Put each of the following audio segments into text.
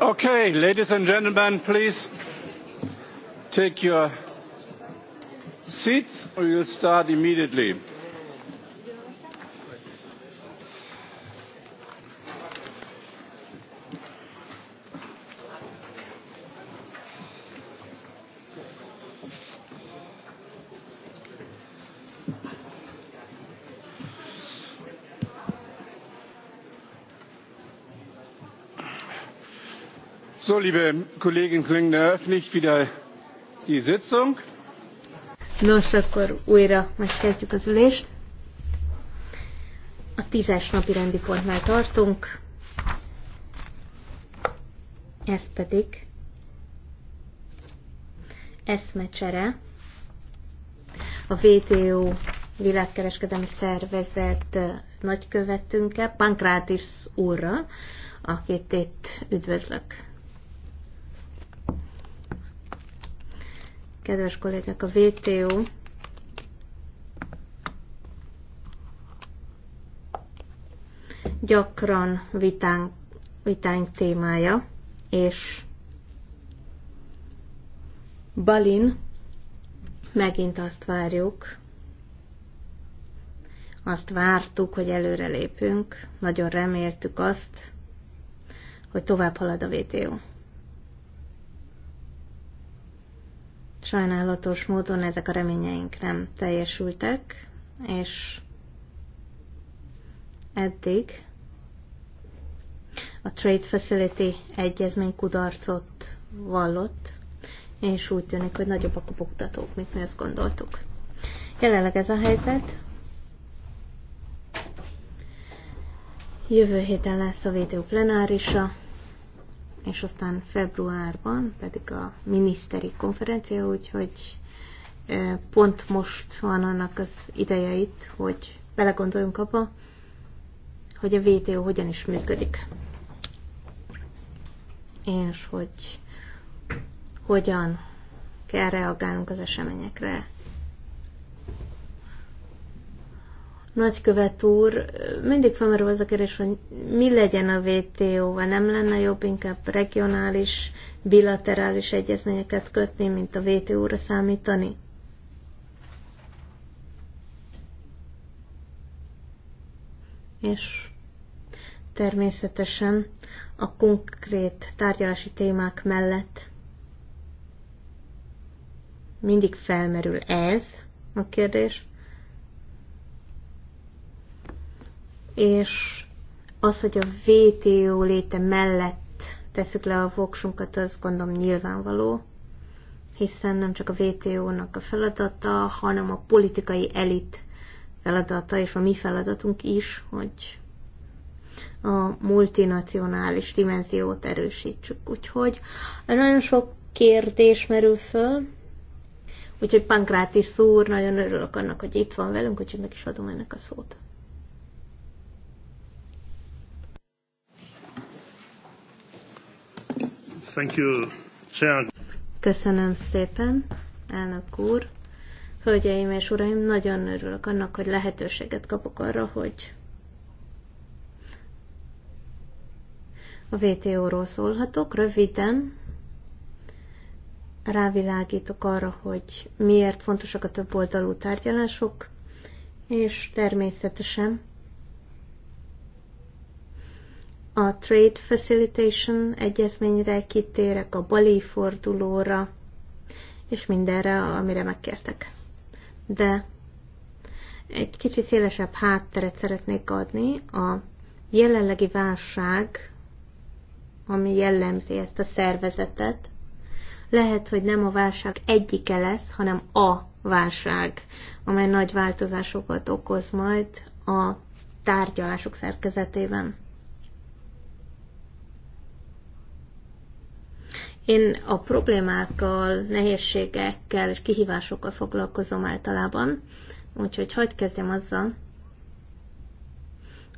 Okay, ladies and gentlemen, please take your seats. or you'll start immediately. So, liebe Kolleginnen und Kollegen, eröffne ich wieder die Sitzung. Nos, akkor újra megkezdjük az ülést. A tízes napi rendi pontnál tartunk. Ez pedig eszmecsere a WTO világkereskedelmi szervezet nagykövetünkkel, Pankrátis úrra, akit itt üdvözlök. kedves kollégák, a VTO gyakran vitánk, vitánk témája, és Balin megint azt várjuk, azt vártuk, hogy előre lépünk, nagyon reméltük azt, hogy tovább halad a VTO. Sajnálatos módon ezek a reményeink nem teljesültek, és eddig a Trade Facility egyezmény kudarcot vallott, és úgy tűnik, hogy nagyobb a kopogtatók, mint mi azt gondoltuk. Jelenleg ez a helyzet. Jövő héten lesz a videó plenárisa, és aztán februárban pedig a miniszteri konferencia, úgyhogy pont most van annak az ideje itt, hogy belegondoljunk abba, hogy a VTO hogyan is működik. És hogy hogyan kell reagálnunk az eseményekre. Nagykövet úr, mindig felmerül az a kérdés, hogy mi legyen a WTO-val, nem lenne jobb inkább regionális, bilaterális egyezményeket kötni, mint a WTO-ra számítani? És természetesen a konkrét tárgyalási témák mellett mindig felmerül ez a kérdés, és az, hogy a VTO léte mellett tesszük le a voksunkat, az gondolom nyilvánvaló, hiszen nem csak a VTO-nak a feladata, hanem a politikai elit feladata, és a mi feladatunk is, hogy a multinacionális dimenziót erősítsük. Úgyhogy nagyon sok kérdés merül föl, úgyhogy Pankráti szúr, nagyon örülök annak, hogy itt van velünk, úgyhogy meg is adom ennek a szót. Thank you, Köszönöm szépen, elnök úr. Hölgyeim és uraim, nagyon örülök annak, hogy lehetőséget kapok arra, hogy a VTO-ról szólhatok. Röviden rávilágítok arra, hogy miért fontosak a több oldalú tárgyalások, és természetesen a Trade Facilitation egyezményre kitérek, a Bali fordulóra, és mindenre, amire megkértek. De egy kicsi szélesebb hátteret szeretnék adni a jelenlegi válság, ami jellemzi ezt a szervezetet, lehet, hogy nem a válság egyike lesz, hanem a válság, amely nagy változásokat okoz majd a tárgyalások szerkezetében. Én a problémákkal, nehézségekkel és kihívásokkal foglalkozom általában, úgyhogy hagyd kezdjem azzal,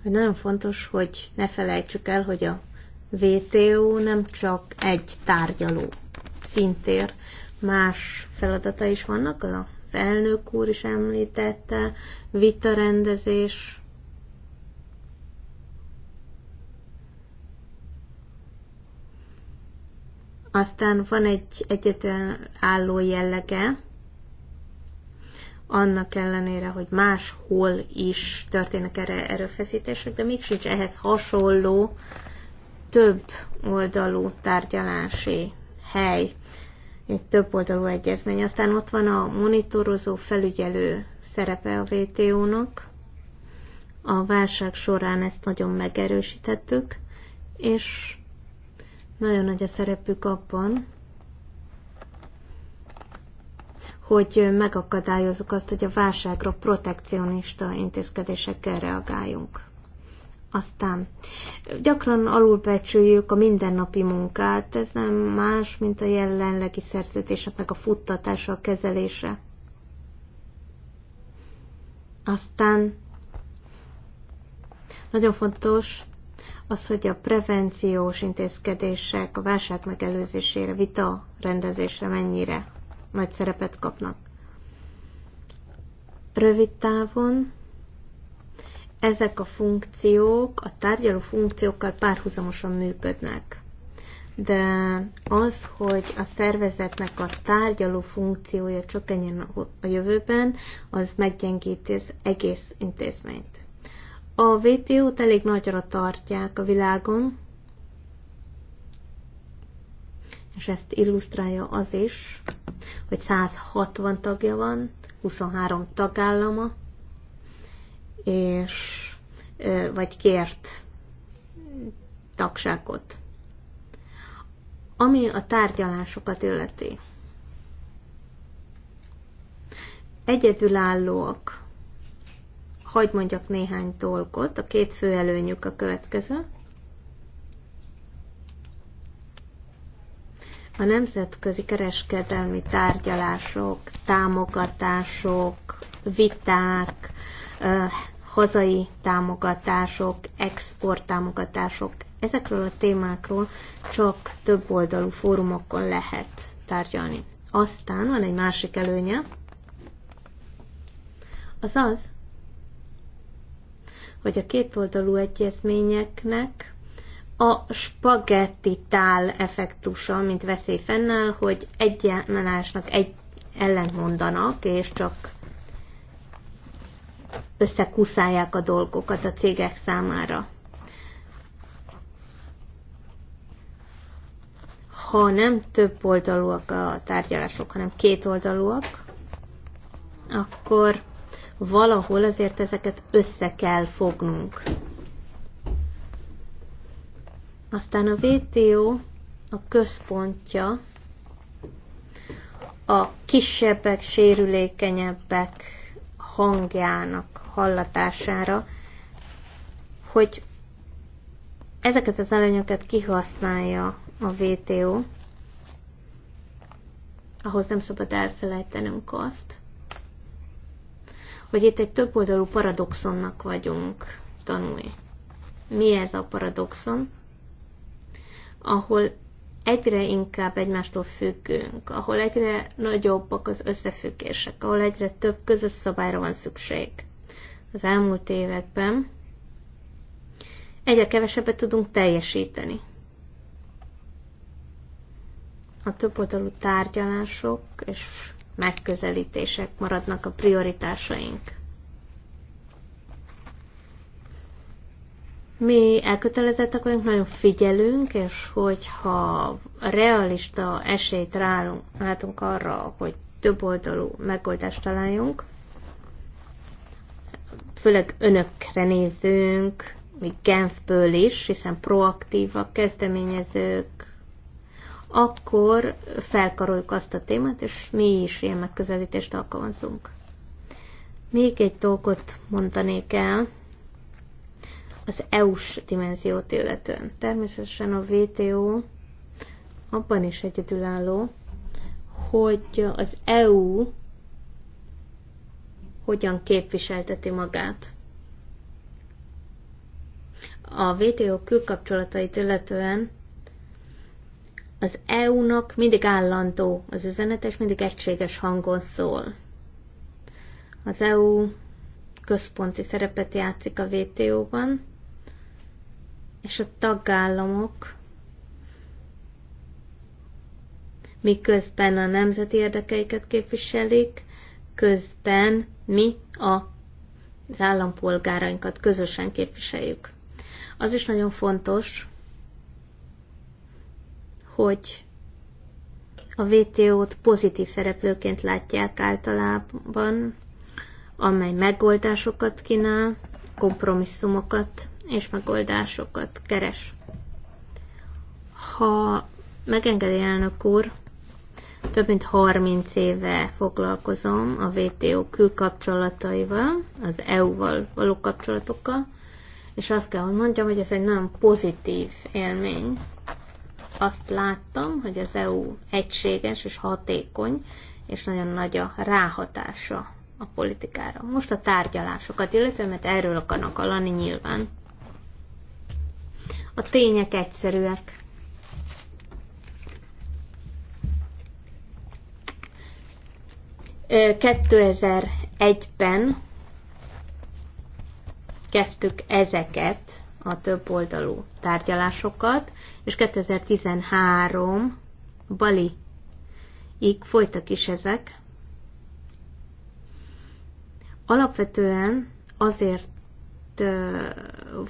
hogy nagyon fontos, hogy ne felejtsük el, hogy a VTO nem csak egy tárgyaló szintér, más feladata is vannak, az elnök úr is említette, vitarendezés, Aztán van egy egyetlen álló jellege, annak ellenére, hogy máshol is történnek erre erőfeszítések, de még sincs ehhez hasonló több oldalú tárgyalási hely, egy több oldalú egyezmény. Aztán ott van a monitorozó felügyelő szerepe a WTO-nak. A válság során ezt nagyon megerősítettük, és nagyon nagy a szerepük abban, hogy megakadályozunk azt, hogy a válságra protekcionista intézkedésekkel reagáljunk. Aztán gyakran alulbecsüljük a mindennapi munkát, ez nem más, mint a jelenlegi szerződéseknek a futtatása, a kezelése. Aztán nagyon fontos az, hogy a prevenciós intézkedések a válság megelőzésére, vita rendezésre mennyire nagy szerepet kapnak. Rövid távon ezek a funkciók, a tárgyaló funkciókkal párhuzamosan működnek. De az, hogy a szervezetnek a tárgyaló funkciója csökkenjen a jövőben, az meggyengíti az egész intézményt. A VTO-t elég nagyra tartják a világon, és ezt illusztrálja az is, hogy 160 tagja van, 23 tagállama, és vagy kért tagságot. Ami a tárgyalásokat illeti. Egyedülállóak Hagy mondjak néhány dolgot. A két fő előnyük a következő. A nemzetközi kereskedelmi tárgyalások, támogatások, viták, hazai támogatások, támogatások, ezekről a témákról csak több oldalú fórumokon lehet tárgyalni. Aztán van egy másik előnye, az az, hogy a kétoldalú egyezményeknek a spagetti tál effektusa, mint veszély fennáll, hogy egyenmásnak egy mondanak, és csak összekuszálják a dolgokat a cégek számára. Ha nem több oldalúak a tárgyalások, hanem két oldalúak, akkor valahol azért ezeket össze kell fognunk. Aztán a VTO a központja a kisebbek, sérülékenyebbek hangjának hallatására, hogy ezeket az előnyöket kihasználja a VTO, ahhoz nem szabad elfelejtenünk azt, hogy itt egy többoldalú paradoxonnak vagyunk tanulni. Mi ez a paradoxon? Ahol egyre inkább egymástól függünk, ahol egyre nagyobbak az összefüggések, ahol egyre több közös szabályra van szükség. Az elmúlt években egyre kevesebbet tudunk teljesíteni. A többoldalú tárgyalások és megközelítések maradnak a prioritásaink. mi elkötelezettek vagyunk, nagyon figyelünk, és hogyha realista esélyt rálunk, látunk arra, hogy több oldalú megoldást találjunk, főleg önökre nézünk, mi Genfből is, hiszen proaktívak, kezdeményezők, akkor felkaroljuk azt a témát, és mi is ilyen megközelítést alkalmazunk. Még egy dolgot mondanék el, az EU-s dimenziót illetően. Természetesen a WTO abban is egyedülálló, hogy az EU hogyan képviselteti magát. A WTO külkapcsolatait illetően az EU-nak mindig állandó az üzenet, és mindig egységes hangon szól. Az EU központi szerepet játszik a WTO-ban, és a tagállamok miközben a nemzeti érdekeiket képviselik, közben mi a, az állampolgárainkat közösen képviseljük. Az is nagyon fontos, hogy a VTO-t pozitív szereplőként látják általában, amely megoldásokat kínál, kompromisszumokat és megoldásokat keres. Ha megengedi elnök úr, több mint 30 éve foglalkozom a WTO külkapcsolataival, az EU-val való kapcsolatokkal, és azt kell, hogy mondjam, hogy ez egy nagyon pozitív élmény, azt láttam, hogy az EU egységes és hatékony, és nagyon nagy a ráhatása a politikára. Most a tárgyalásokat, illetve mert erről akarnak alani nyilván. A tények egyszerűek. Ö, 2001-ben kezdtük ezeket a több oldalú tárgyalásokat, és 2013 Bali így folytak is ezek. Alapvetően azért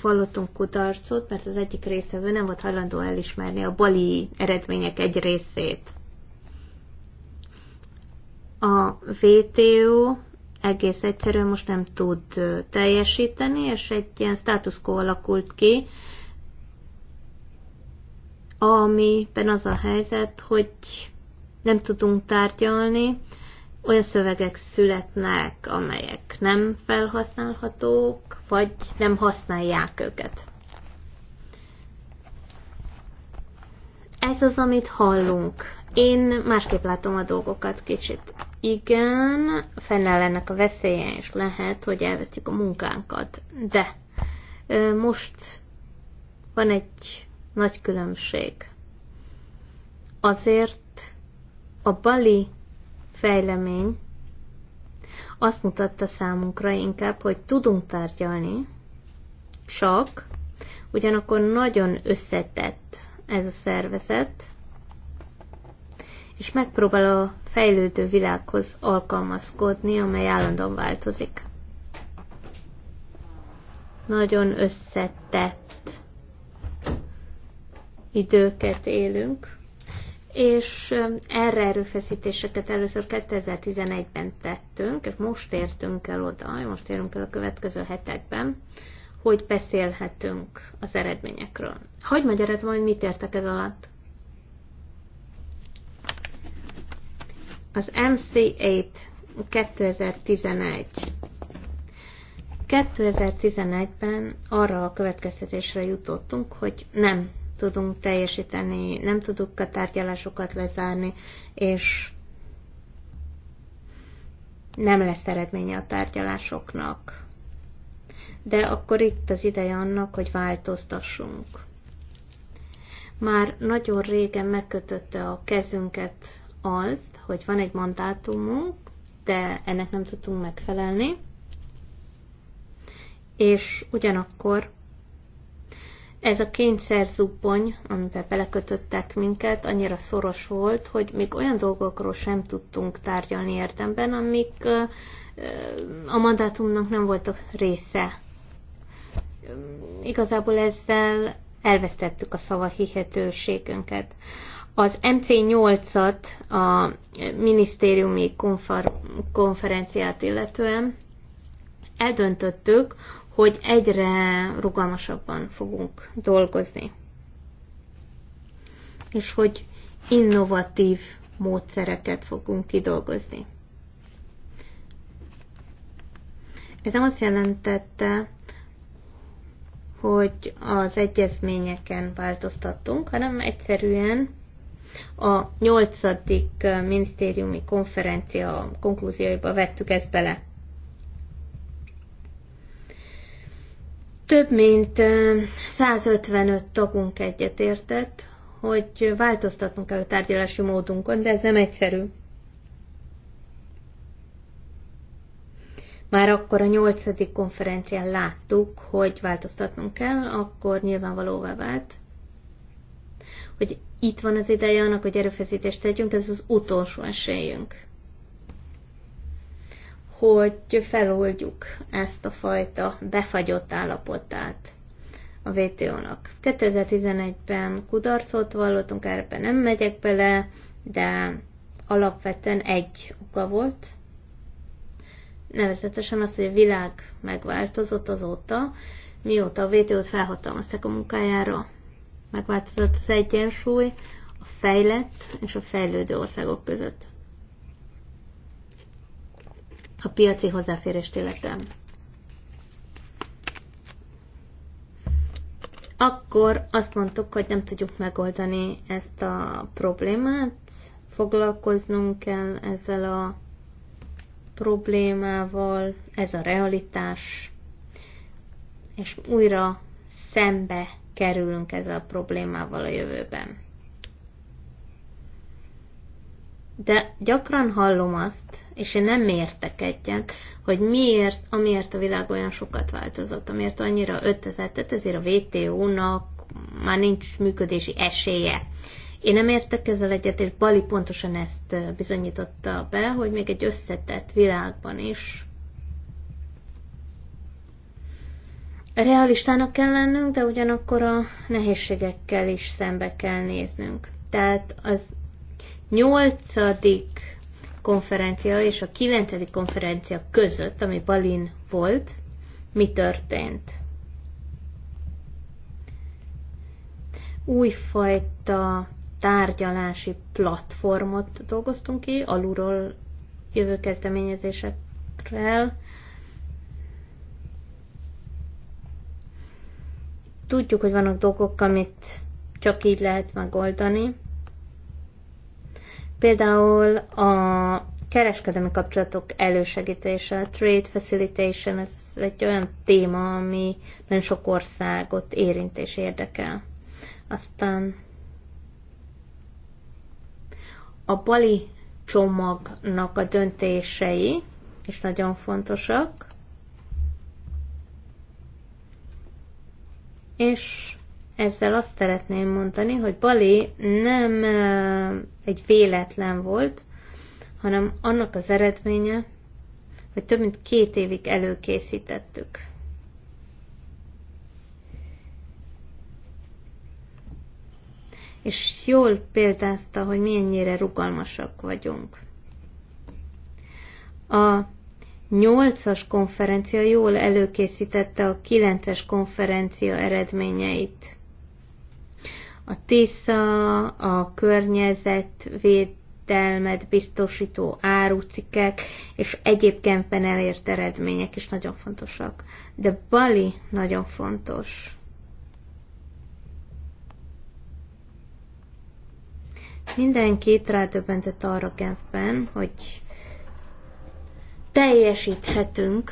vallottunk kudarcot, mert az egyik részevő nem volt hajlandó elismerni a bali eredmények egy részét. A VTO egész egyszerűen most nem tud teljesíteni, és egy ilyen status quo alakult ki, amiben az a helyzet, hogy nem tudunk tárgyalni, olyan szövegek születnek, amelyek nem felhasználhatók, vagy nem használják őket. Ez az, amit hallunk. Én másképp látom a dolgokat kicsit igen, fennáll ennek a veszélye, és lehet, hogy elvesztjük a munkánkat. De most van egy nagy különbség. Azért a bali fejlemény azt mutatta számunkra inkább, hogy tudunk tárgyalni, csak ugyanakkor nagyon összetett ez a szervezet, és megpróbál a fejlődő világhoz alkalmazkodni, amely állandóan változik. Nagyon összetett időket élünk, és um, erre erőfeszítéseket először 2011-ben tettünk, és most értünk el oda, most érünk el a következő hetekben, hogy beszélhetünk az eredményekről. Hogy magyarázom, hogy mit értek ez alatt? Az MC8 2011. 2011-ben arra a következtetésre jutottunk, hogy nem tudunk teljesíteni, nem tudunk a tárgyalásokat lezárni, és nem lesz eredménye a tárgyalásoknak. De akkor itt az ideje annak, hogy változtassunk. Már nagyon régen megkötötte a kezünket az, hogy van egy mandátumunk, de ennek nem tudtunk megfelelni, és ugyanakkor ez a kényszer zubbony, amiben belekötöttek minket, annyira szoros volt, hogy még olyan dolgokról sem tudtunk tárgyalni érdemben, amik a mandátumnak nem voltak része. Igazából ezzel elvesztettük a szava hihetőségünket az MC8-at, a minisztériumi konfer- konferenciát illetően eldöntöttük, hogy egyre rugalmasabban fogunk dolgozni. És hogy innovatív módszereket fogunk kidolgozni. Ez nem azt jelentette, hogy az egyezményeken változtattunk, hanem egyszerűen a nyolcadik minisztériumi konferencia konklúzióiba vettük ezt bele. Több mint 155 tagunk egyetértett, hogy változtatnunk kell a tárgyalási módunkon, de ez nem egyszerű. Már akkor a nyolcadik konferencián láttuk, hogy változtatnunk kell, akkor nyilvánvalóvá vált, hogy itt van az ideje annak, hogy erőfeszítést tegyünk, ez az utolsó esélyünk, hogy feloldjuk ezt a fajta befagyott állapotát a vto nak 2011-ben kudarcot vallottunk, erre, nem megyek bele, de alapvetően egy oka volt, nevezetesen az, hogy a világ megváltozott azóta, mióta a vto t felhatalmazták a munkájára megváltozott az egyensúly a fejlett és a fejlődő országok között. A piaci hozzáférést életem. Akkor azt mondtuk, hogy nem tudjuk megoldani ezt a problémát, foglalkoznunk kell ezzel a problémával, ez a realitás, és újra szembe kerülünk ezzel a problémával a jövőben. De gyakran hallom azt, és én nem értek egyet, hogy miért, amiért a világ olyan sokat változott, amiért annyira ötletet, ezért a WTO-nak már nincs működési esélye. Én nem értek ezzel egyet, és Bali pontosan ezt bizonyította be, hogy még egy összetett világban is realistának kell lennünk, de ugyanakkor a nehézségekkel is szembe kell néznünk. Tehát az nyolcadik konferencia és a kilencedik konferencia között, ami Balin volt, mi történt? Újfajta tárgyalási platformot dolgoztunk ki, alulról jövő kezdeményezésekkel, Tudjuk, hogy vannak dolgok, amit csak így lehet megoldani. Például a kereskedelmi kapcsolatok elősegítése, a trade facilitation, ez egy olyan téma, ami nagyon sok országot érint és érdekel. Aztán a bali csomagnak a döntései is nagyon fontosak. És ezzel azt szeretném mondani, hogy Bali nem egy véletlen volt, hanem annak az eredménye, hogy több mint két évig előkészítettük. És jól példázta, hogy milyennyire rugalmasak vagyunk. A Nyolcas konferencia jól előkészítette a kilences konferencia eredményeit. A TISZA, a környezetvédelmet biztosító árucikek és egyéb kempen elért eredmények is nagyon fontosak. De Bali nagyon fontos. Mindenkit rádöbbentett arra kempen, hogy teljesíthetünk,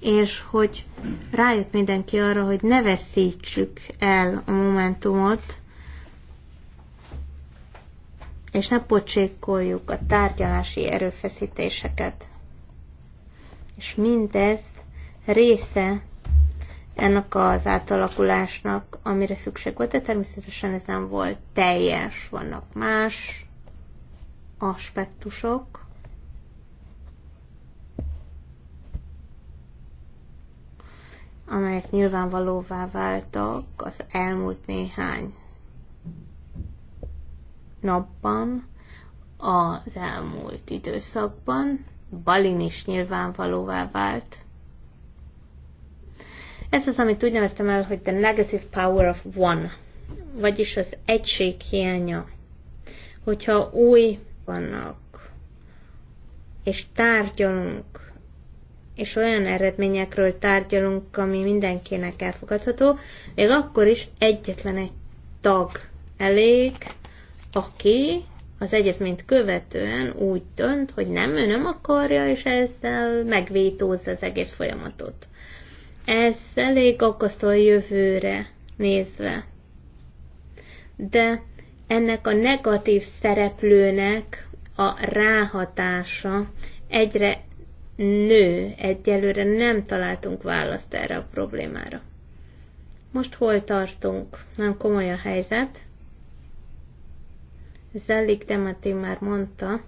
és hogy rájött mindenki arra, hogy ne veszítsük el a momentumot, és ne pocsékoljuk a tárgyalási erőfeszítéseket. És mindez része ennek az átalakulásnak, amire szükség volt, de természetesen ez nem volt teljes, vannak más aspektusok, amelyek nyilvánvalóvá váltak az elmúlt néhány napban, az elmúlt időszakban, Balin is nyilvánvalóvá vált. Ez az, amit úgy neveztem el, hogy the negative power of one, vagyis az egység hiánya. Hogyha új vannak, és tárgyalunk és olyan eredményekről tárgyalunk, ami mindenkinek elfogadható, még akkor is egyetlen egy tag elég, aki az egyezményt követően úgy dönt, hogy nem, ő nem akarja, és ezzel megvétózza az egész folyamatot. Ez elég aggasztó a jövőre nézve. De ennek a negatív szereplőnek a ráhatása egyre nő. Egyelőre nem találtunk választ erre a problémára. Most hol tartunk? Nem komoly a helyzet. Zellik Demeti már mondta.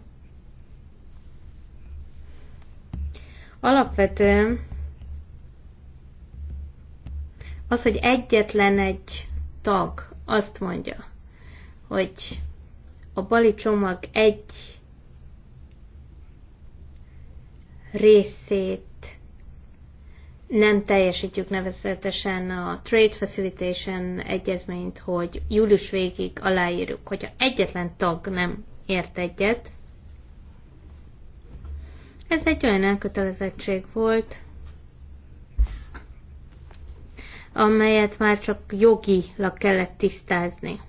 Alapvetően az, hogy egyetlen egy tag azt mondja, hogy a bali csomag egy részét nem teljesítjük nevezetesen a Trade Facilitation egyezményt, hogy július végig aláírjuk, hogyha egyetlen tag nem ért egyet. Ez egy olyan elkötelezettség volt, amelyet már csak jogilag kellett tisztázni.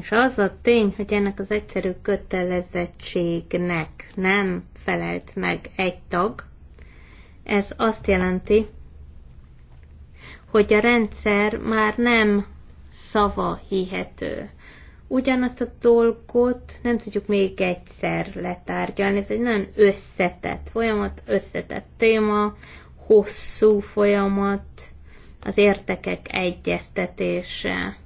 És az a tény, hogy ennek az egyszerű kötelezettségnek nem felelt meg egy tag, ez azt jelenti, hogy a rendszer már nem szava hihető. Ugyanazt a dolgot nem tudjuk még egyszer letárgyalni, ez egy nagyon összetett folyamat, összetett téma, hosszú folyamat, az értekek egyeztetése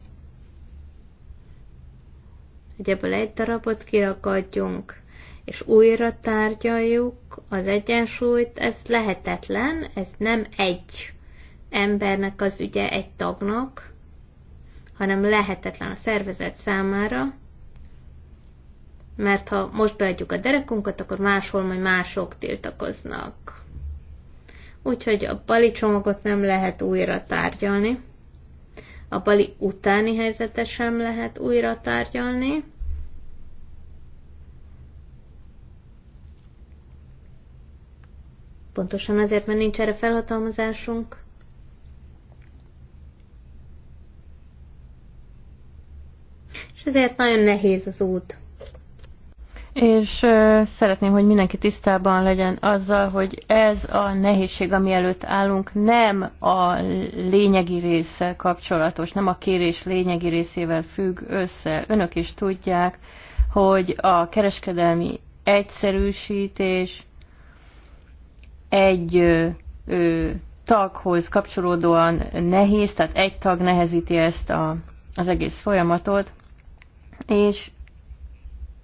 hogy ebből egy darabot kirakadjunk, és újra tárgyaljuk az egyensúlyt, ez lehetetlen, ez nem egy embernek az ügye, egy tagnak, hanem lehetetlen a szervezet számára, mert ha most beadjuk a derekunkat, akkor máshol majd mások tiltakoznak. Úgyhogy a bali csomagot nem lehet újra tárgyalni. A bali utáni helyzete sem lehet újra tárgyalni. Pontosan azért, mert nincs erre felhatalmazásunk. És ezért nagyon nehéz az út. És szeretném, hogy mindenki tisztában legyen azzal, hogy ez a nehézség, ami előtt állunk, nem a lényegi része kapcsolatos, nem a kérés lényegi részével függ össze. Önök is tudják, hogy a kereskedelmi egyszerűsítés egy uh, uh, taghoz kapcsolódóan nehéz, tehát egy tag nehezíti ezt a, az egész folyamatot, és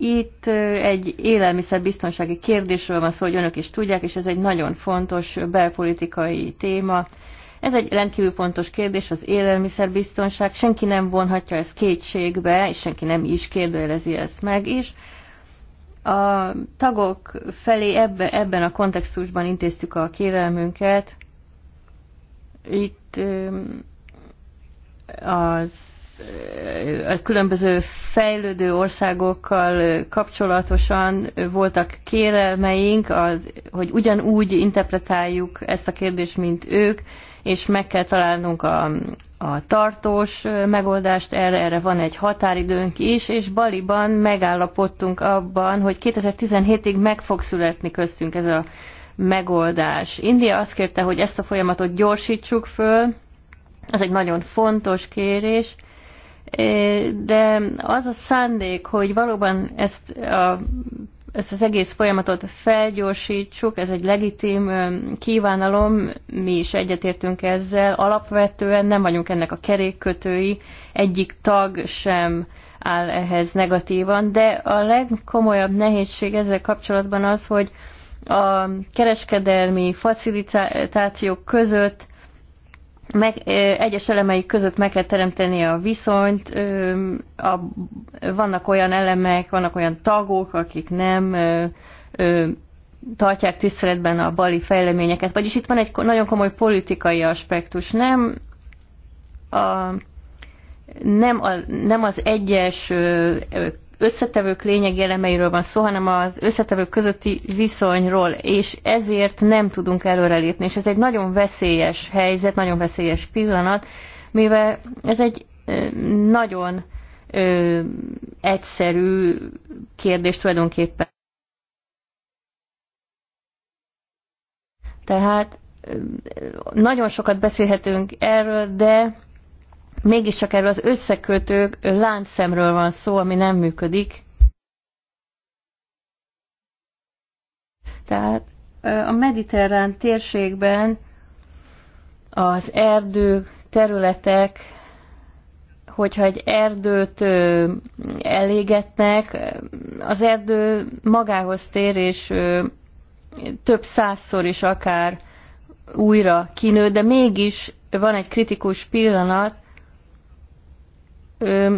itt egy élelmiszerbiztonsági kérdésről van szó, hogy önök is tudják, és ez egy nagyon fontos belpolitikai téma. Ez egy rendkívül fontos kérdés, az élelmiszerbiztonság. Senki nem vonhatja ezt kétségbe, és senki nem is kérdőjelezi ezt meg is. A tagok felé ebbe, ebben a kontextusban intéztük a kérelmünket. Itt az a különböző fejlődő országokkal kapcsolatosan voltak kérelmeink, az, hogy ugyanúgy interpretáljuk ezt a kérdést, mint ők, és meg kell találnunk a, a tartós megoldást, erre, erre van egy határidőnk is, és Baliban megállapodtunk abban, hogy 2017-ig meg fog születni köztünk ez a megoldás. India azt kérte, hogy ezt a folyamatot gyorsítsuk föl, ez egy nagyon fontos kérés, de az a szándék, hogy valóban ezt, a, ezt az egész folyamatot felgyorsítsuk, ez egy legitim kívánalom, mi is egyetértünk ezzel, alapvetően nem vagyunk ennek a kerékkötői, egyik tag sem áll ehhez negatívan, de a legkomolyabb nehézség ezzel kapcsolatban az, hogy a kereskedelmi facilitációk között meg, egyes elemeik között meg kell teremteni a viszonyt, a, vannak olyan elemek, vannak olyan tagok, akik nem tartják tiszteletben a bali fejleményeket. Vagyis itt van egy nagyon komoly politikai aspektus. Nem a, nem, a, nem az egyes összetevők lényegi elemeiről van szó, hanem az összetevők közötti viszonyról, és ezért nem tudunk előrelépni. És ez egy nagyon veszélyes helyzet, nagyon veszélyes pillanat, mivel ez egy nagyon ö, egyszerű kérdés tulajdonképpen. Tehát nagyon sokat beszélhetünk erről, de mégiscsak erről az összekötő láncszemről van szó, ami nem működik. Tehát a mediterrán térségben az erdő területek, hogyha egy erdőt elégetnek, az erdő magához tér, és több százszor is akár újra kinő, de mégis van egy kritikus pillanat,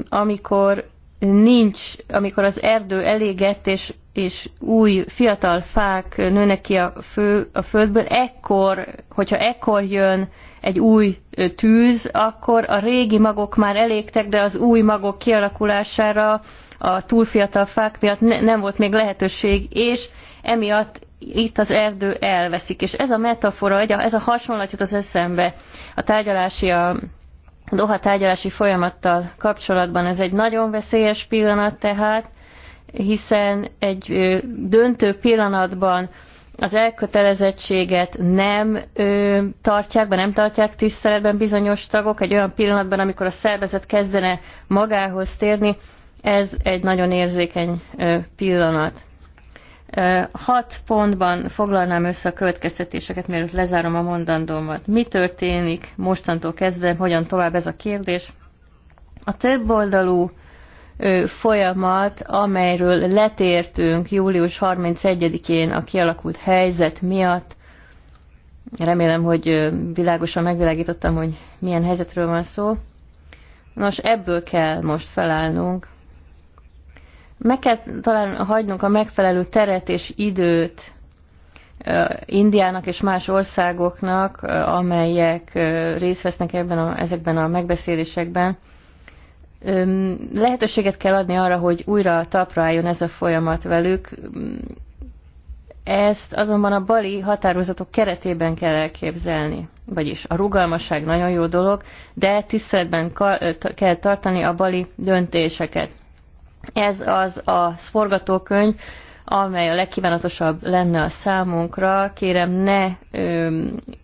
amikor nincs, amikor az erdő elégett, és, és új fiatal fák nőnek ki a, fő, a földből, ekkor, hogyha ekkor jön egy új tűz, akkor a régi magok már elégtek, de az új magok kialakulására a túl fiatal fák miatt ne, nem volt még lehetőség, és emiatt itt az erdő elveszik. És ez a metafora, ez a hasonlat jut az eszembe a tárgyalási a Doha tárgyalási folyamattal kapcsolatban ez egy nagyon veszélyes pillanat tehát, hiszen egy döntő pillanatban az elkötelezettséget nem ö, tartják be, nem tartják tiszteletben bizonyos tagok, egy olyan pillanatban, amikor a szervezet kezdene magához térni, ez egy nagyon érzékeny ö, pillanat. Hat pontban foglalnám össze a következtetéseket, mielőtt lezárom a mondandómat. Mi történik mostantól kezdve, hogyan tovább ez a kérdés? A többoldalú folyamat, amelyről letértünk július 31-én a kialakult helyzet miatt, remélem, hogy világosan megvilágítottam, hogy milyen helyzetről van szó. Nos, ebből kell most felállnunk, meg kell talán hagynunk a megfelelő teret és időt Indiának és más országoknak, amelyek részt vesznek ebben a, ezekben a megbeszélésekben, lehetőséget kell adni arra, hogy újra talpra álljon ez a folyamat velük. Ezt azonban a bali határozatok keretében kell elképzelni. Vagyis a rugalmasság nagyon jó dolog, de tiszteletben kell tartani a bali döntéseket. Ez az a forgatókönyv, amely a legkívánatosabb lenne a számunkra. Kérem, ne ö,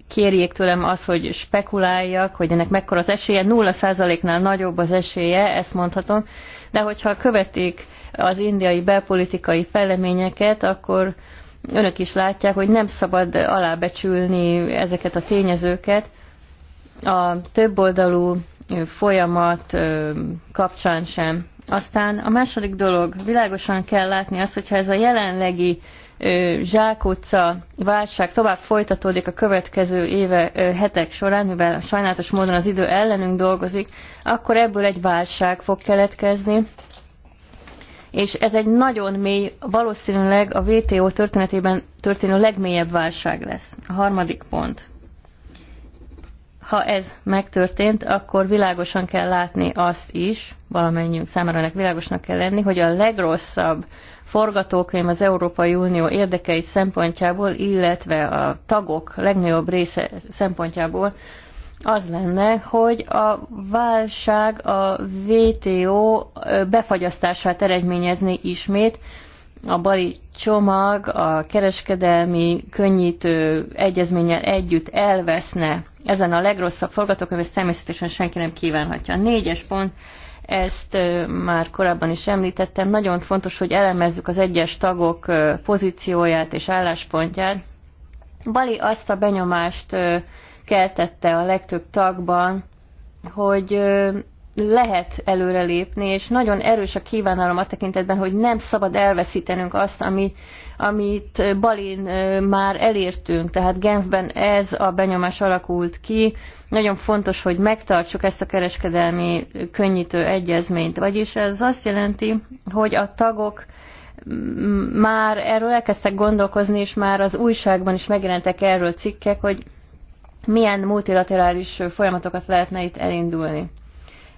kérjék tőlem az, hogy spekuláljak, hogy ennek mekkora az esélye. 0%-nál nagyobb az esélye, ezt mondhatom. De hogyha követik az indiai belpolitikai fejleményeket, akkor önök is látják, hogy nem szabad alábecsülni ezeket a tényezőket. A többoldalú folyamat kapcsán sem aztán a második dolog, világosan kell látni azt, hogyha ez a jelenlegi zsákutca válság tovább folytatódik a következő éve, hetek során, mivel sajnálatos módon az idő ellenünk dolgozik, akkor ebből egy válság fog keletkezni, és ez egy nagyon mély, valószínűleg a WTO történetében történő legmélyebb válság lesz. A harmadik pont ha ez megtörtént, akkor világosan kell látni azt is, valamennyiünk számára ennek világosnak kell lenni, hogy a legrosszabb forgatókönyv az Európai Unió érdekei szempontjából, illetve a tagok legnagyobb része szempontjából az lenne, hogy a válság a WTO befagyasztását eredményezni ismét, a bari csomag a kereskedelmi könnyítő egyezménnyel együtt elveszne. Ezen a legrosszabb forgatókönyv, ezt természetesen senki nem kívánhatja. A négyes pont, ezt már korábban is említettem, nagyon fontos, hogy elemezzük az egyes tagok pozícióját és álláspontját. Bali azt a benyomást keltette a legtöbb tagban, hogy lehet előrelépni, és nagyon erős a kívánalom a tekintetben, hogy nem szabad elveszítenünk azt, ami, amit Balin már elértünk, tehát Genfben ez a benyomás alakult ki. Nagyon fontos, hogy megtartsuk ezt a kereskedelmi könnyítő egyezményt, vagyis ez azt jelenti, hogy a tagok már erről elkezdtek gondolkozni, és már az újságban is megjelentek erről cikkek, hogy milyen multilaterális folyamatokat lehetne itt elindulni.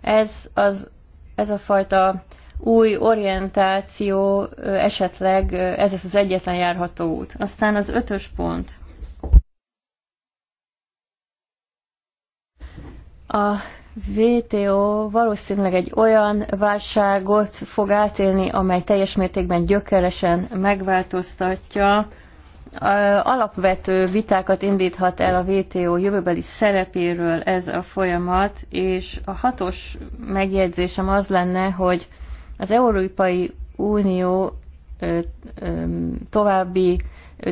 Ez, az, ez a fajta új orientáció esetleg ez az az egyetlen járható út. Aztán az ötös pont. A VTO valószínűleg egy olyan válságot fog átélni, amely teljes mértékben gyökeresen megváltoztatja alapvető vitákat indíthat el a WTO jövőbeli szerepéről ez a folyamat, és a hatos megjegyzésem az lenne, hogy az Európai Unió további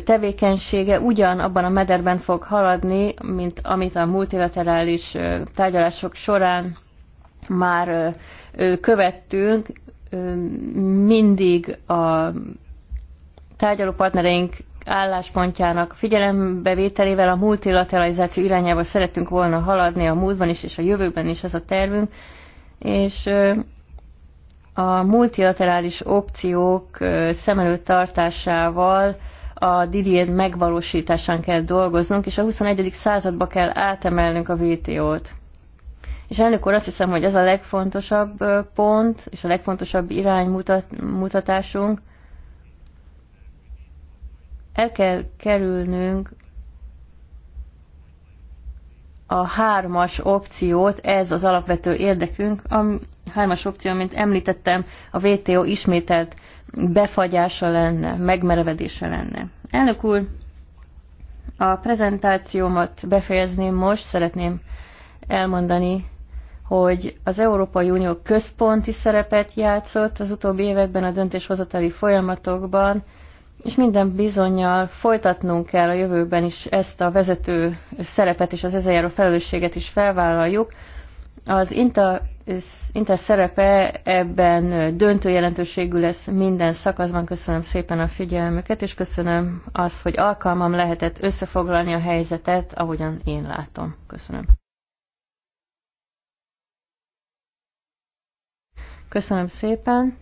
tevékenysége ugyan abban a mederben fog haladni, mint amit a multilaterális tárgyalások során már követtünk, mindig a tárgyaló partnereink álláspontjának figyelembevételével a multilateralizáció irányába szerettünk volna haladni a múltban is, és a jövőben is ez a tervünk, és a multilaterális opciók szem előtt tartásával a Didier megvalósításán kell dolgoznunk, és a 21. századba kell átemelnünk a VTO-t. És elnök úr, azt hiszem, hogy ez a legfontosabb pont, és a legfontosabb iránymutatásunk, el kell kerülnünk a hármas opciót, ez az alapvető érdekünk, a hármas opció, mint említettem, a WTO ismételt befagyása lenne, megmerevedése lenne. Elnök úr, a prezentációmat befejezném most, szeretném elmondani, hogy az Európai Unió központi szerepet játszott az utóbbi években a döntéshozatali folyamatokban, és minden bizonyal folytatnunk kell a jövőben is ezt a vezető szerepet és az ezzel járó felelősséget is felvállaljuk. Az Inta inter szerepe ebben döntő jelentőségű lesz minden szakaszban. Köszönöm szépen a figyelmüket, és köszönöm azt, hogy alkalmam lehetett összefoglalni a helyzetet, ahogyan én látom. Köszönöm. Köszönöm szépen.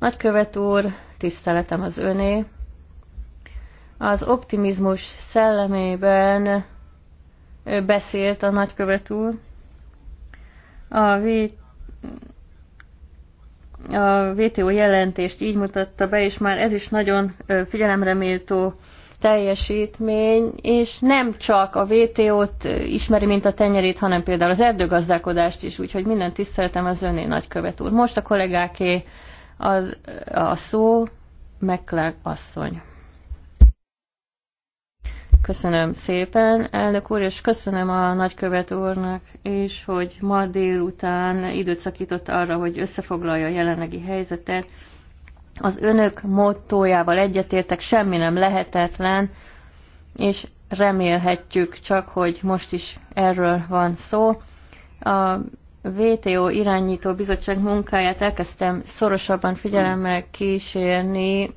Nagykövet úr, tiszteletem az öné. Az optimizmus szellemében beszélt a nagykövet úr. A, v... a VTO jelentést így mutatta be, és már ez is nagyon figyelemre méltó teljesítmény, és nem csak a VTO-t ismeri, mint a tenyerét, hanem például az erdőgazdálkodást is, úgyhogy minden tiszteletem az öné nagykövet úr. Most a kollégáké a, a szó Mekler asszony. Köszönöm szépen, elnök úr, és köszönöm a nagykövet úrnak is, hogy ma délután időt szakított arra, hogy összefoglalja a jelenlegi helyzetet. Az önök mottójával egyetértek, semmi nem lehetetlen, és remélhetjük csak, hogy most is erről van szó. A VTO irányító bizottság munkáját elkezdtem szorosabban figyelemmel kísérni.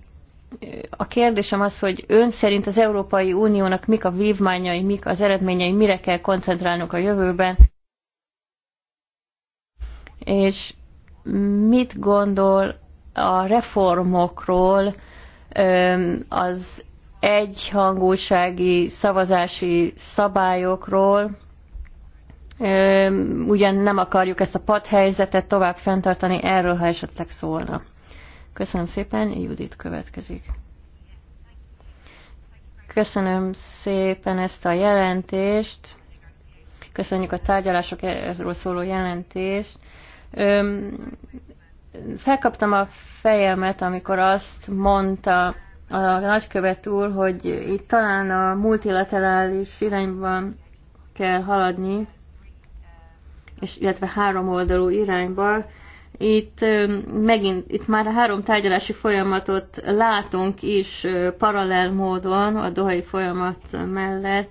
A kérdésem az, hogy ön szerint az Európai Uniónak mik a vívmányai, mik az eredményei, mire kell koncentrálnunk a jövőben, és mit gondol a reformokról az egyhangúsági szavazási szabályokról, ugyan nem akarjuk ezt a padhelyzetet tovább fenntartani, erről, ha esetleg szólna. Köszönöm szépen, Judit következik. Köszönöm szépen ezt a jelentést. Köszönjük a tárgyalásokról szóló jelentést. Felkaptam a fejemet, amikor azt mondta a nagykövet úr, hogy itt talán a multilaterális irányban kell haladni, és illetve három oldalú irányba. Itt megint, itt már a három tárgyalási folyamatot látunk is paralel módon a dohai folyamat mellett,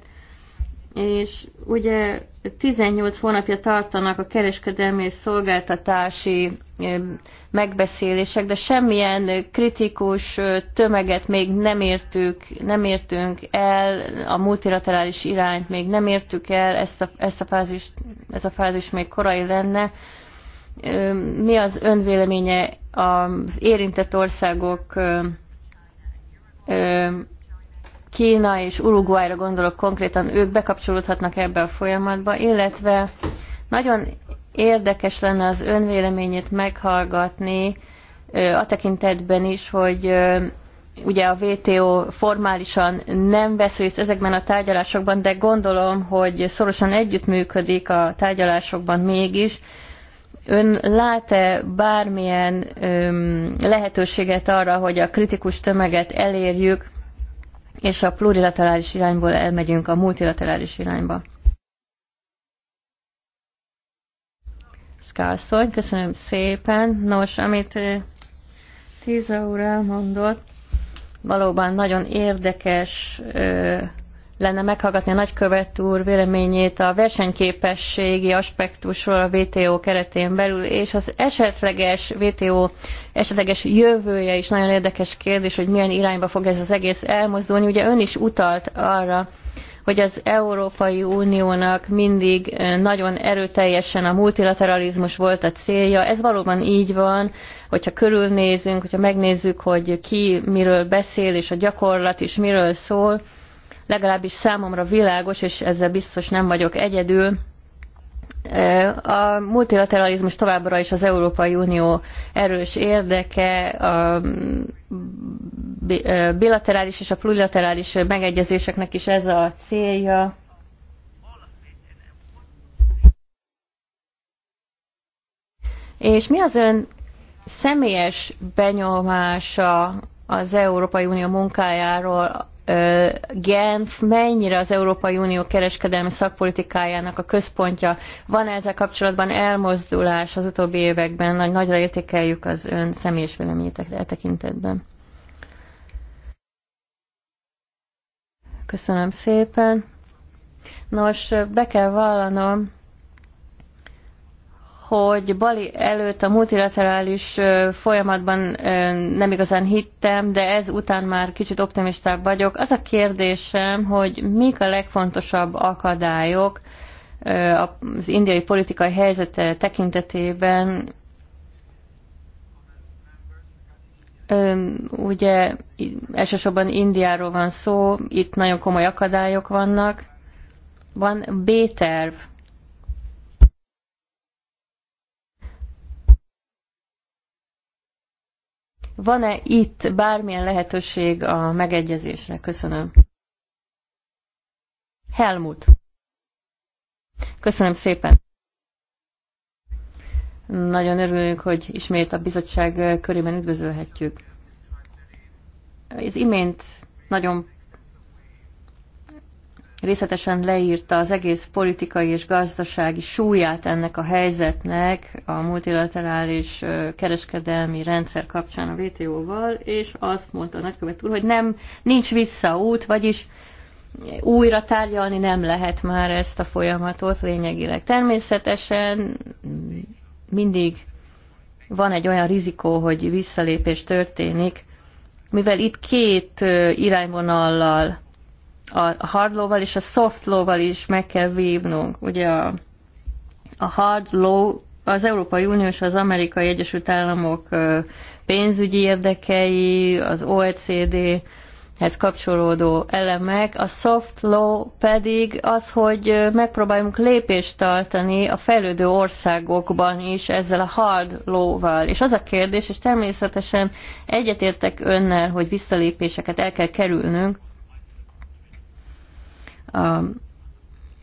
és ugye 18 hónapja tartanak a kereskedelmi és szolgáltatási megbeszélések, de semmilyen kritikus tömeget még nem értük, nem értünk el, a multilaterális irányt még nem értük el, ezt a, ezt a fázis, ez a fázis még korai lenne. Mi az önvéleménye az érintett országok Kína és Uruguayra gondolok konkrétan, ők bekapcsolódhatnak ebbe a folyamatba, illetve nagyon érdekes lenne az önvéleményét meghallgatni a tekintetben is, hogy ugye a WTO formálisan nem vesz részt ezekben a tárgyalásokban, de gondolom, hogy szorosan együttműködik a tárgyalásokban mégis. Ön lát-e bármilyen öm, lehetőséget arra, hogy a kritikus tömeget elérjük, és a plurilaterális irányból elmegyünk a multilaterális irányba. Szkálszony, köszönöm szépen. Nos, amit eh, Tíza úr elmondott, valóban nagyon érdekes eh, lenne meghallgatni a nagykövet úr véleményét a versenyképességi aspektusról a WTO keretén belül, és az esetleges WTO esetleges jövője is nagyon érdekes kérdés, hogy milyen irányba fog ez az egész elmozdulni. Ugye ön is utalt arra, hogy az Európai Uniónak mindig nagyon erőteljesen a multilateralizmus volt a célja. Ez valóban így van, hogyha körülnézünk, hogyha megnézzük, hogy ki miről beszél, és a gyakorlat is miről szól, legalábbis számomra világos, és ezzel biztos nem vagyok egyedül, e, a multilateralizmus továbbra is az Európai Unió erős érdeke, a e, bilaterális és a plurilaterális megegyezéseknek is ez a célja. És mi az ön személyes benyomása az Európai Unió munkájáról Genf mennyire az Európai Unió kereskedelmi szakpolitikájának a központja. Van -e ezzel kapcsolatban elmozdulás az utóbbi években? Nagy, nagyra értékeljük az ön személyes véleményét e, e tekintetben. Köszönöm szépen. Nos, be kell vallanom, hogy Bali előtt a multilaterális folyamatban nem igazán hittem, de ez után már kicsit optimistább vagyok. Az a kérdésem, hogy mik a legfontosabb akadályok az indiai politikai helyzete tekintetében, ugye elsősorban Indiáról van szó, itt nagyon komoly akadályok vannak. Van B-terv, Van-e itt bármilyen lehetőség a megegyezésre? Köszönöm. Helmut. Köszönöm szépen. Nagyon örülünk, hogy ismét a bizottság körében üdvözölhetjük. Az imént nagyon részletesen leírta az egész politikai és gazdasági súlyát ennek a helyzetnek a multilaterális kereskedelmi rendszer kapcsán a WTO-val, és azt mondta a nagykövet úr, hogy nem, nincs visszaút, vagyis újra tárgyalni nem lehet már ezt a folyamatot lényegileg. Természetesen mindig van egy olyan rizikó, hogy visszalépés történik, mivel itt két irányvonallal a hard law-val és a soft law-val is meg kell vívnunk. Ugye a, a hard law az Európai Unió és az Amerikai Egyesült Államok pénzügyi érdekei, az OECD, ez kapcsolódó elemek, a soft law pedig az, hogy megpróbáljunk lépést tartani a fejlődő országokban is ezzel a hard law-val. És az a kérdés, és természetesen egyetértek önnel, hogy visszalépéseket el kell kerülnünk, a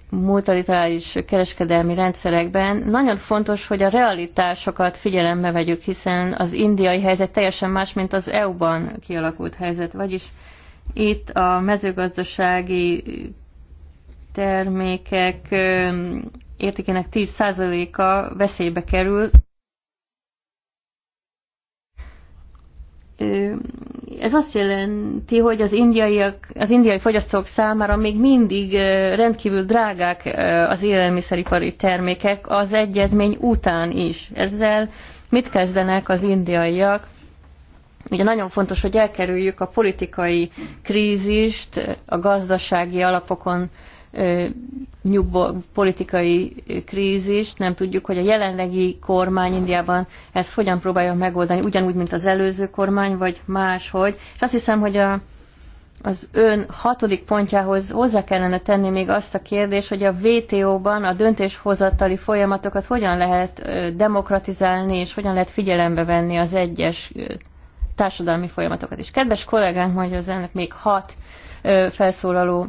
multilaterális kereskedelmi rendszerekben, nagyon fontos, hogy a realitásokat figyelembe vegyük, hiszen az indiai helyzet teljesen más, mint az EU-ban kialakult helyzet, vagyis itt a mezőgazdasági termékek értékének 10%-a veszélybe kerül, ez azt jelenti, hogy az, indiaiak, az indiai fogyasztók számára még mindig rendkívül drágák az élelmiszeripari termékek az egyezmény után is. Ezzel mit kezdenek az indiaiak? Ugye nagyon fontos, hogy elkerüljük a politikai krízist, a gazdasági alapokon politikai krízist, nem tudjuk, hogy a jelenlegi kormány Indiában ezt hogyan próbálja megoldani, ugyanúgy, mint az előző kormány, vagy máshogy. És azt hiszem, hogy a, az ön hatodik pontjához hozzá kellene tenni még azt a kérdést, hogy a WTO-ban a döntéshozatali folyamatokat hogyan lehet demokratizálni, és hogyan lehet figyelembe venni az egyes társadalmi folyamatokat is. Kedves kollégánk, mondja az ennek még hat felszólaló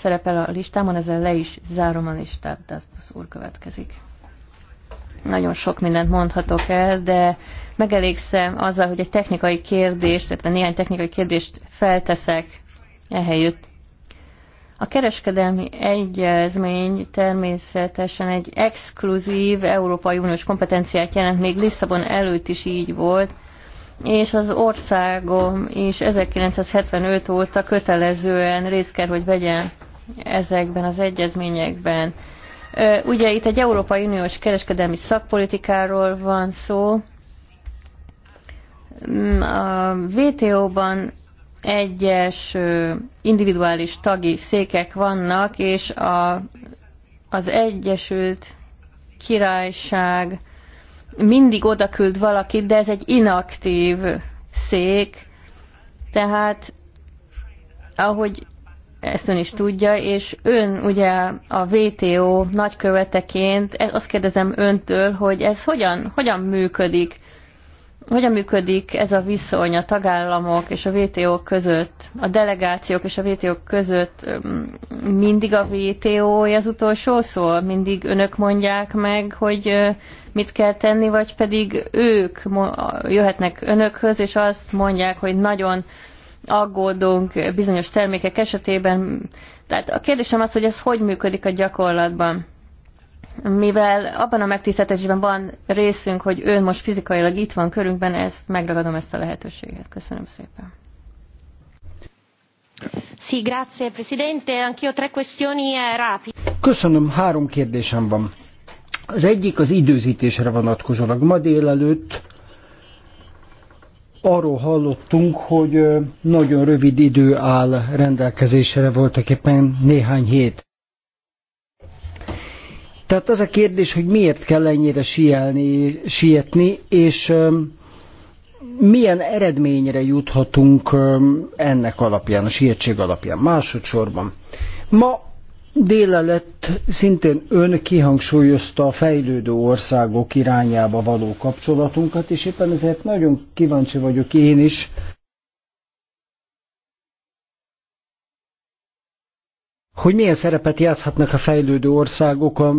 szerepel a listámon, ezzel le is zárom a listát, az úr következik. Nagyon sok mindent mondhatok el, de megelégszem azzal, hogy egy technikai kérdést, tehát néhány technikai kérdést felteszek ehelyütt. A kereskedelmi egyezmény természetesen egy exkluzív Európai Uniós kompetenciát jelent, még Lisszabon előtt is így volt, és az országom is 1975 óta kötelezően részt kell, hogy vegyen ezekben az egyezményekben. Ugye itt egy Európai Uniós kereskedelmi szakpolitikáról van szó. Mm, a WTO-ban egyes individuális tagi székek vannak, és a, az Egyesült Királyság mindig odaküld valakit, de ez egy inaktív szék, tehát ahogy ezt ön is tudja, és ön ugye a VTO nagyköveteként, e- azt kérdezem öntől, hogy ez hogyan, hogyan működik, hogyan működik ez a viszony a tagállamok és a VTO között, a delegációk és a VTO között mindig a VTO az utolsó szó, mindig önök mondják meg, hogy mit kell tenni, vagy pedig ők jöhetnek önökhöz, és azt mondják, hogy nagyon aggódunk bizonyos termékek esetében. Tehát a kérdésem az, hogy ez hogy működik a gyakorlatban. Mivel abban a megtiszteltetésben van részünk, hogy ön most fizikailag itt van körünkben, ezt megragadom ezt a lehetőséget. Köszönöm szépen. Sì grazie, Presidente. Anch'io tre questioni eh, rapide. Köszönöm, három kérdésem van. Az egyik az időzítésre vonatkozólag. Ma délelőtt arról hallottunk, hogy nagyon rövid idő áll rendelkezésre, voltak éppen néhány hét. Tehát az a kérdés, hogy miért kell ennyire sielni, sietni, és milyen eredményre juthatunk ennek alapján, a sietség alapján. Másodszorban. Ma Délelőtt szintén ön kihangsúlyozta a fejlődő országok irányába való kapcsolatunkat, és éppen ezért nagyon kíváncsi vagyok én is, hogy milyen szerepet játszhatnak a fejlődő országok a,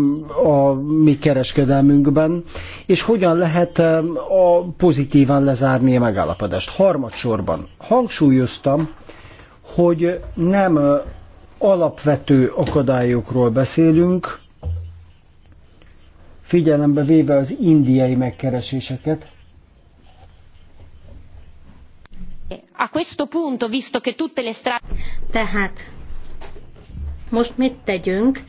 a mi kereskedelmünkben, és hogyan lehet eh, a pozitívan lezárni a megállapodást. Harmadsorban hangsúlyoztam, hogy nem eh, alapvető akadályokról beszélünk, figyelembe véve az indiai megkereséseket. A questo punto, visto che tutte le strade... Tehát, most mit tegyünk,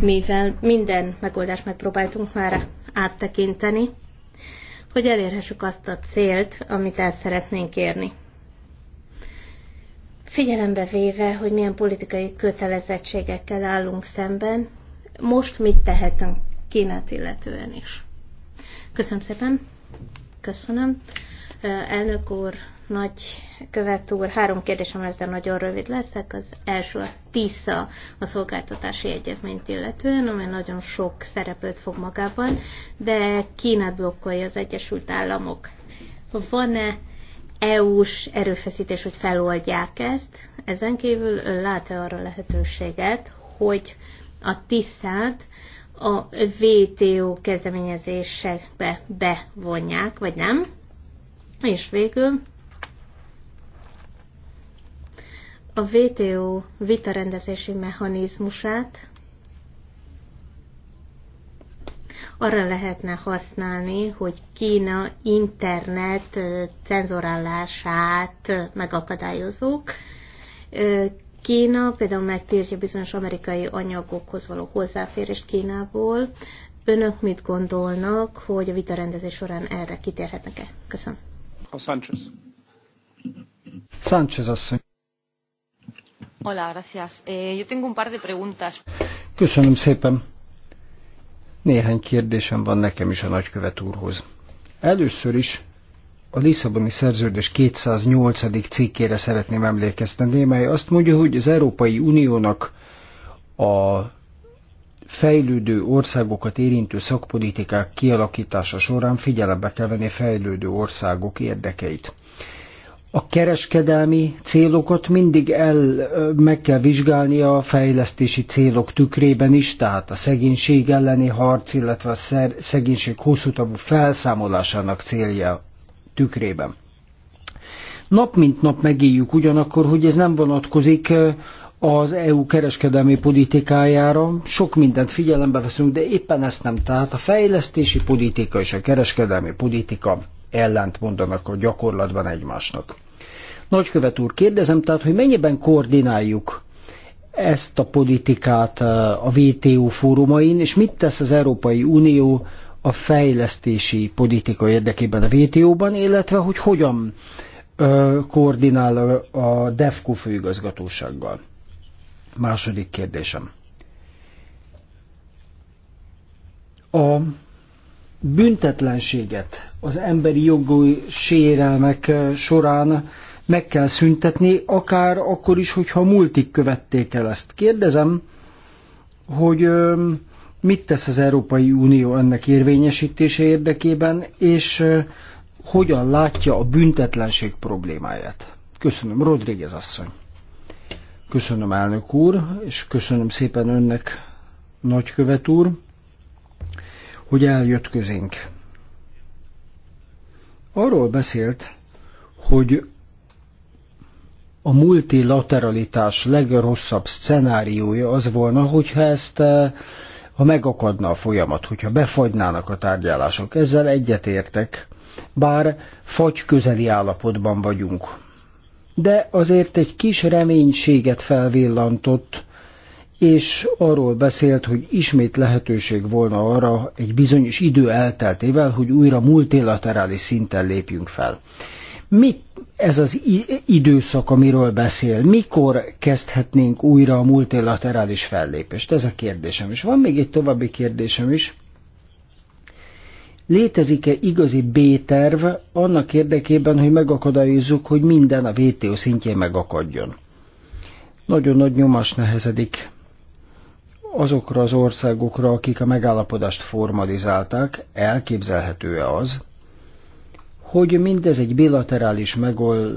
mivel minden megoldást megpróbáltunk már áttekinteni, hogy elérhessük azt a célt, amit el szeretnénk érni. Figyelembe véve, hogy milyen politikai kötelezettségekkel állunk szemben, most mit tehetünk Kínát illetően is. Köszönöm szépen. Köszönöm. Elnök úr, nagy követ úr, három kérdésem lesz, de nagyon rövid leszek. Az első a TISZA, a szolgáltatási egyezményt illetően, amely nagyon sok szereplőt fog magában, de Kína blokkolja az Egyesült Államok. Van-e EU-s erőfeszítés, hogy feloldják ezt. Ezen kívül ön lát-e arra lehetőséget, hogy a tisztát a VTO kezdeményezésekbe bevonják, vagy nem? És végül a VTO vitarendezési mechanizmusát arra lehetne használni, hogy Kína internet cenzorálását megakadályozzuk. Kína például megtiltja bizonyos amerikai anyagokhoz való hozzáférést Kínából. Önök mit gondolnak, hogy a vitarendezés során erre kitérhetnek-e? Köszönöm. A Sánchez. Sánchez asszony. Hola, gracias. Eh, yo tengo un par de preguntas. Köszönöm szépen. Néhány kérdésem van nekem is a nagykövet úrhoz. Először is a Lisszaboni szerződés 208. cikkére szeretném emlékeztetni, mely azt mondja, hogy az Európai Uniónak a fejlődő országokat érintő szakpolitikák kialakítása során figyelembe kell venni fejlődő országok érdekeit a kereskedelmi célokat mindig el, meg kell vizsgálni a fejlesztési célok tükrében is, tehát a szegénység elleni harc, illetve a szegénység hosszú távú felszámolásának célja tükrében. Nap mint nap megéljük ugyanakkor, hogy ez nem vonatkozik az EU kereskedelmi politikájára. Sok mindent figyelembe veszünk, de éppen ezt nem. Tehát a fejlesztési politika és a kereskedelmi politika ellent mondanak a gyakorlatban egymásnak. Nagykövet úr, kérdezem tehát, hogy mennyiben koordináljuk ezt a politikát eh, a WTO fórumain, és mit tesz az Európai Unió a fejlesztési politika érdekében a WTO-ban, illetve hogy hogyan eh, koordinál a DEFCO főigazgatósággal. Második kérdésem. A büntetlenséget az emberi jogú sérelmek eh, során meg kell szüntetni, akár akkor is, hogyha multik követték el ezt. Kérdezem, hogy mit tesz az Európai Unió ennek érvényesítése érdekében, és hogyan látja a büntetlenség problémáját. Köszönöm, Rodríguez asszony. Köszönöm, elnök úr, és köszönöm szépen önnek, nagykövet úr, hogy eljött közénk. Arról beszélt, hogy a multilateralitás legrosszabb szcenáriója az volna, hogyha ezt eh, ha megakadna a folyamat, hogyha befagynának a tárgyalások. Ezzel egyetértek, bár fagy közeli állapotban vagyunk. De azért egy kis reménységet felvillantott, és arról beszélt, hogy ismét lehetőség volna arra egy bizonyos idő elteltével, hogy újra multilaterális szinten lépjünk fel. Mi ez az időszak, amiről beszél? Mikor kezdhetnénk újra a multilaterális fellépést? Ez a kérdésem is. Van még egy további kérdésem is. Létezik-e igazi B-terv annak érdekében, hogy megakadályozzuk, hogy minden a WTO szintjén megakadjon? Nagyon nagy nyomás nehezedik azokra az országokra, akik a megállapodást formalizálták, elképzelhető-e az, hogy mindez egy bilaterális megol,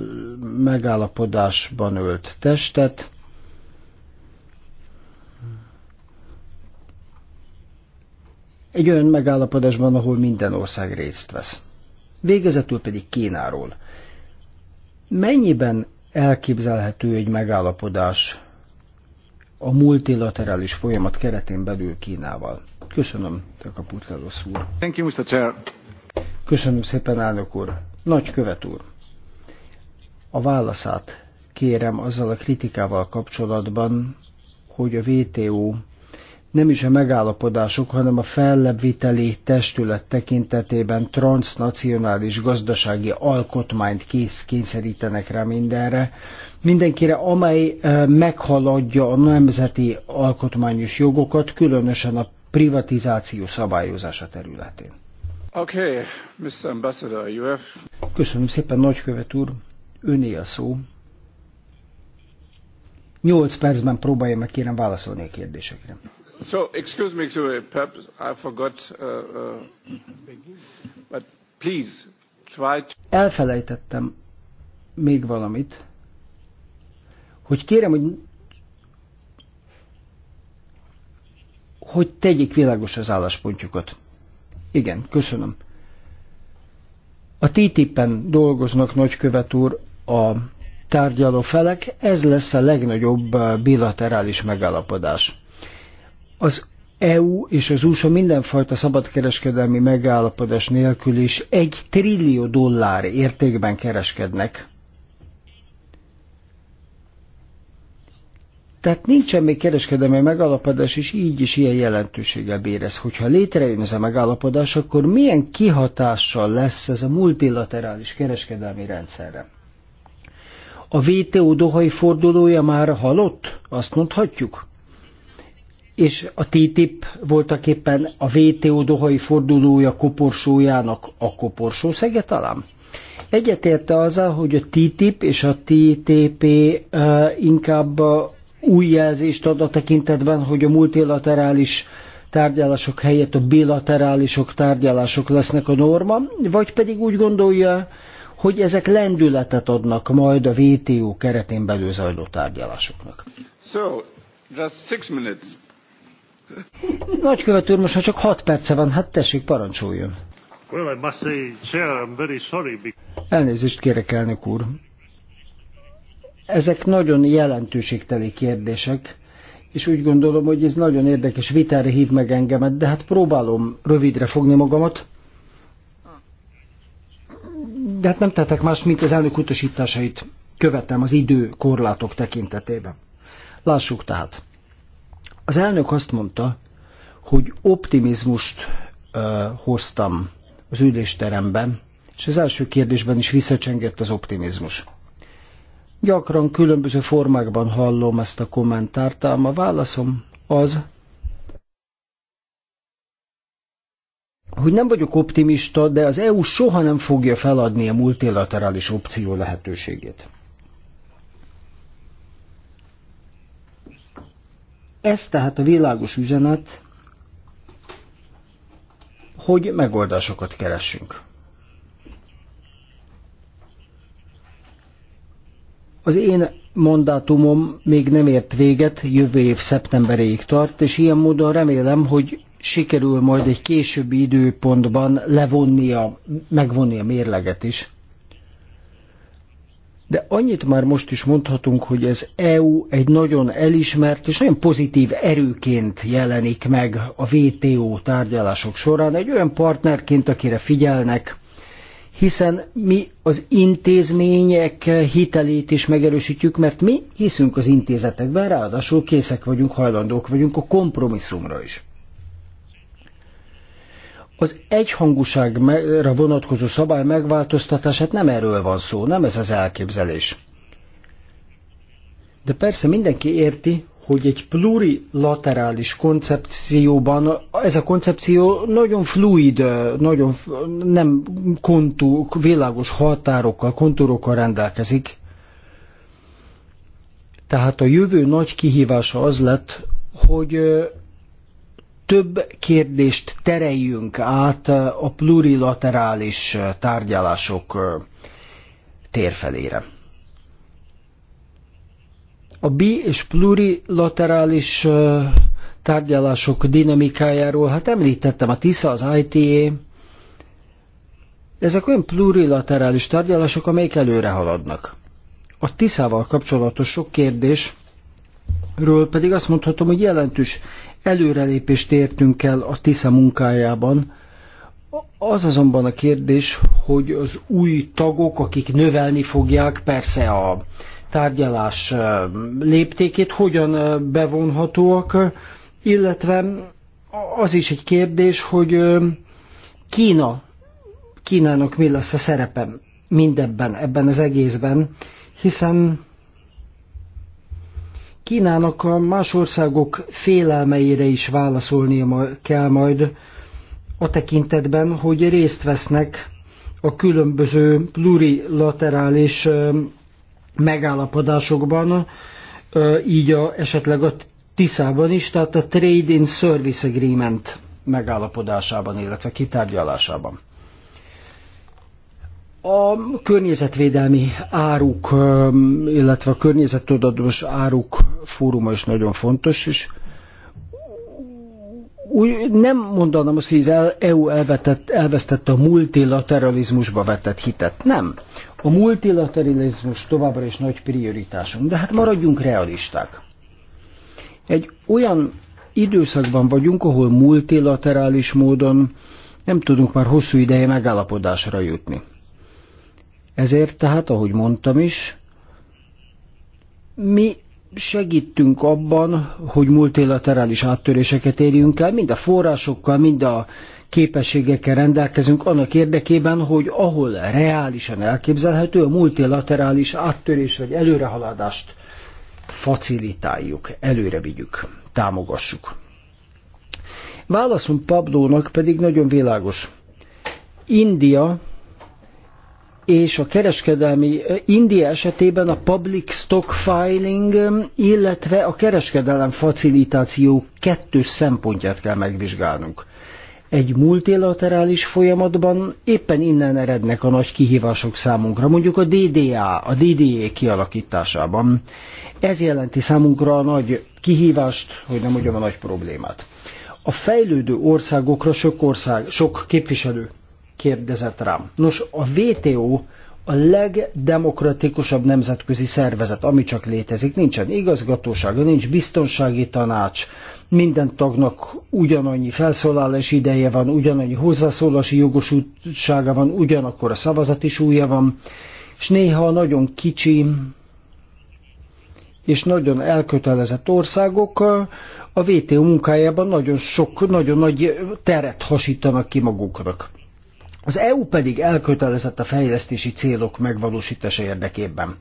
megállapodásban ölt testet, egy olyan megállapodásban, ahol minden ország részt vesz. Végezetül pedig Kínáról. Mennyiben elképzelhető egy megállapodás a multilaterális folyamat keretén belül Kínával? Köszönöm, Taka úr. Thank you, Mr. Chair. Köszönöm szépen, elnök úr. Nagy követ úr. A válaszát kérem azzal a kritikával kapcsolatban, hogy a VTO nem is a megállapodások, hanem a fellebbviteli testület tekintetében transnacionális gazdasági alkotmányt kész kényszerítenek rá mindenre, mindenkire, amely eh, meghaladja a nemzeti alkotmányos jogokat, különösen a privatizáció szabályozása területén. Okay, Mr. Ambassador, you have... Köszönöm szépen, nagykövet úr. Öné a szó. Nyolc percben próbálja meg kérem válaszolni a kérdésekre. So, excuse me, excuse me, perhaps I forgot, uh, uh, but please try to... Elfelejtettem még valamit, hogy kérem, hogy hogy tegyék világos az álláspontjukat. Igen, köszönöm. A TTIP-en dolgoznak, nagykövet úr, a tárgyaló felek, ez lesz a legnagyobb eh, bilaterális megállapodás. Az EU és az USA mindenfajta szabadkereskedelmi megállapodás nélkül is egy trillió dollár értékben kereskednek Tehát nincsen még kereskedelmi megállapodás, és így is ilyen jelentőséggel bérez. Hogyha létrejön ez a megállapodás, akkor milyen kihatással lesz ez a multilaterális kereskedelmi rendszerre? A VTO dohai fordulója már halott? Azt mondhatjuk? És a TTIP voltak éppen a VTO dohai fordulója koporsójának a koporsó szege talán? Egyetérte azzal, hogy a TTIP és a TTP inkább új jelzést ad a tekintetben, hogy a multilaterális tárgyalások helyett a bilaterálisok tárgyalások lesznek a norma, vagy pedig úgy gondolja, hogy ezek lendületet adnak majd a WTO keretén belül zajló tárgyalásoknak. So, just six minutes. Nagykövet úr, most ha csak hat perce van, hát tessék, parancsoljon. Well, I must say, chair, I'm very sorry. Elnézést kérek, elnök úr. Ezek nagyon jelentőségteli kérdések, és úgy gondolom, hogy ez nagyon érdekes vitára hív meg engemet, de hát próbálom rövidre fogni magamat. De hát nem tettek más, mint az elnök utasításait követem az idő korlátok tekintetében. Lássuk tehát. Az elnök azt mondta, hogy optimizmust ö, hoztam az ülésteremben, és az első kérdésben is visszacsengett az optimizmus. Gyakran különböző formákban hallom ezt a kommentárt, ám a válaszom az, hogy nem vagyok optimista, de az EU soha nem fogja feladni a multilaterális opció lehetőségét. Ez tehát a világos üzenet, hogy megoldásokat keressünk. Az én mandátumom még nem ért véget, jövő év szeptemberéig tart, és ilyen módon remélem, hogy sikerül majd egy későbbi időpontban levonni a, megvonni a mérleget is. De annyit már most is mondhatunk, hogy az EU egy nagyon elismert és nagyon pozitív erőként jelenik meg a WTO tárgyalások során, egy olyan partnerként, akire figyelnek, hiszen mi az intézmények hitelét is megerősítjük, mert mi hiszünk az intézetekben, ráadásul készek vagyunk, hajlandók vagyunk a kompromisszumra is. Az egyhangúságra vonatkozó szabály megváltoztatását nem erről van szó, nem ez az elképzelés. De persze mindenki érti, hogy egy plurilaterális koncepcióban ez a koncepció nagyon fluid, nagyon nem kontúk, világos határokkal, kontúrokkal rendelkezik. Tehát a jövő nagy kihívása az lett, hogy több kérdést tereljünk át a plurilaterális tárgyalások térfelére. A bi- és plurilaterális tárgyalások dinamikájáról, hát említettem a TISZA, az ITA, e. ezek olyan plurilaterális tárgyalások, amelyek előre haladnak. A TISZával kapcsolatos sok kérdésről pedig azt mondhatom, hogy jelentős előrelépést értünk el a TISZA munkájában. Az azonban a kérdés, hogy az új tagok, akik növelni fogják persze a tárgyalás léptékét, hogyan bevonhatóak, illetve az is egy kérdés, hogy Kína, Kínának mi lesz a szerepe mindebben, ebben az egészben, hiszen Kínának a más országok félelmeire is válaszolnia kell majd a tekintetben, hogy részt vesznek a különböző plurilaterális megállapodásokban, így a, esetleg a Tiszában is, tehát a Trade in Service Agreement megállapodásában, illetve kitárgyalásában. A környezetvédelmi áruk, illetve a környezettudatos áruk fóruma is nagyon fontos, és úgy, nem mondanám azt, hogy az EU e elvetett, elvesztette a multilateralizmusba vetett hitet. Nem. A multilateralizmus továbbra is nagy prioritásunk, de hát maradjunk realisták. Egy olyan időszakban vagyunk, ahol multilaterális módon nem tudunk már hosszú ideje megállapodásra jutni. Ezért tehát, ahogy mondtam is, mi segítünk abban, hogy multilaterális áttöréseket érjünk el, mind a forrásokkal, mind a képességekkel rendelkezünk annak érdekében, hogy ahol reálisan elképzelhető, a multilaterális áttörés vagy előrehaladást facilitáljuk, előre vigyük, támogassuk. Válaszunk Pablónak pedig nagyon világos. India és a kereskedelmi India esetében a public stock filing illetve a kereskedelem facilitáció kettős szempontját kell megvizsgálnunk. Egy multilaterális folyamatban éppen innen erednek a nagy kihívások számunkra, mondjuk a DDA, a DDA kialakításában. Ez jelenti számunkra a nagy kihívást, hogy nem mondjam a nagy problémát. A fejlődő országokra sok, ország, sok képviselő kérdezett rám. Nos, a WTO a legdemokratikusabb nemzetközi szervezet, ami csak létezik. Nincsen igazgatósága, nincs biztonsági tanács, minden tagnak ugyanannyi felszólalás ideje van, ugyanannyi hozzászólási jogosultsága van, ugyanakkor a szavazati újja van, és néha nagyon kicsi és nagyon elkötelezett országok a VTO munkájában nagyon sok, nagyon nagy teret hasítanak ki maguknak. Az EU pedig elkötelezett a fejlesztési célok megvalósítása érdekében.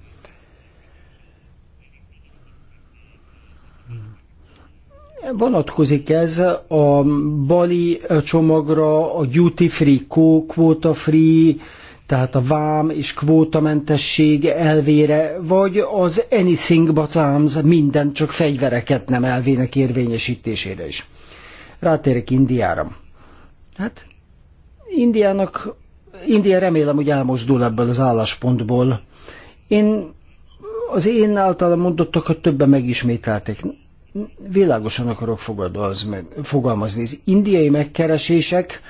Vonatkozik ez a bali csomagra, a duty free, quota free, tehát a vám és kvótamentesség elvére, vagy az anything but arms, minden csak fegyvereket nem elvének érvényesítésére is. Rátérek Indiára. Hát Indiának, India remélem, hogy elmozdul ebből az álláspontból. Én, az én általam mondottakat többen megismételték. Világosan akarok fogadalzni, fogalmazni. Az indiai megkeresések,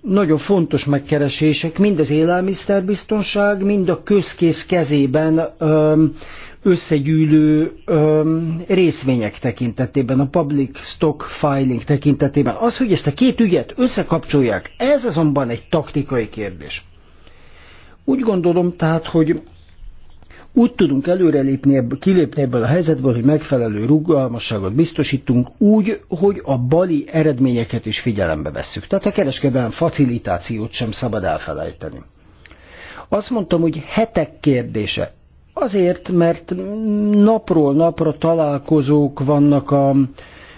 nagyon fontos megkeresések, mind az élelmiszerbiztonság, mind a közkész kezében öm, összegyűlő öm, részvények tekintetében, a public stock filing tekintetében. Az, hogy ezt a két ügyet összekapcsolják, ez azonban egy taktikai kérdés. Úgy gondolom tehát, hogy úgy tudunk előrelépni, kilépni ebből a helyzetből, hogy megfelelő rugalmasságot biztosítunk, úgy, hogy a bali eredményeket is figyelembe vesszük. Tehát a kereskedelem facilitációt sem szabad elfelejteni. Azt mondtam, hogy hetek kérdése. Azért, mert napról napra találkozók vannak a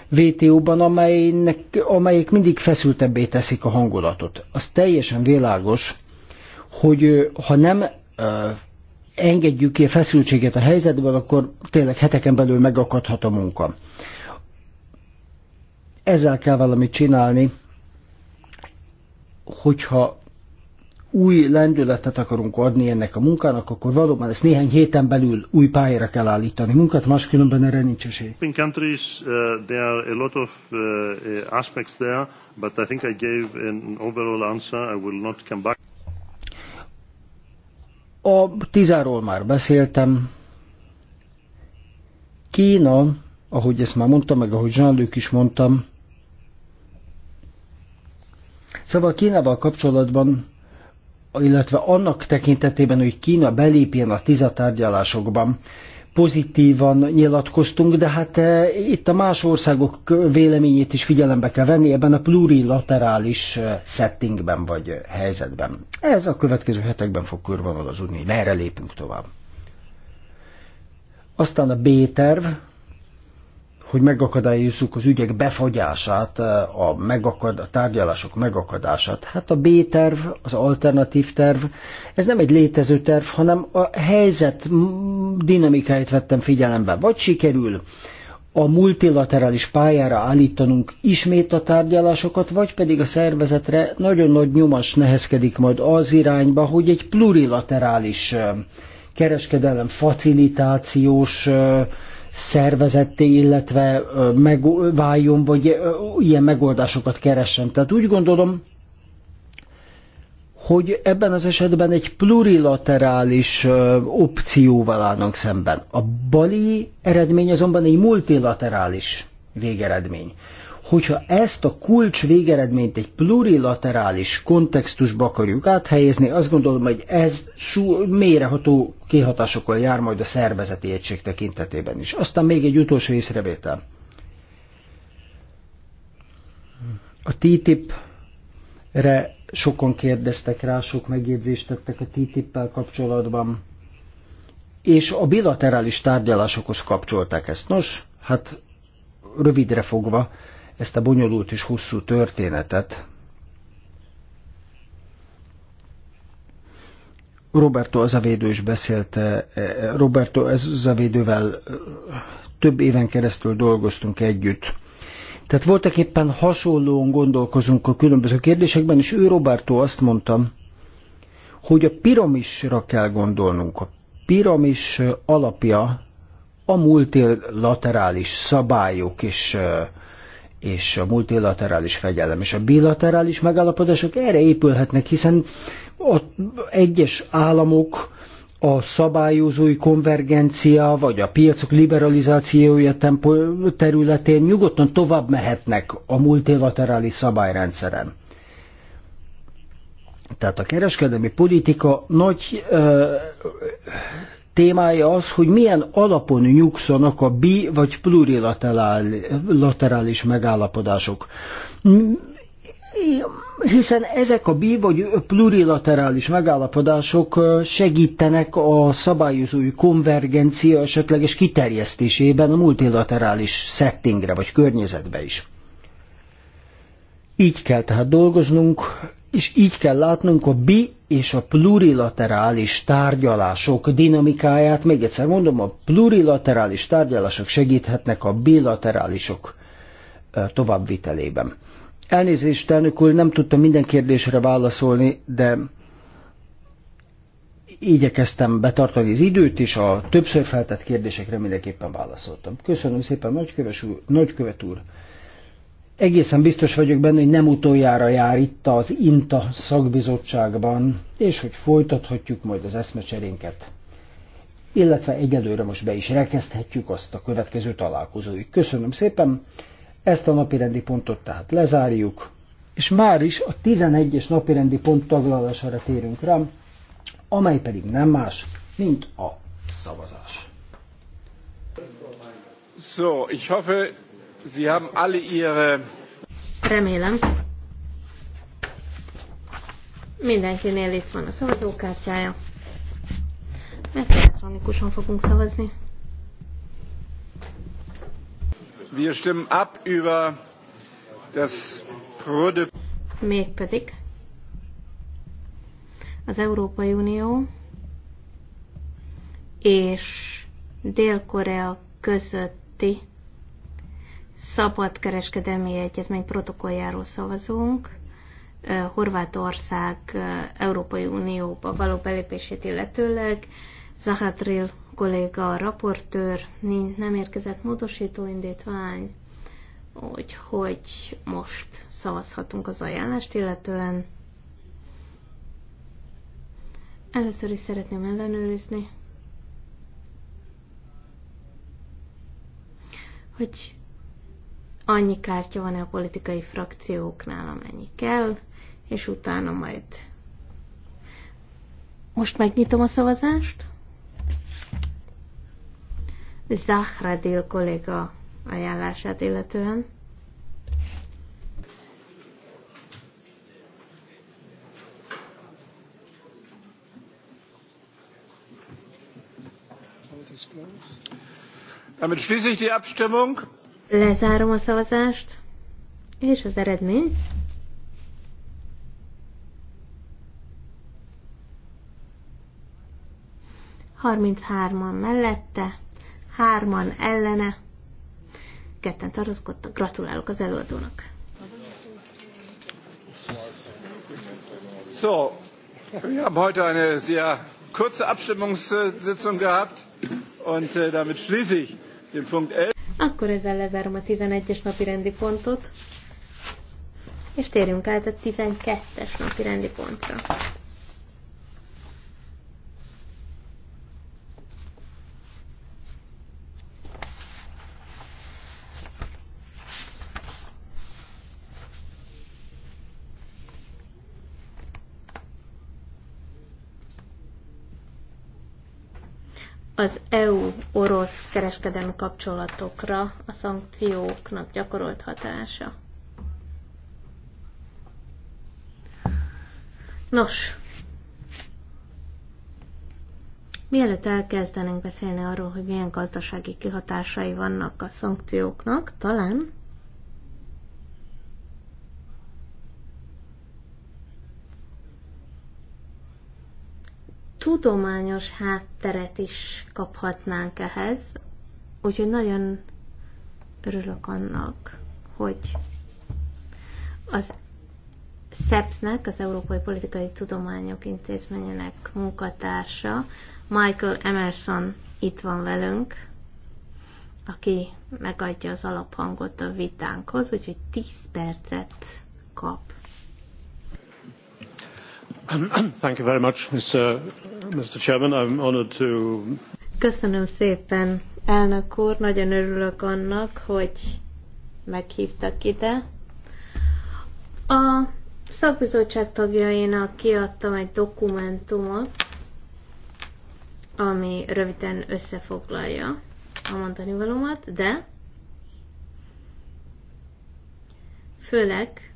VTO-ban, amelynek, amelyek mindig feszültebbé teszik a hangulatot. Az teljesen világos, hogy ha nem engedjük ki a feszültséget a helyzetből, akkor tényleg heteken belül megakadhat a munka. Ezzel kell valamit csinálni, hogyha új lendületet akarunk adni ennek a munkának, akkor valóban ezt néhány héten belül új pályára kell állítani munkát, máskülönben erre nincs esély. In countries uh, there are a lot of uh, aspects there, but I think I gave an overall answer. I will not come back. A tizáról már beszéltem. Kína, ahogy ezt már mondtam, meg ahogy jean is mondtam, Szóval Kínával kapcsolatban illetve annak tekintetében, hogy Kína belépjen a tizatárgyalásokban. pozitívan nyilatkoztunk, de hát e, itt a más országok véleményét is figyelembe kell venni ebben a plurilaterális eh, settingben vagy eh, helyzetben. Ez a következő hetekben fog körvonalazódni, merre lépünk tovább. Aztán a B-terv, hogy megakadályozzuk az ügyek befagyását, a, megakad, a tárgyalások megakadását. Hát a B-terv, az alternatív terv, ez nem egy létező terv, hanem a helyzet dinamikáját vettem figyelembe. Vagy sikerül a multilaterális pályára állítanunk ismét a tárgyalásokat, vagy pedig a szervezetre nagyon nagy nyomas nehezkedik majd az irányba, hogy egy plurilaterális kereskedelem facilitációs szervezetté, illetve megváljon, vagy ilyen megoldásokat keressen. Tehát úgy gondolom, hogy ebben az esetben egy plurilaterális opcióval állnak szemben. A bali eredmény azonban egy multilaterális végeredmény hogyha ezt a kulcs végeredményt egy plurilaterális kontextusba akarjuk áthelyezni, azt gondolom, hogy ez mélyreható kihatásokkal jár majd a szervezeti egység tekintetében is. Aztán még egy utolsó észrevétel. A TTIP-re sokan kérdeztek rá, sok megjegyzést tettek a TTIP-pel kapcsolatban, és a bilaterális tárgyalásokhoz kapcsolták ezt. Nos, hát rövidre fogva, ezt a bonyolult és hosszú történetet. Roberto Azavédő is beszélt, Roberto Azavédővel több éven keresztül dolgoztunk együtt. Tehát voltak éppen hasonlóan gondolkozunk a különböző kérdésekben, és ő Roberto azt mondta, hogy a piramisra kell gondolnunk. A piramis alapja a multilaterális szabályok és és a multilaterális fegyelem és a bilaterális megállapodások erre épülhetnek, hiszen a egyes államok a szabályozói konvergencia vagy a piacok liberalizációja területén nyugodtan tovább mehetnek a multilaterális szabályrendszeren. Tehát a kereskedelmi politika nagy ö, témája az, hogy milyen alapon nyugszanak a bi vagy plurilaterális megállapodások. Hiszen ezek a bi vagy plurilaterális megállapodások segítenek a szabályozói konvergencia esetleges kiterjesztésében a multilaterális settingre vagy környezetbe is. Így kell tehát dolgoznunk, és így kell látnunk a bi és a plurilaterális tárgyalások dinamikáját. Még egyszer mondom, a plurilaterális tárgyalások segíthetnek a bilaterálisok továbbvitelében. Elnézést, elnök úr, nem tudtam minden kérdésre válaszolni, de igyekeztem betartani az időt, és a többször feltett kérdésekre mindenképpen válaszoltam. Köszönöm szépen, nagykövet úr! Egészen biztos vagyok benne, hogy nem utoljára jár itt az INTA szakbizottságban, és hogy folytathatjuk majd az eszmecserénket. Illetve egyelőre most be is rekezdhetjük azt a következő találkozóig. Köszönöm szépen, ezt a napirendi pontot tehát lezárjuk, és már is a 11-es napirendi pont taglalására térünk rá, amely pedig nem más, mint a szavazás. So, ich hoffe, Sie haben alle Ihre. Remélem. Mindenkinél itt van a szavazókártyája. Mert elektronikusan fogunk szavazni. Wir stimmen ab über das Produkt. Mégpedig az Európai Unió és Dél-Korea közötti kereskedelmi egyezmény protokolljáról szavazunk, Horvátország Európai Unióba való belépését illetőleg. Zahatril kolléga, a raportőr, nem érkezett módosító indítvány, úgyhogy most szavazhatunk az ajánlást illetően. Először is szeretném ellenőrizni, hogy annyi kártya van -e a politikai frakcióknál, amennyi kell, és utána majd. Most megnyitom a szavazást. Zahradil kolléga ajánlását illetően. Damit schließe ich die Abstimmung. Lezárom a szavazást, és az eredmény. Harminchárman mellette, hárman ellene, ketten tartózkodtak, gratulálok az előadónak. So, wir haben heute eine sehr kurze Abstimmungssitzung gehabt und äh, damit schließe ich den Punkt 11. Akkor ezzel lezárom a 11-es napi rendi pontot, és térjünk át a 12-es napi rendi pontra. az EU-orosz kereskedelmi kapcsolatokra a szankcióknak gyakorolt hatása. Nos, mielőtt elkezdenénk beszélni arról, hogy milyen gazdasági kihatásai vannak a szankcióknak, talán tudományos hátteret is kaphatnánk ehhez, úgyhogy nagyon örülök annak, hogy az SEPS-nek, az Európai Politikai Tudományok Intézményének munkatársa, Michael Emerson itt van velünk, aki megadja az alaphangot a vitánkhoz, úgyhogy 10 percet kap. Uh, Köszönöm szépen, elnök úr. Nagyon örülök annak, hogy meghívtak ide. A szakbizottság tagjainak kiadtam egy dokumentumot, ami röviden összefoglalja a mondani valómat, de főleg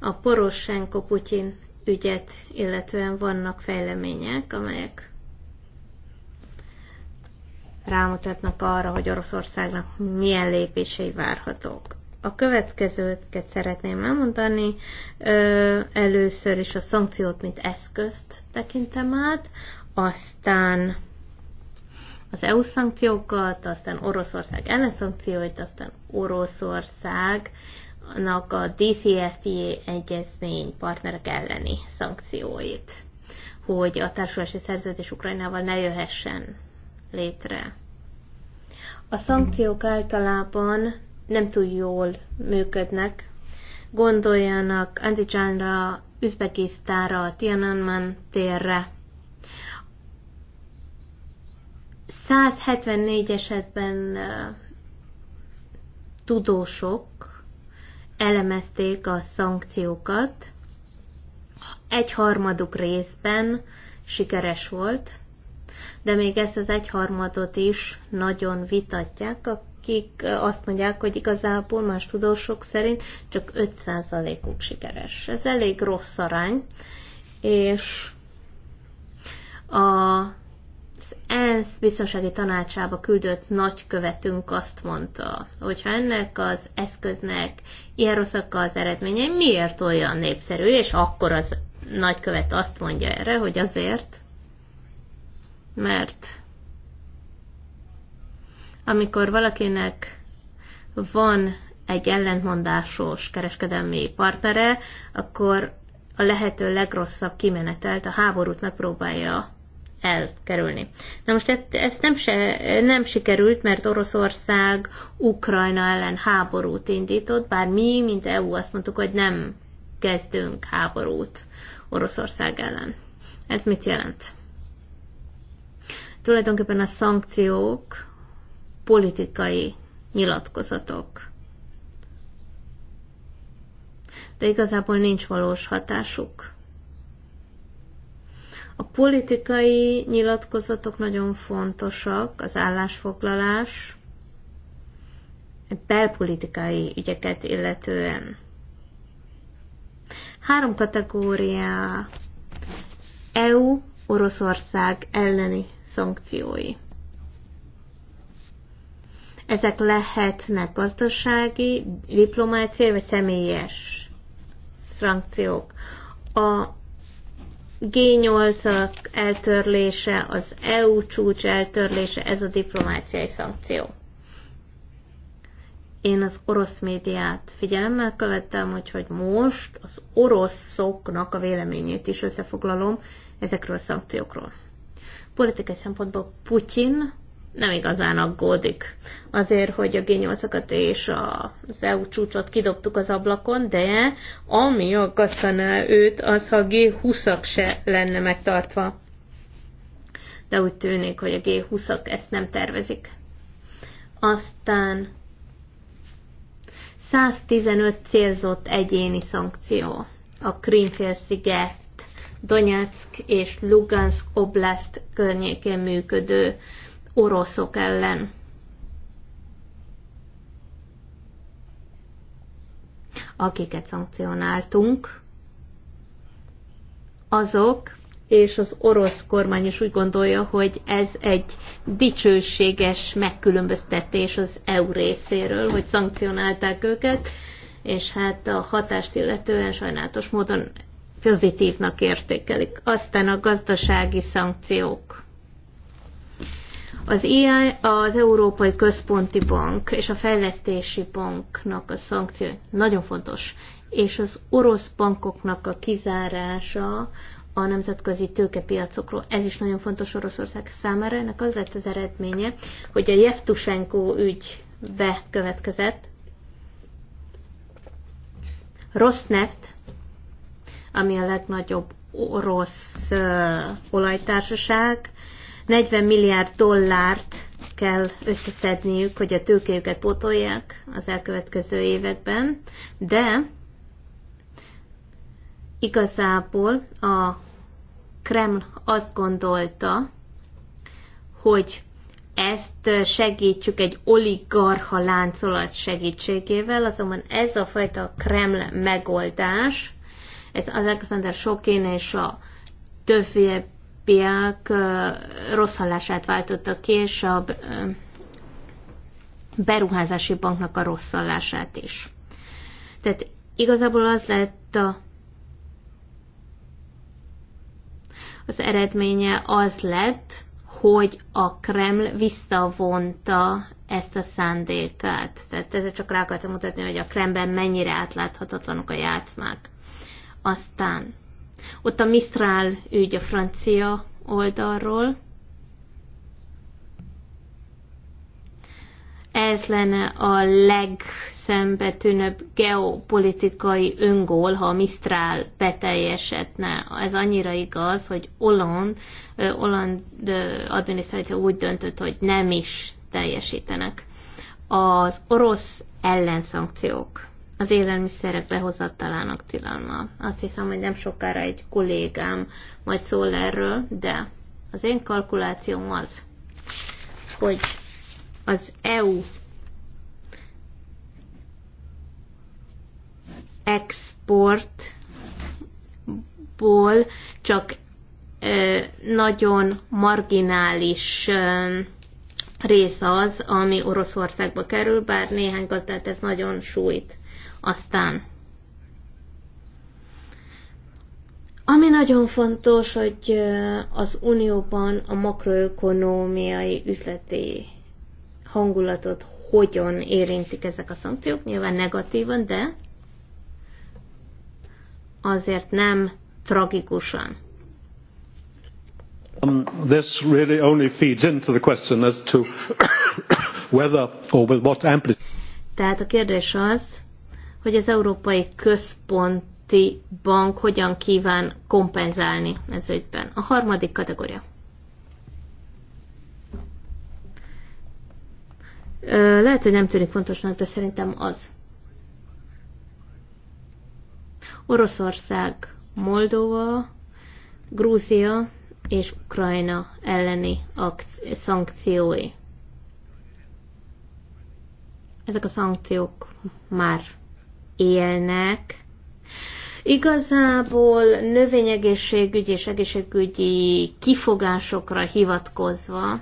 a Poroshenko Putyin ügyet, illetően vannak fejlemények, amelyek rámutatnak arra, hogy Oroszországnak milyen lépései várhatók. A következőket szeretném elmondani. Először is a szankciót, mint eszközt tekintem át, aztán az EU szankciókat, aztán Oroszország ellen szankcióit, aztán Oroszország a DCFTA egyezmény partnerek elleni szankcióit, hogy a társulási szerződés Ukrajnával ne jöhessen létre. A szankciók általában nem túl jól működnek. Gondoljanak Andijanra, Üzbekisztára, Tiananmen térre. 174 esetben tudósok elemezték a szankciókat. Egy harmaduk részben sikeres volt, de még ezt az egyharmadot is nagyon vitatják, akik azt mondják, hogy igazából más tudósok szerint csak 5%-uk sikeres. Ez elég rossz arány, és a az ENSZ biztonsági tanácsába küldött nagykövetünk azt mondta, hogy ha ennek az eszköznek ilyen rosszak az eredményei, miért olyan népszerű, és akkor az nagykövet azt mondja erre, hogy azért, mert amikor valakinek van egy ellentmondásos kereskedelmi partnere, akkor a lehető legrosszabb kimenetelt, a háborút megpróbálja elkerülni. Na most ez nem, se, nem sikerült, mert Oroszország Ukrajna ellen háborút indított, bár mi, mint EU azt mondtuk, hogy nem kezdünk háborút Oroszország ellen. Ez mit jelent? Tulajdonképpen a szankciók politikai nyilatkozatok. De igazából nincs valós hatásuk. A politikai nyilatkozatok nagyon fontosak, az állásfoglalás, belpolitikai ügyeket illetően. Három kategória EU, Oroszország elleni szankciói. Ezek lehetnek gazdasági, diplomáciai vagy személyes szankciók. A G8-ak eltörlése, az EU csúcs eltörlése, ez a diplomáciai szankció. Én az orosz médiát figyelemmel követtem, úgyhogy most az oroszoknak a véleményét is összefoglalom ezekről a szankciókról. Politikai szempontból Putyin nem igazán aggódik. Azért, hogy a G8-akat és az EU csúcsot kidobtuk az ablakon, de ami aggasztaná őt, az, ha a G20-ak se lenne megtartva. De úgy tűnik, hogy a G20-ak ezt nem tervezik. Aztán 115 célzott egyéni szankció a Krimfélsziget Donetsk és Lugansk oblast környékén működő oroszok ellen. Akiket szankcionáltunk, azok, és az orosz kormány is úgy gondolja, hogy ez egy dicsőséges megkülönböztetés az EU részéről, hogy szankcionálták őket, és hát a hatást illetően sajnálatos módon pozitívnak értékelik. Aztán a gazdasági szankciók. Az EI, az Európai Központi Bank és a Fejlesztési Banknak a szankció nagyon fontos, és az orosz bankoknak a kizárása a nemzetközi tőkepiacokról. Ez is nagyon fontos Oroszország számára. Ennek az lett az eredménye, hogy a Jeftusenko ügy bekövetkezett. neft, ami a legnagyobb orosz olajtársaság, 40 milliárd dollárt kell összeszedniük, hogy a tőkéjüket pótolják az elkövetkező években, de igazából a Kreml azt gondolta, hogy ezt segítjük egy oligarha láncolat segítségével, azonban ez a fajta Kreml megoldás, ez Alexander Sokin és a többiek piák rossz hallását váltottak ki, és a beruházási banknak a rossz hallását is. Tehát igazából az lett a az eredménye az lett, hogy a Kreml visszavonta ezt a szándékát. Tehát ezzel csak rá akartam mutatni, hogy a Kremlben mennyire átláthatatlanok a játszmák. Aztán ott a Mistral ügy a francia oldalról. Ez lenne a legszembetűnőbb geopolitikai öngól, ha a Mistral beteljesedne. Ez annyira igaz, hogy Holland, Holland adminisztráció úgy döntött, hogy nem is teljesítenek. Az orosz ellenszankciók az élelmiszerek behozatalának tilalma. Azt hiszem, hogy nem sokára egy kollégám majd szól erről, de az én kalkulációm az, hogy az EU exportból csak nagyon marginális része az, ami Oroszországba kerül, bár néhány gazdát ez nagyon sújt. Aztán, ami nagyon fontos, hogy az Unióban a makroökonómiai üzleti hangulatot hogyan érintik ezek a szankciók, nyilván negatívan, de azért nem tragikusan. Um, this really only feeds into the question as to whether or with what amplitude. Tehát a kérdés az, hogy az Európai Központi Bank hogyan kíván kompenzálni ez ügyben. A harmadik kategória. Lehet, hogy nem tűnik fontosnak, de szerintem az. Oroszország, Moldova, Grúzia és Ukrajna elleni szankciói. Ezek a szankciók már élnek. Igazából növényegészségügyi és egészségügyi kifogásokra hivatkozva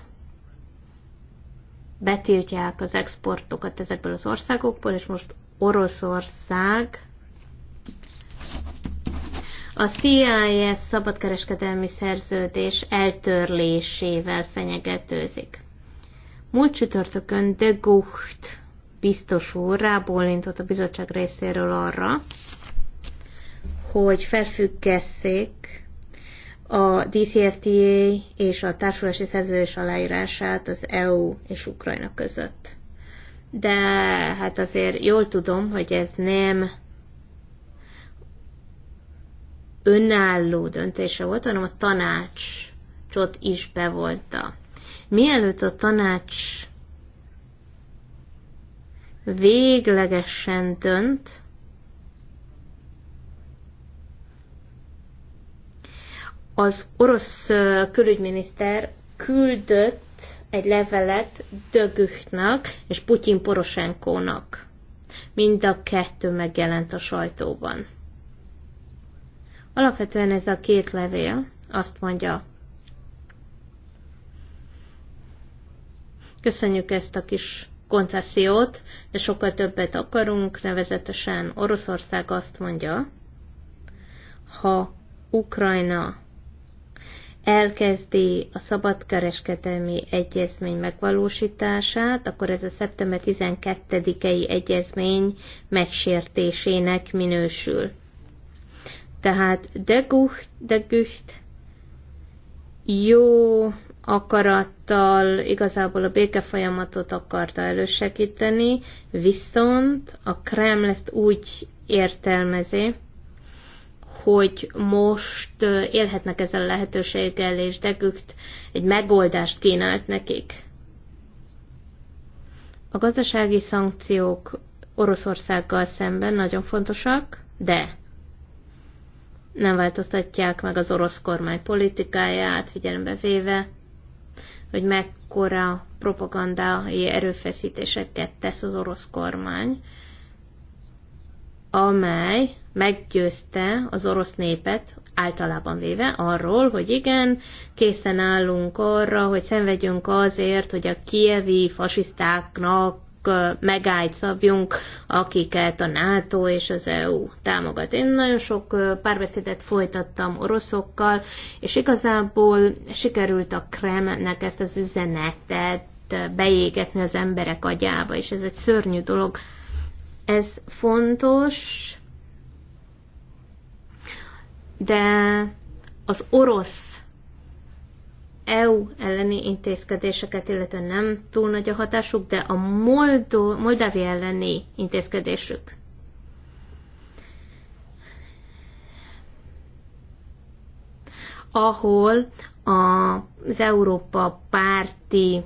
betiltják az exportokat ezekből az országokból, és most Oroszország a CIS szabadkereskedelmi szerződés eltörlésével fenyegetőzik. Múlt csütörtökön de Gucht biztos úr rábólintott a bizottság részéről arra, hogy felfüggesszék a DCFTA és a társulási szerződés aláírását az EU és Ukrajna között. De hát azért jól tudom, hogy ez nem önálló döntése volt, hanem a tanácsot is bevolta. Mielőtt a tanács véglegesen dönt, az orosz külügyminiszter küldött egy levelet Dögüchnak és Putyin Poroshenkónak. Mind a kettő megjelent a sajtóban. Alapvetően ez a két levél azt mondja, köszönjük ezt a kis koncesziót, de sokkal többet akarunk, nevezetesen Oroszország azt mondja, ha Ukrajna elkezdi a szabadkereskedelmi egyezmény megvalósítását, akkor ez a szeptember 12-i egyezmény megsértésének minősül. Tehát de Gucht, de Gucht jó akarattal igazából a békefolyamatot akarta elősegíteni, viszont a Kreml ezt úgy értelmezi, hogy most élhetnek ezzel a lehetőséggel, és Degükt egy megoldást kínált nekik. A gazdasági szankciók Oroszországgal szemben nagyon fontosak, de nem változtatják meg az orosz kormány politikáját, figyelembe véve hogy mekkora propagandai erőfeszítéseket tesz az orosz kormány, amely meggyőzte az orosz népet általában véve arról, hogy igen, készen állunk arra, hogy szenvedjünk azért, hogy a kievi fasisztáknak megállt szabjunk, akiket a NATO és az EU támogat. Én nagyon sok párbeszédet folytattam oroszokkal, és igazából sikerült a Kremnek ezt az üzenetet beégetni az emberek agyába, és ez egy szörnyű dolog. Ez fontos, de az orosz EU elleni intézkedéseket, illetve nem túl nagy a hatásuk, de a Moldó, Moldávi elleni intézkedésük. ahol az Európa párti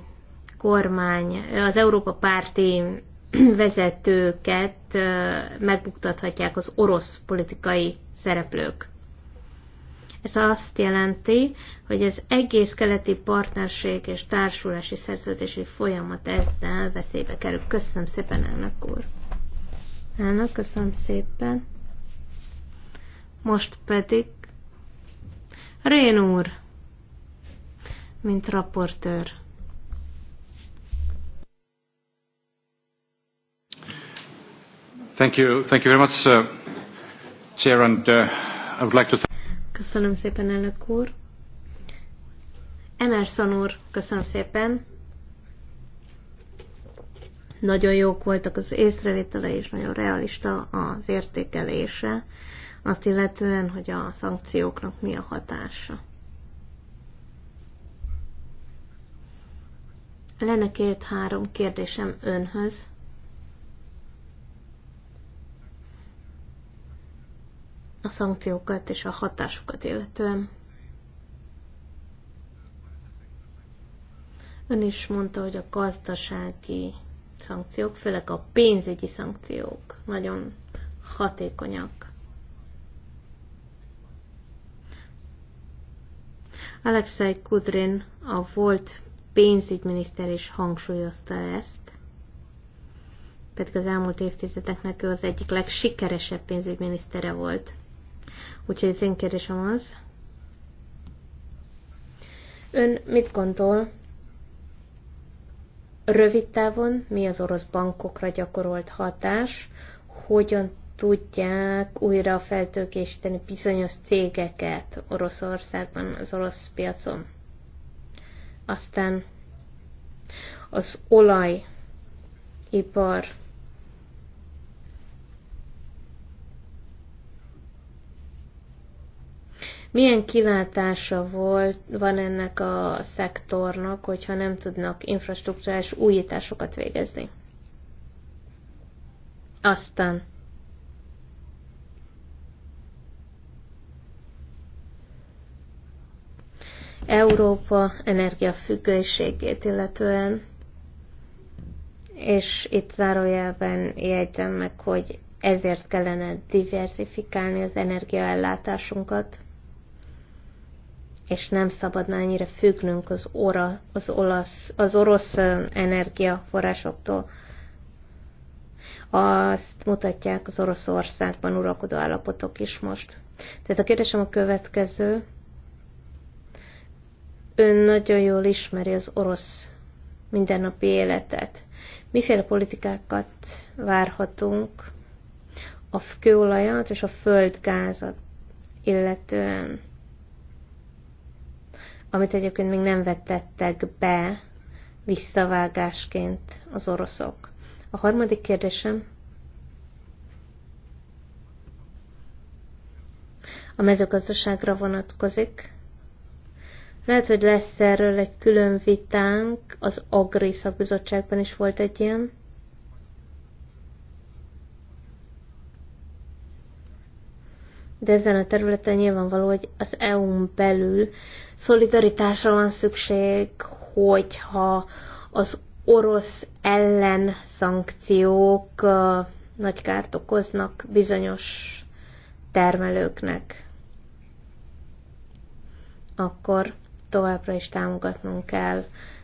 kormány, az Európa párti vezetőket megbuktathatják az orosz politikai szereplők. Ez azt jelenti, hogy az egész keleti partnerség és társulási szerződési folyamat ezzel veszélybe kerül. Köszönöm szépen, elnök úr. Elnök, köszönöm szépen. Most pedig Rén úr, mint raportőr. Thank you, thank you very much, uh, Chair, and uh, I would like to. thank Köszönöm szépen, elnök úr. Emerson úr, köszönöm szépen. Nagyon jók voltak az észrevétele, és nagyon realista az értékelése, azt illetően, hogy a szankcióknak mi a hatása. Lenne két-három kérdésem önhöz. a szankciókat és a hatásukat illetően. Ön is mondta, hogy a gazdasági szankciók, főleg a pénzügyi szankciók nagyon hatékonyak. Alexei Kudrin, a volt pénzügyminiszter is hangsúlyozta ezt, pedig az elmúlt évtizedeknek ő az egyik legsikeresebb pénzügyminisztere volt. Úgyhogy az én kérdésem az, ön mit gondol, rövid távon mi az orosz bankokra gyakorolt hatás, hogyan tudják újra feltőkésíteni bizonyos cégeket Oroszországban, az orosz piacon. Aztán az olajipar Milyen kilátása volt, van ennek a szektornak, hogyha nem tudnak infrastruktúrás újításokat végezni? Aztán Európa energiafüggőségét illetően, és itt zárójelben jegyzem meg, hogy ezért kellene diversifikálni az energiaellátásunkat és nem szabadna ennyire függnünk az, ora, az, olasz, az orosz energiaforrásoktól. Azt mutatják az Oroszországban uralkodó állapotok is most. Tehát a kérdésem a következő. Ön nagyon jól ismeri az orosz mindennapi életet. Miféle politikákat várhatunk a kőolajat és a földgázat illetően? amit egyébként még nem vettettek be visszavágásként az oroszok. A harmadik kérdésem a mezőgazdaságra vonatkozik. Lehet, hogy lesz erről egy külön vitánk, az Agri szakbizottságban is volt egy ilyen. de ezen a területen nyilvánvaló, hogy az EU-n belül szolidaritásra van szükség, hogyha az orosz ellen szankciók nagy kárt okoznak bizonyos termelőknek, akkor továbbra is támogatnunk kell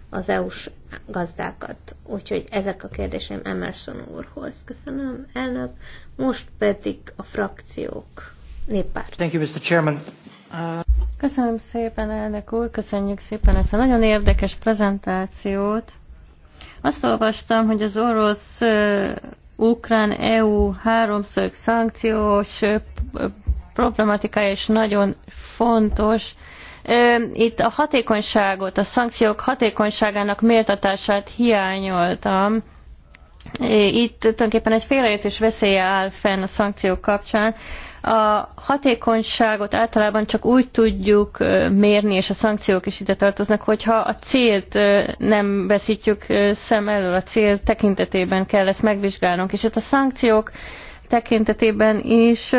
az EU-s gazdákat. Úgyhogy ezek a kérdésem Emerson úrhoz. Köszönöm, elnök. Most pedig a frakciók. Néppárt. Thank you, Mr. Chairman. Köszönöm szépen, elnök úr, köszönjük szépen ezt a nagyon érdekes prezentációt. Azt olvastam, hogy az orosz ukrán-EU háromszög szankciós problematikája is nagyon fontos. Itt a hatékonyságot, a szankciók hatékonyságának méltatását hiányoltam. Itt tulajdonképpen egy félreértés veszélye áll fenn a szankciók kapcsán. A hatékonyságot általában csak úgy tudjuk mérni, és a szankciók is ide tartoznak, hogyha a célt nem veszítjük szem elől, a cél tekintetében kell ezt megvizsgálnunk. És hát a szankciók tekintetében is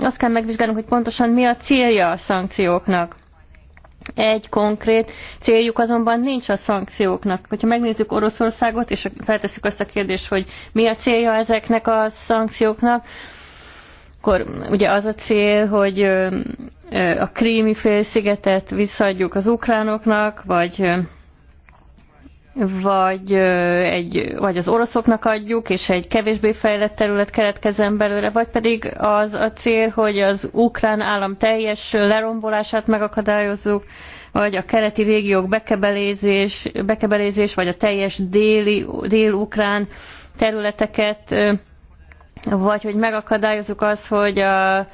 azt kell megvizsgálnunk, hogy pontosan mi a célja a szankcióknak egy konkrét céljuk azonban nincs a szankcióknak. Hogyha megnézzük Oroszországot, és feltesszük azt a kérdést, hogy mi a célja ezeknek a szankcióknak, akkor ugye az a cél, hogy a krími félszigetet visszaadjuk az ukránoknak, vagy vagy, egy, vagy az oroszoknak adjuk, és egy kevésbé fejlett terület keletkezzen belőle, vagy pedig az a cél, hogy az ukrán állam teljes lerombolását megakadályozzuk, vagy a keleti régiók bekebelézés, bekebelézés vagy a teljes déli, dél-ukrán területeket vagy hogy megakadályozzuk az, hogy a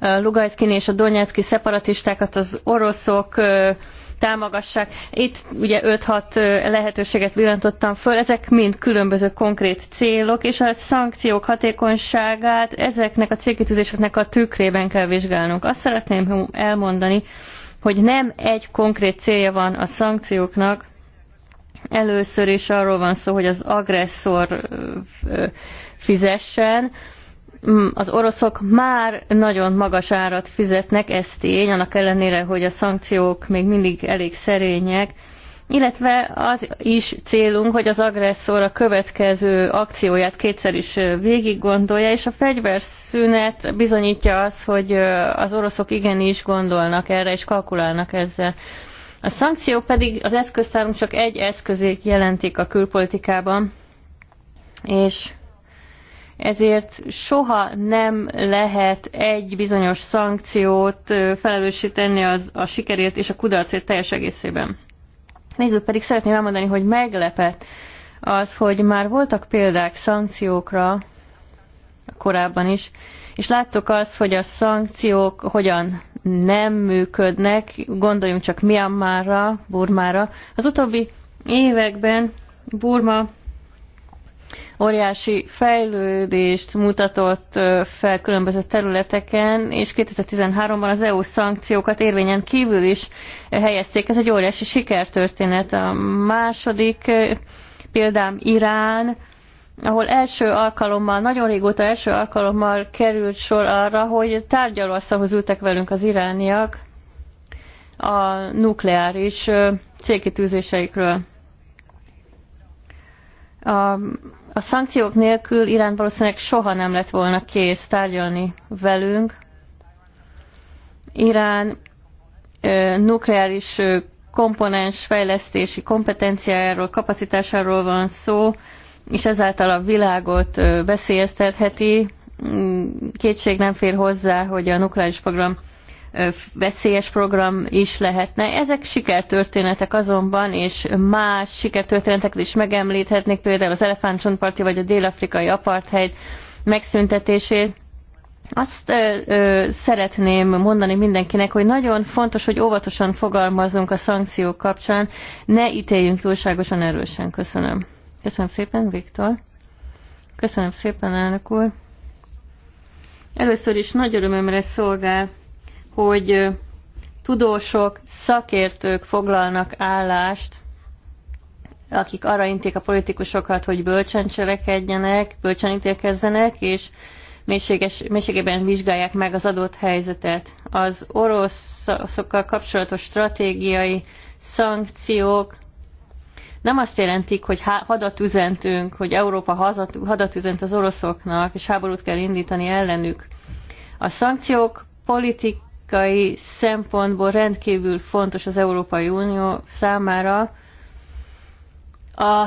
Lugajszkin és a Donetszki szeparatistákat az oroszok támogassák. Itt ugye 5-6 lehetőséget villantottam föl, ezek mind különböző konkrét célok, és a szankciók hatékonyságát ezeknek a célkitűzéseknek a tükrében kell vizsgálnunk. Azt szeretném elmondani, hogy nem egy konkrét célja van a szankcióknak, először is arról van szó, hogy az agresszor fizessen. Mm, az oroszok már nagyon magas árat fizetnek, ez tény, annak ellenére, hogy a szankciók még mindig elég szerények, illetve az is célunk, hogy az agresszor a következő akcióját kétszer is végig gondolja, és a fegyverszünet bizonyítja azt, hogy az oroszok igenis gondolnak erre, és kalkulálnak ezzel. A szankció pedig az eszköztárunk csak egy eszközét jelentik a külpolitikában, és ezért soha nem lehet egy bizonyos szankciót felelőssé tenni az, a sikerért és a kudarcért teljes egészében. Végül pedig szeretném elmondani, hogy meglepet az, hogy már voltak példák szankciókra korábban is, és láttuk azt, hogy a szankciók hogyan nem működnek, gondoljunk csak Myanmarra, Burmára. Az utóbbi években Burma óriási fejlődést mutatott fel különböző területeken, és 2013-ban az EU szankciókat érvényen kívül is helyezték. Ez egy óriási sikertörténet. A második példám Irán, ahol első alkalommal, nagyon régóta első alkalommal került sor arra, hogy tárgyalóasztalhoz ültek velünk az irániak a nukleáris célkitűzéseikről. A a szankciók nélkül Irán valószínűleg soha nem lett volna kész tárgyalni velünk. Irán nukleáris komponens fejlesztési kompetenciájáról, kapacitásáról van szó, és ezáltal a világot veszélyeztetheti. Mm, kétség nem fér hozzá, hogy a nukleáris program veszélyes program is lehetne. Ezek sikertörténetek azonban, és más sikertörténeteket is megemlíthetnék, például az elefántcsontparti vagy a dél-afrikai apartheid megszüntetését. Azt ö, ö, szeretném mondani mindenkinek, hogy nagyon fontos, hogy óvatosan fogalmazzunk a szankciók kapcsán, ne ítéljünk túlságosan erősen. Köszönöm. Köszönöm szépen, Viktor. Köszönöm szépen, elnök úr. Először is nagy örömömre szolgál hogy tudósok, szakértők foglalnak állást, akik arra intik a politikusokat, hogy bölcsen cselekedjenek, bölcsen ítélkezzenek, és mélységes, mélységében vizsgálják meg az adott helyzetet. Az oroszokkal kapcsolatos stratégiai szankciók nem azt jelentik, hogy hadat üzentünk, hogy Európa hadat üzent az oroszoknak, és háborút kell indítani ellenük. A szankciók politik politikai szempontból rendkívül fontos az Európai Unió számára. A,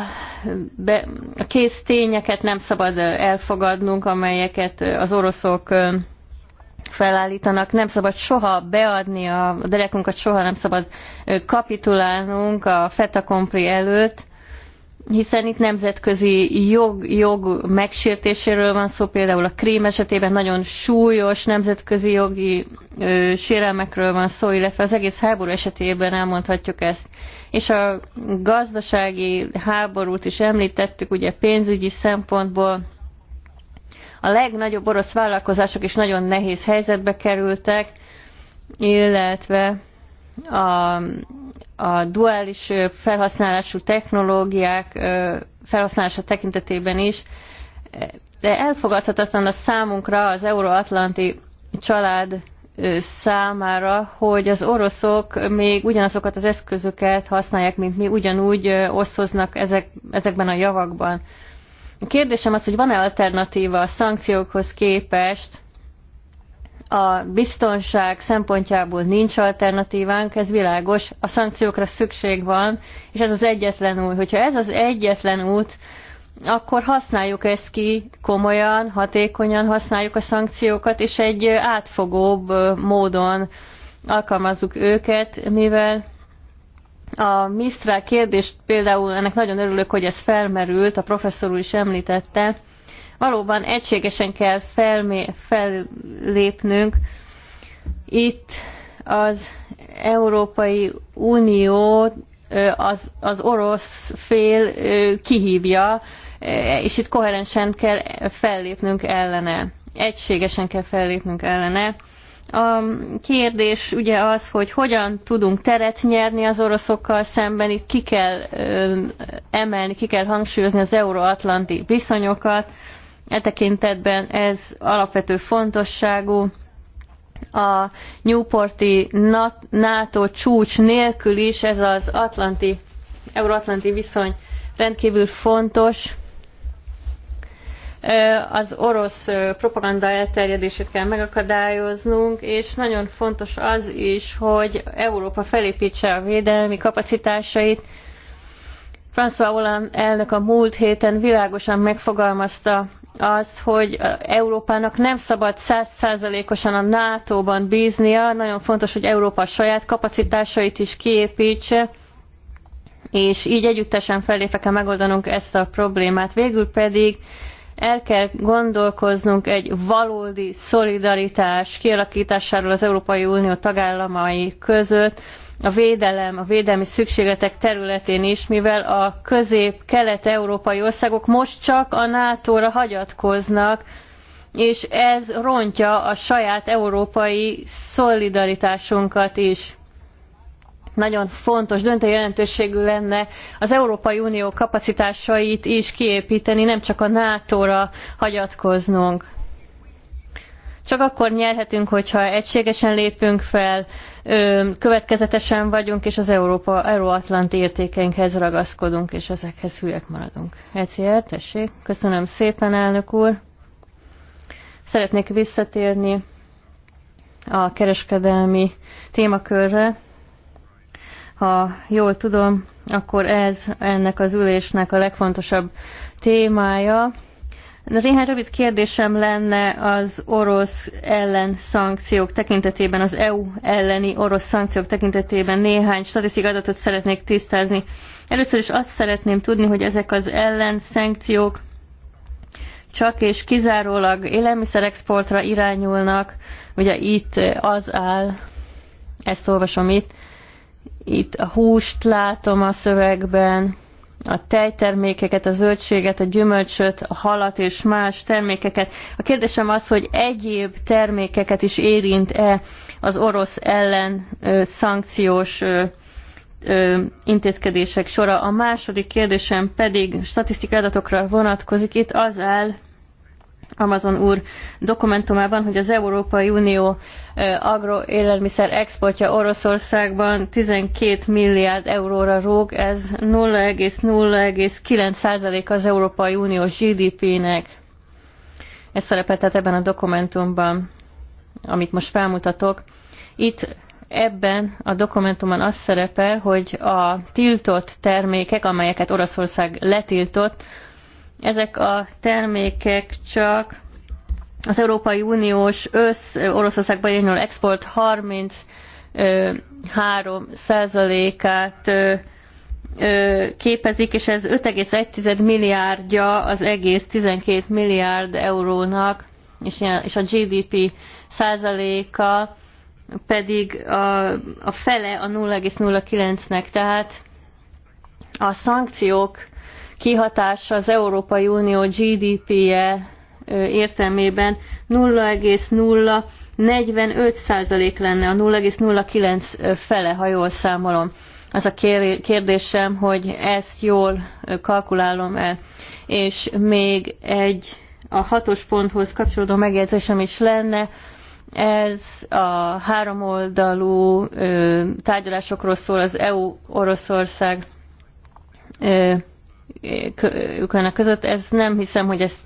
be, a kész tényeket nem szabad elfogadnunk, amelyeket az oroszok felállítanak, nem szabad soha beadni a derekunkat, soha nem szabad kapitulálnunk a fetakompli előtt, hiszen itt nemzetközi jog, jog megsértéséről van szó, például a krím esetében nagyon súlyos nemzetközi jogi ö, sérelmekről van szó, illetve az egész háború esetében elmondhatjuk ezt. És a gazdasági háborút is említettük, ugye pénzügyi szempontból a legnagyobb orosz vállalkozások is nagyon nehéz helyzetbe kerültek, illetve a, a duális felhasználású technológiák felhasználása tekintetében is, de elfogadhatatlan a számunkra az euróatlanti család számára, hogy az oroszok még ugyanazokat az eszközöket használják, mint mi, ugyanúgy osztoznak ezek, ezekben a javakban. A kérdésem az, hogy van-e alternatíva a szankciókhoz képest a biztonság szempontjából nincs alternatívánk, ez világos, a szankciókra szükség van, és ez az egyetlen út. Hogyha ez az egyetlen út, akkor használjuk ezt ki komolyan, hatékonyan használjuk a szankciókat, és egy átfogóbb módon alkalmazzuk őket, mivel a Misztrál kérdést például, ennek nagyon örülök, hogy ez felmerült, a professzor úr is említette, Valóban egységesen kell felmé, fellépnünk. Itt az Európai Unió az, az orosz fél kihívja, és itt koherensen kell fellépnünk ellene. Egységesen kell fellépnünk ellene. A kérdés ugye az, hogy hogyan tudunk teret nyerni az oroszokkal szemben, itt ki kell emelni, ki kell hangsúlyozni az euróatlanti viszonyokat, E tekintetben ez alapvető fontosságú. A Newporti NATO csúcs nélkül is ez az atlanti, euróatlanti viszony rendkívül fontos. Az orosz propaganda elterjedését kell megakadályoznunk, és nagyon fontos az is, hogy Európa felépítse a védelmi kapacitásait, François Hollande elnök a múlt héten világosan megfogalmazta az, hogy Európának nem szabad százszázalékosan a NATO-ban bíznia, nagyon fontos, hogy Európa saját kapacitásait is kiépítse, és így együttesen fellépve kell megoldanunk ezt a problémát. Végül pedig el kell gondolkoznunk egy valódi szolidaritás kialakításáról az Európai Unió tagállamai között, a védelem, a védelmi szükségletek területén is, mivel a közép-kelet-európai országok most csak a NATO-ra hagyatkoznak, és ez rontja a saját európai szolidaritásunkat is. Nagyon fontos, döntő jelentőségű lenne az Európai Unió kapacitásait is kiépíteni, nem csak a NATO-ra hagyatkoznunk. Csak akkor nyerhetünk, hogyha egységesen lépünk fel, következetesen vagyunk, és az Európa, euróatlanti értékeinkhez ragaszkodunk, és ezekhez hülyek maradunk. Egyszer, tessék. Köszönöm szépen, elnök úr. Szeretnék visszatérni a kereskedelmi témakörre. Ha jól tudom, akkor ez ennek az ülésnek a legfontosabb témája. Néhány rövid kérdésem lenne az orosz ellen szankciók tekintetében, az EU elleni orosz szankciók tekintetében néhány statisztikai adatot szeretnék tisztázni. Először is azt szeretném tudni, hogy ezek az ellen szankciók csak és kizárólag élelmiszerexportra irányulnak, ugye itt az áll, ezt olvasom itt, itt a húst látom a szövegben, a tejtermékeket, a zöldséget, a gyümölcsöt, a halat és más termékeket. A kérdésem az, hogy egyéb termékeket is érint-e az orosz ellen ö, szankciós ö, ö, intézkedések sora. A második kérdésem pedig statisztikai adatokra vonatkozik. Itt az áll Amazon úr dokumentumában, hogy az Európai Unió e, agroélelmiszer exportja Oroszországban 12 milliárd euróra rúg, ez 0,09% az Európai Unió GDP-nek. Ez szerepeltet ebben a dokumentumban, amit most felmutatok. Itt ebben a dokumentumban az szerepel, hogy a tiltott termékek, amelyeket Oroszország letiltott, ezek a termékek csak az Európai Uniós össz Oroszországba irányuló export 33 százalékát képezik, és ez 5,1 milliárdja az egész 12 milliárd eurónak, és a GDP százaléka pedig a, a fele a 0,09-nek, tehát a szankciók kihatása az Európai Unió GDP-je értelmében 0,045% lenne, a 0,09 fele, ha jól számolom. Az a kérdésem, hogy ezt jól kalkulálom el. És még egy a hatos ponthoz kapcsolódó megjegyzésem is lenne, ez a háromoldalú tárgyalásokról szól az EU-Oroszország Ukrajna között. Ez nem hiszem, hogy ezt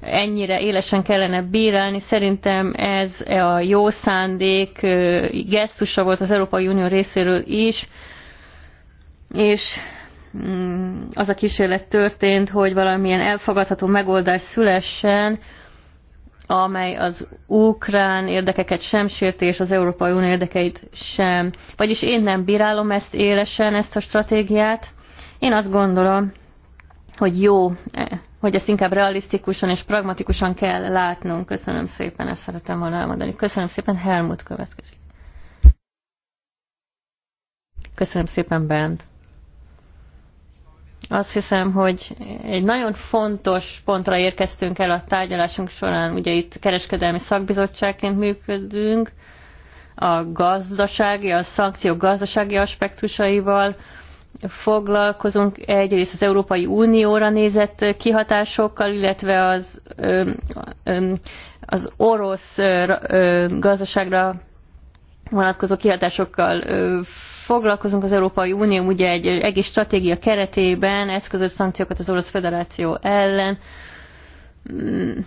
ennyire élesen kellene bírálni. Szerintem ez e a jó szándék gesztusa volt az Európai Unió részéről is, és mm, az a kísérlet történt, hogy valamilyen elfogadható megoldás szülessen, amely az ukrán érdekeket sem sérti, és az Európai Unió érdekeit sem. Vagyis én nem bírálom ezt élesen, ezt a stratégiát. Én azt gondolom, hogy jó, eh, hogy ezt inkább realisztikusan és pragmatikusan kell látnunk. Köszönöm szépen, ezt szeretem volna elmondani. Köszönöm szépen, Helmut következik. Köszönöm szépen, Bent. Azt hiszem, hogy egy nagyon fontos pontra érkeztünk el a tárgyalásunk során. Ugye itt kereskedelmi szakbizottságként működünk, a gazdasági, a szankciók gazdasági aspektusaival, foglalkozunk egyrészt az Európai Unióra nézett kihatásokkal, illetve az, az orosz gazdaságra vonatkozó kihatásokkal foglalkozunk. Az Európai Unió ugye egy egész stratégia keretében eszközött szankciókat az Orosz Federáció ellen mm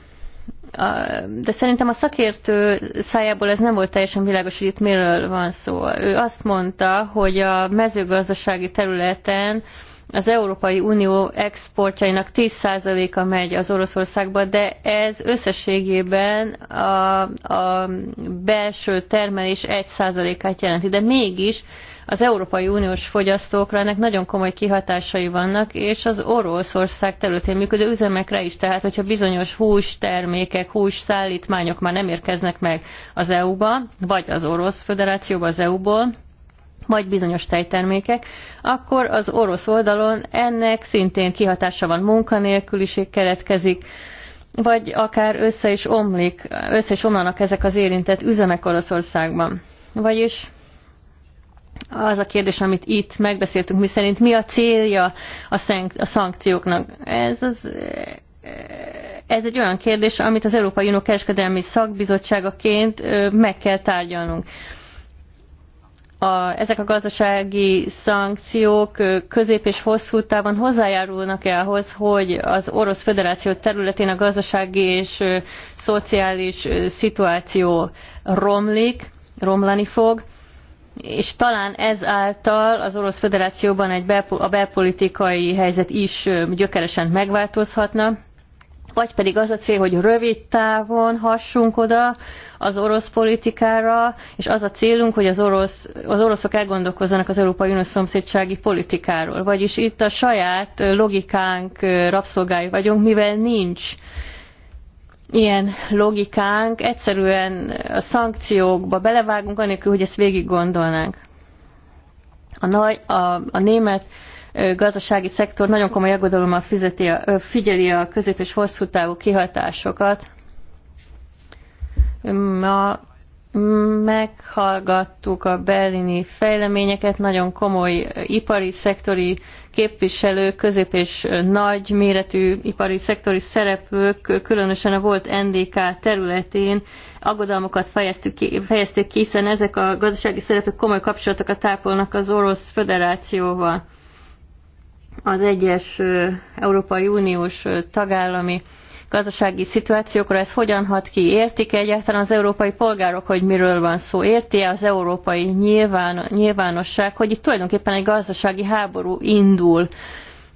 de szerintem a szakértő szájából ez nem volt teljesen világos, hogy itt miről van szó. Ő azt mondta, hogy a mezőgazdasági területen az Európai Unió exportjainak 10%-a megy az Oroszországba, de ez összességében a, a belső termelés 1%-át jelenti. De mégis az Európai Uniós fogyasztókra ennek nagyon komoly kihatásai vannak, és az Oroszország területén működő üzemekre is, tehát hogyha bizonyos hús termékek, hús szállítmányok már nem érkeznek meg az EU-ba, vagy az Orosz Föderációba az EU-ból, vagy bizonyos tejtermékek, akkor az orosz oldalon ennek szintén kihatása van, munkanélküliség keletkezik, vagy akár össze is omlik, össze is omlanak ezek az érintett üzemek Oroszországban. Vagyis az a kérdés, amit itt megbeszéltünk, mi szerint mi a célja a, a szankcióknak. Ez az ez egy olyan kérdés, amit az Európai Unió kereskedelmi szakbizottságaként meg kell tárgyalnunk. A, ezek a gazdasági szankciók közép és hosszú távon hozzájárulnak-e ahhoz, hogy az Orosz Föderáció területén a gazdasági és szociális szituáció romlik, romlani fog, és talán ezáltal az Orosz Föderációban egy a belpolitikai helyzet is gyökeresen megváltozhatna, vagy pedig az a cél, hogy rövid távon hassunk oda az orosz politikára, és az a célunk, hogy az, orosz, az oroszok elgondolkozzanak az Európai Unió szomszédsági politikáról. Vagyis itt a saját logikánk rabszolgái vagyunk, mivel nincs ilyen logikánk, egyszerűen a szankciókba belevágunk, anélkül, hogy ezt végig gondolnánk. A, nagy, a, a német gazdasági szektor nagyon komoly aggodalommal fizeti figyeli a közép- és hosszú távú kihatásokat. Ma meghallgattuk a berlini fejleményeket, nagyon komoly ipari, szektori képviselők, közép és nagy méretű ipari szektori szereplők, különösen a volt NDK területén aggodalmukat fejeztük ki, fejezték ki, hiszen ezek a gazdasági szereplők komoly kapcsolatokat tápolnak az Orosz Föderációval. Az egyes Európai Uniós tagállami gazdasági szituációkra, ez hogyan hat ki? Értik -e egyáltalán az európai polgárok, hogy miről van szó? érti -e az európai nyilván, nyilvánosság, hogy itt tulajdonképpen egy gazdasági háború indul?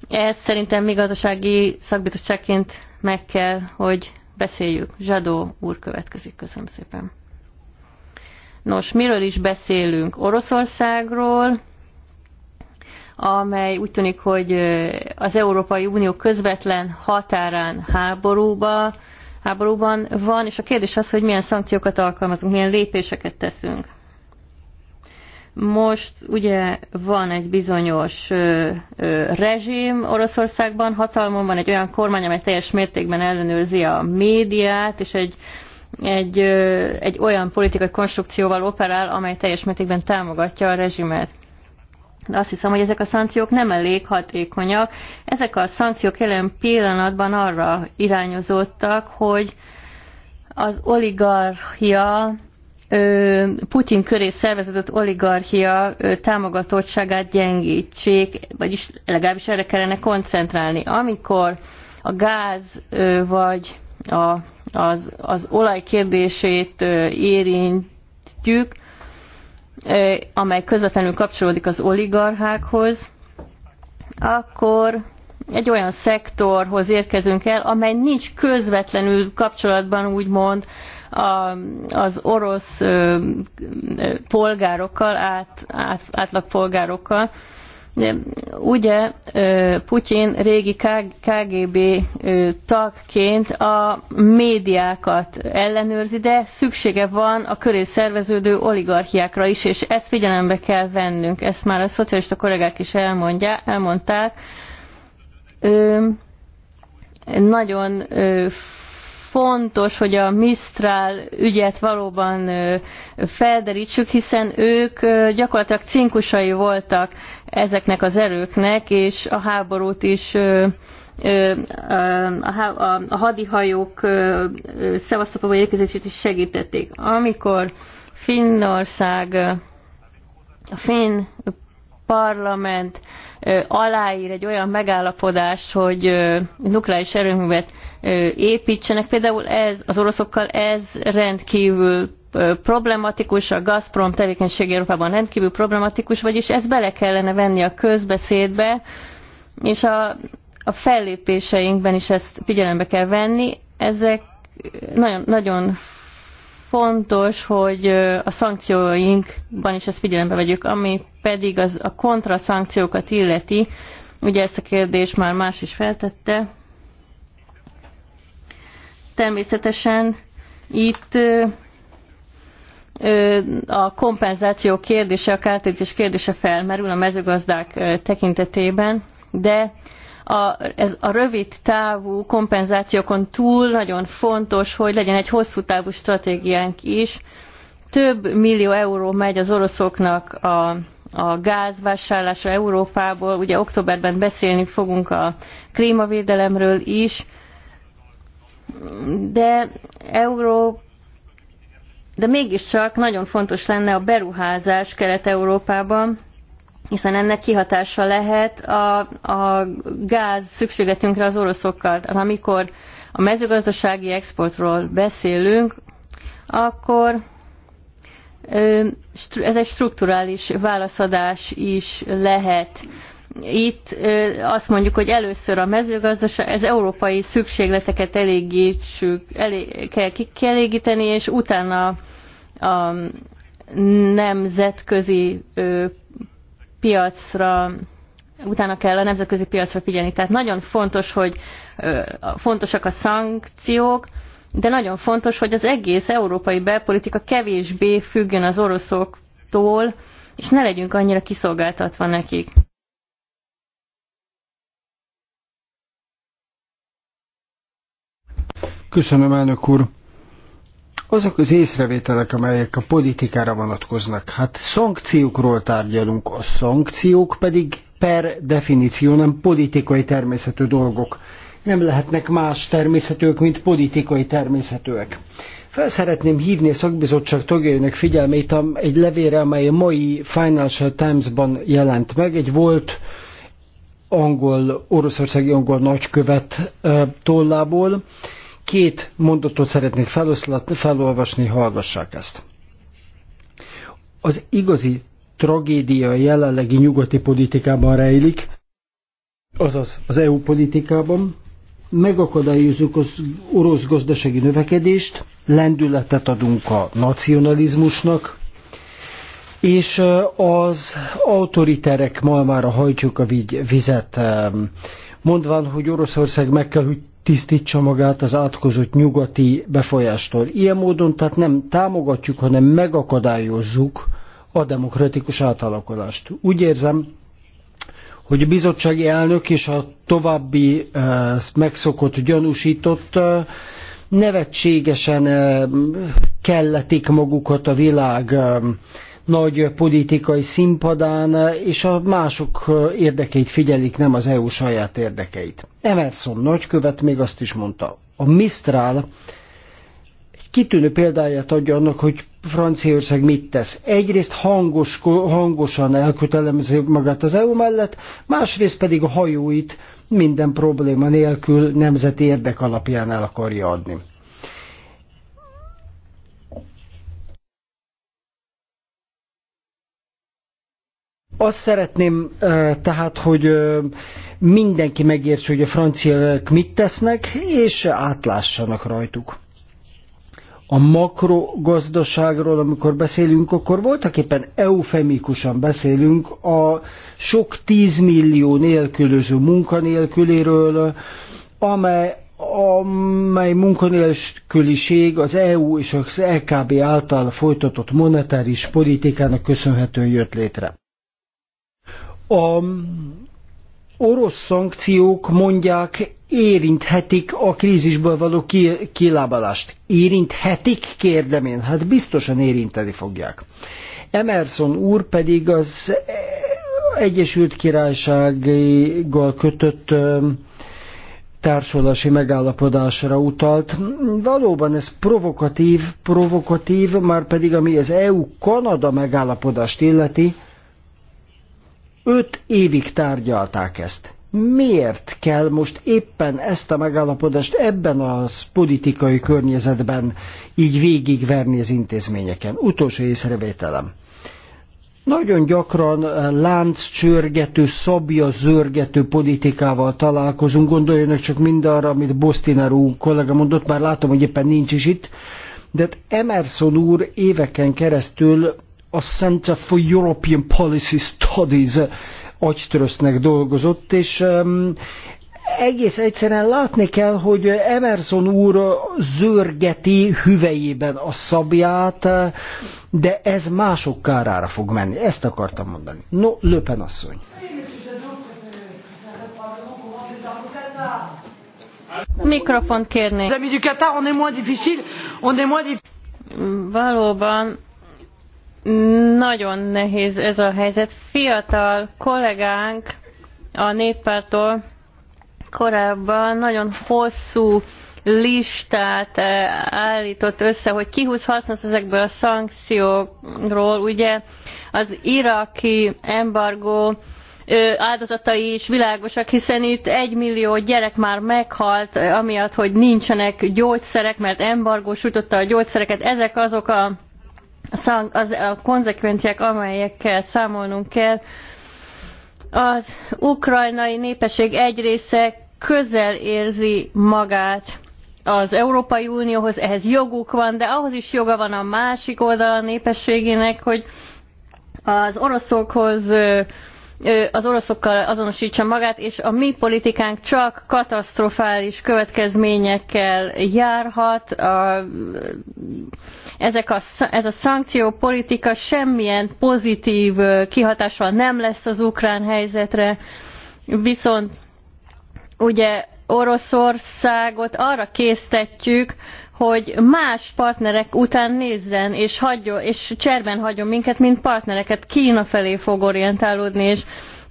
Ez szerintem mi gazdasági szakbizottságként meg kell, hogy beszéljük. Zsadó úr következik, köszönöm szépen. Nos, miről is beszélünk? Oroszországról, amely úgy tűnik, hogy az Európai Unió közvetlen határán háborúba, háborúban van, és a kérdés az, hogy milyen szankciókat alkalmazunk, milyen lépéseket teszünk. Most ugye van egy bizonyos ö, ö, rezsim Oroszországban, hatalmon van egy olyan kormány, amely teljes mértékben ellenőrzi a médiát, és egy, egy, ö, egy olyan politikai konstrukcióval operál, amely teljes mértékben támogatja a rezsimet de azt hiszem, hogy ezek a szankciók nem elég hatékonyak. Ezek a szankciók jelen pillanatban arra irányozottak, hogy az oligarchia Putin köré szervezett oligarchia támogatottságát gyengítsék, vagyis legalábbis erre kellene koncentrálni. Amikor a gáz vagy a, az, az olaj kérdését érintjük, amely közvetlenül kapcsolódik az oligarchákhoz, akkor egy olyan szektorhoz érkezünk el, amely nincs közvetlenül kapcsolatban úgymond a, az orosz ö, ö, polgárokkal, át, át, átlagpolgárokkal, Ugye Putyin régi KGB tagként a médiákat ellenőrzi, de szüksége van a köré szerveződő oligarchiákra is, és ezt figyelembe kell vennünk. Ezt már a szocialista kollégák is elmondja, elmondták. Nagyon fontos, hogy a Mistral ügyet valóban felderítsük, hiszen ők gyakorlatilag cinkusai voltak ezeknek az erőknek, és a háborút is a hadihajók Szevasztopóba érkezését is segítették. Amikor Finnország, a finn parlament aláír egy olyan megállapodást, hogy nukleáris erőművet építsenek. Például ez az oroszokkal ez rendkívül problematikus, a Gazprom tevékenység Európában rendkívül problematikus, vagyis ezt bele kellene venni a közbeszédbe, és a, a fellépéseinkben is ezt figyelembe kell venni. Ezek nagyon, nagyon fontos, hogy a szankcióinkban is ezt figyelembe vegyük, ami pedig az, a kontraszankciókat illeti. Ugye ezt a kérdést már más is feltette. Természetesen itt a kompenzáció kérdése, a kártérítés kérdése felmerül a mezőgazdák tekintetében, de a, ez a rövid távú kompenzációkon túl nagyon fontos, hogy legyen egy hosszú távú stratégiánk is. Több millió euró megy az oroszoknak a, a gázvásárlásra Európából. Ugye októberben beszélni fogunk a klímavédelemről is, de Európa de mégiscsak nagyon fontos lenne a beruházás Kelet-Európában, hiszen ennek kihatása lehet a, a gáz szükségletünkre az oroszokkal. Amikor a mezőgazdasági exportról beszélünk, akkor ez egy strukturális válaszadás is lehet itt azt mondjuk, hogy először a mezőgazdaság, ez európai szükségleteket elégítsük, elég, kell kielégíteni, és utána a nemzetközi piacra utána kell a nemzetközi piacra figyelni. Tehát nagyon fontos, hogy fontosak a szankciók, de nagyon fontos, hogy az egész európai belpolitika kevésbé függjön az oroszoktól, és ne legyünk annyira kiszolgáltatva nekik. Köszönöm, elnök úr. Azok az észrevételek, amelyek a politikára vonatkoznak, hát szankciókról tárgyalunk, a szankciók pedig per definíció nem politikai természetű dolgok. Nem lehetnek más természetűek, mint politikai természetűek. Felszeretném hívni a szakbizottság tagjainak figyelmét egy levélre, amely a mai Financial Times-ban jelent meg. Egy volt angol, oroszországi angol nagykövet tollából, Két mondatot szeretnék felolvasni, hallgassák ezt. Az igazi tragédia jelenlegi nyugati politikában rejlik, azaz az EU politikában, megakadályozzuk az orosz gazdasági növekedést, lendületet adunk a nacionalizmusnak, és az autoriterek malmára hajtjuk a vizet, mondván, hogy Oroszország meg kell, hogy tisztítsa magát az átkozott nyugati befolyástól. Ilyen módon tehát nem támogatjuk, hanem megakadályozzuk a demokratikus átalakulást. Úgy érzem, hogy a bizottsági elnök és a további eh, megszokott gyanúsított eh, nevetségesen eh, kelletik magukat a világ nagy politikai színpadán, és a mások érdekeit figyelik, nem az EU saját érdekeit. Emerson nagykövet még azt is mondta, a Mistral kitűnő példáját adja annak, hogy Franciaország mit tesz. Egyrészt hangos, hangosan elkötelezi magát az EU mellett, másrészt pedig a hajóit minden probléma nélkül nemzeti érdek alapján el akarja adni. Azt szeretném tehát, hogy mindenki megértse, hogy a franciák mit tesznek, és átlássanak rajtuk. A makrogazdaságról, amikor beszélünk, akkor voltak éppen eufemikusan beszélünk a sok tízmillió nélkülöző munkanélküléről, amely amely munkanélküliség az EU és az LKB e által folytatott monetáris politikának köszönhetően jött létre. A orosz szankciók mondják érinthetik a krízisből való kilábalást. Érinthetik, kérdem én, hát biztosan érinteni fogják. Emerson úr pedig az Egyesült Királysággal kötött társulási megállapodásra utalt. Valóban ez provokatív, provokatív, már pedig ami az EU-Kanada megállapodást illeti, Öt évig tárgyalták ezt. Miért kell most éppen ezt a megállapodást ebben az politikai környezetben így végigverni az intézményeken? Utolsó észrevételem. Nagyon gyakran eh, lánccsörgető, szabja zörgető politikával találkozunk. Gondoljanak csak mindarra, amit Bostinár úr kollega mondott, már látom, hogy éppen nincs is itt. De hát Emerson úr éveken keresztül a Center for European Policy Studies eh, agytörösznek dolgozott, és egész egyszerűen látni kell, hogy Emerson úr zörgeti hüvejében a szabját, eh, de ez mások kárára fog menni. Ezt akartam mondani. No, Löpen asszony. Mikrofont kérnék. Valóban nagyon nehéz ez a helyzet. Fiatal kollégánk a néppártól korábban nagyon hosszú listát eh, állított össze, hogy ki húz hasznos ezekből a szankciókról. Ugye az iraki embargó eh, áldozatai is világosak, hiszen itt egy millió gyerek már meghalt, eh, amiatt, hogy nincsenek gyógyszerek, mert embargó sütötte a gyógyszereket. Ezek azok a az, a konzekvenciák, amelyekkel számolnunk kell. Az ukrajnai népesség egy része közel érzi magát az Európai Unióhoz, ehhez joguk van, de ahhoz is joga van a másik oldal a népességének, hogy az oroszokhoz az oroszokkal azonosítsa magát, és a mi politikánk csak katasztrofális következményekkel járhat. A, ezek a, ez a szankciópolitika semmilyen pozitív kihatással nem lesz az ukrán helyzetre, viszont ugye Oroszországot arra késztetjük, hogy más partnerek után nézzen, és, hagyjon, és cserben hagyjon minket, mint partnereket. Kína felé fog orientálódni, és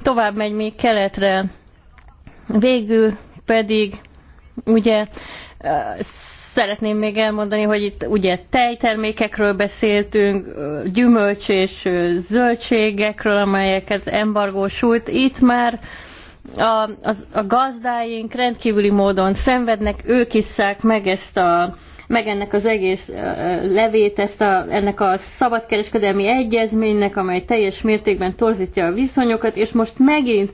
tovább megy még keletre. Végül pedig ugye szeretném még elmondani, hogy itt ugye tejtermékekről beszéltünk, gyümölcs és zöldségekről, amelyeket embargósult. Itt már a, az, a gazdáink rendkívüli módon szenvednek, ők isszák meg ezt a meg ennek az egész levét, ezt a, ennek a szabadkereskedelmi egyezménynek, amely teljes mértékben torzítja a viszonyokat, és most megint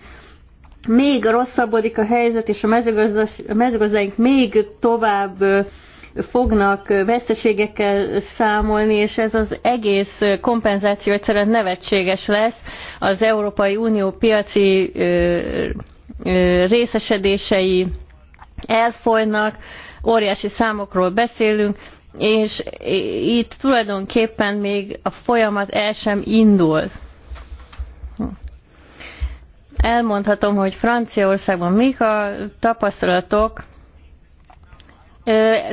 még rosszabbodik a helyzet, és a, mezőgazdas, a mezőgazdáink még tovább fognak veszteségekkel számolni, és ez az egész kompenzáció egyszerűen nevetséges lesz. Az Európai Unió piaci részesedései elfolynak, óriási számokról beszélünk, és itt tulajdonképpen még a folyamat el sem indult. Elmondhatom, hogy Franciaországban mik a tapasztalatok,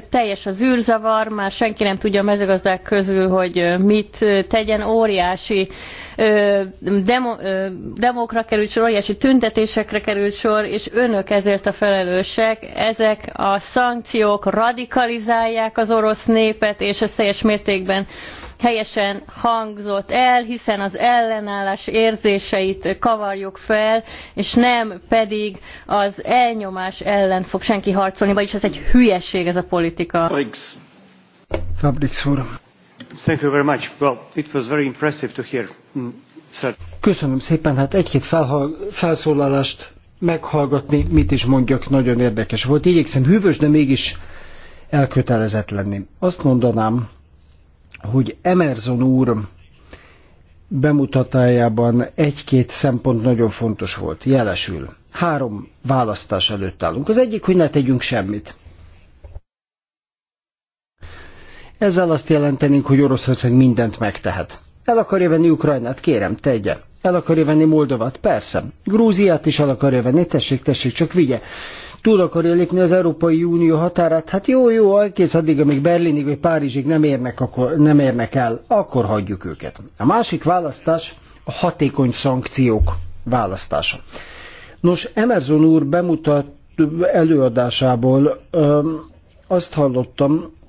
teljes az űrzavar, már senki nem tudja a mezőgazdák közül, hogy mit tegyen, óriási demo, demokra került sor, óriási tüntetésekre került sor, és önök ezért a felelősek. Ezek a szankciók radikalizálják az orosz népet, és ez teljes mértékben helyesen hangzott el, hiszen az ellenállás érzéseit kavarjuk fel, és nem pedig az elnyomás ellen fog senki harcolni, vagyis ez egy hülyeség ez a politika. Fabriks úr. Köszönöm szépen, hát egy-két felszólalást meghallgatni, mit is mondjak, nagyon érdekes volt. Igyekszem hűvös, de mégis elkötelezett lenni. Azt mondanám, hogy Emerson úr bemutatájában egy-két szempont nagyon fontos volt, jelesül. Három választás előtt állunk. Az egyik, hogy ne tegyünk semmit. Ezzel azt jelentenénk, hogy Oroszország mindent megtehet. El akarja venni Ukrajnát? Kérem, tegye. El akarja venni Moldovat? Persze. Grúziát is el akarja venni? Tessék, tessék, csak vigye. Túl akarja lépni az Európai Unió határát? Hát jó, jó, elkész addig, amíg Berlinig vagy Párizsig nem érnek, akkor, nem érnek el, akkor hagyjuk őket. A másik választás a hatékony szankciók választása. Nos, Emerson úr bemutat előadásából öm, azt hallottam,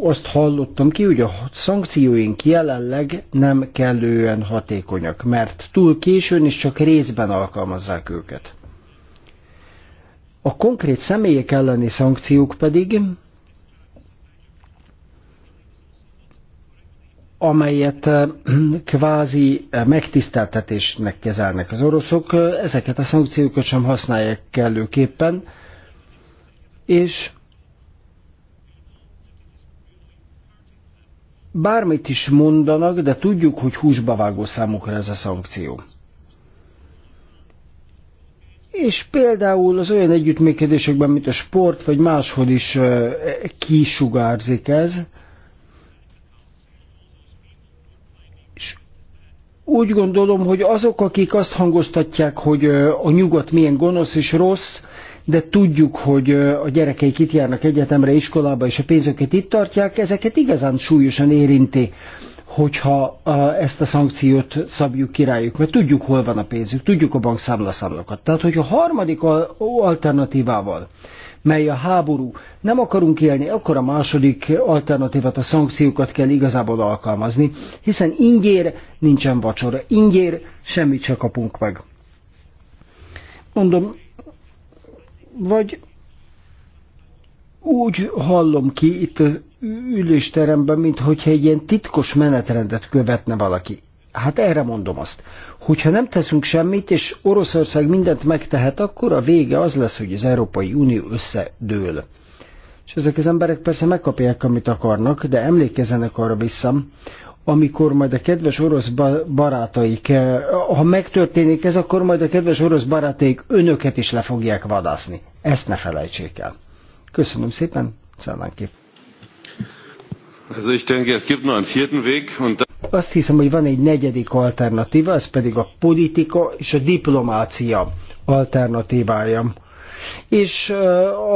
azt hallottam ki, hogy a szankcióink jelenleg nem kellően hatékonyak, mert túl későn is csak részben alkalmazzák őket. A konkrét személyek elleni szankciók pedig, amelyet eh, kvázi eh, megtiszteltetésnek kezelnek az oroszok, eh, ezeket a szankciókat sem használják kellőképpen, és bármit is mondanak, de tudjuk, hogy húsba vágó számukra ez a szankció. És például az olyan együttműködésekben, mint a sport, vagy máshol is kisugárzik ez. És úgy gondolom, hogy azok, akik azt hangoztatják, hogy a nyugat milyen gonosz és rossz, de tudjuk, hogy a gyerekeik itt járnak egyetemre, iskolába, és a pénzüket itt tartják, ezeket igazán súlyosan érinti hogyha ezt a szankciót szabjuk királyuk, mert tudjuk, hol van a pénzük, tudjuk a bankszámlaszámlokat. Tehát, hogy a harmadik alternatívával, mely a háború, nem akarunk élni, akkor a második alternatívát, a szankciókat kell igazából alkalmazni, hiszen ingyér nincsen vacsora, ingyér semmit se kapunk meg. Mondom, vagy úgy hallom ki itt az ülésteremben, mintha egy ilyen titkos menetrendet követne valaki. Hát erre mondom azt, hogyha nem teszünk semmit, és Oroszország mindent megtehet, akkor a vége az lesz, hogy az Európai Unió összedől. És ezek az emberek persze megkapják, amit akarnak, de emlékezzenek arra vissza, amikor majd a kedves orosz barátaik, eh, ha megtörténik ez, akkor majd a kedves orosz barátaik önöket is le fogják vadászni. Ezt ne felejtsék el. Köszönöm szépen, Szellánki. Also azt hiszem, hogy van egy negyedik alternatíva, ez pedig a politika és a diplomácia alternatívája és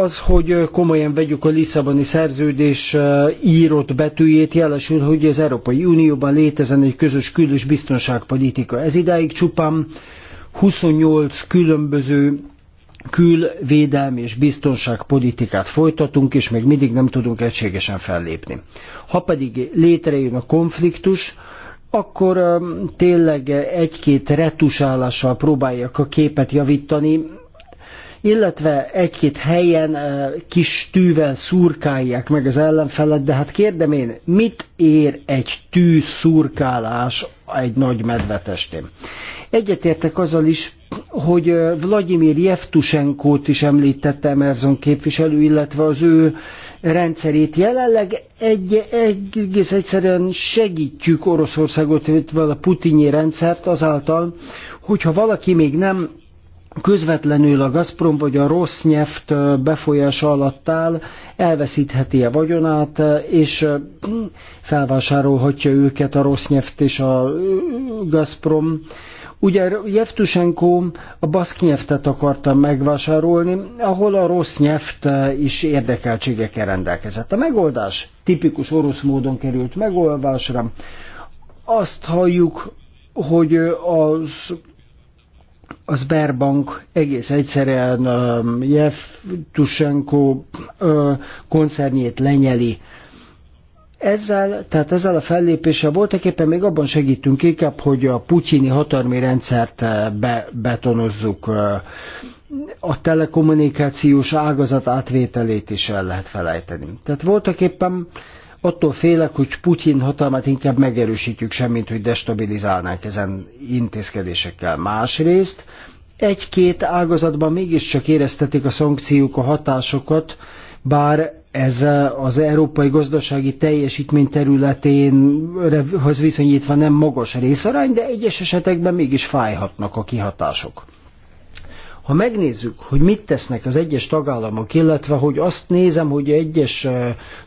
az, hogy komolyan vegyük a Lisszaboni szerződés írott betűjét, jelesül, hogy az Európai Unióban létezen egy közös kül- és biztonságpolitika. Ez idáig csupán 28 különböző külvédelmi és biztonságpolitikát folytatunk, és még mindig nem tudunk egységesen fellépni. Ha pedig létrejön a konfliktus, akkor tényleg egy-két retusálással próbálják a képet javítani, illetve egy-két helyen kis tűvel szurkálják meg az ellenfelet, de hát kérdem én, mit ér egy tű szurkálás egy nagy medvetestén? Egyetértek azzal is, hogy Vladimir Jevtusenkót is említette Emerson képviselő, illetve az ő rendszerét. Jelenleg egy, egész egyszerűen segítjük Oroszországot, vagy a putinyi rendszert azáltal, hogyha valaki még nem közvetlenül a Gazprom vagy a Rosneft befolyása alatt áll, elveszítheti a vagyonát, és felvásárolhatja őket a Rosneft és a Gazprom. Ugye Jeftusenko a baszknyeftet akarta megvásárolni, ahol a rossz nyeft is érdekeltségekkel rendelkezett. A megoldás tipikus orosz módon került megoldásra. Azt halljuk, hogy az a Sberbank egész egyszerűen Jeff Tushenko koncernjét lenyeli. Ezzel, tehát ezzel a fellépéssel voltak éppen még abban segítünk inkább, hogy a putyini hatalmi rendszert be, betonozzuk. A telekommunikációs ágazat átvételét is el lehet felejteni. Tehát voltak éppen Attól félek, hogy Putyin hatalmát inkább megerősítjük semmint, hogy destabilizálnánk ezen intézkedésekkel. Másrészt egy-két ágazatban mégiscsak éreztetik a szankciók a hatásokat, bár ez az európai gazdasági teljesítmény területén viszonyítva nem magas részarány, de egyes esetekben mégis fájhatnak a kihatások. Ha megnézzük, hogy mit tesznek az egyes tagállamok, illetve hogy azt nézem, hogy egyes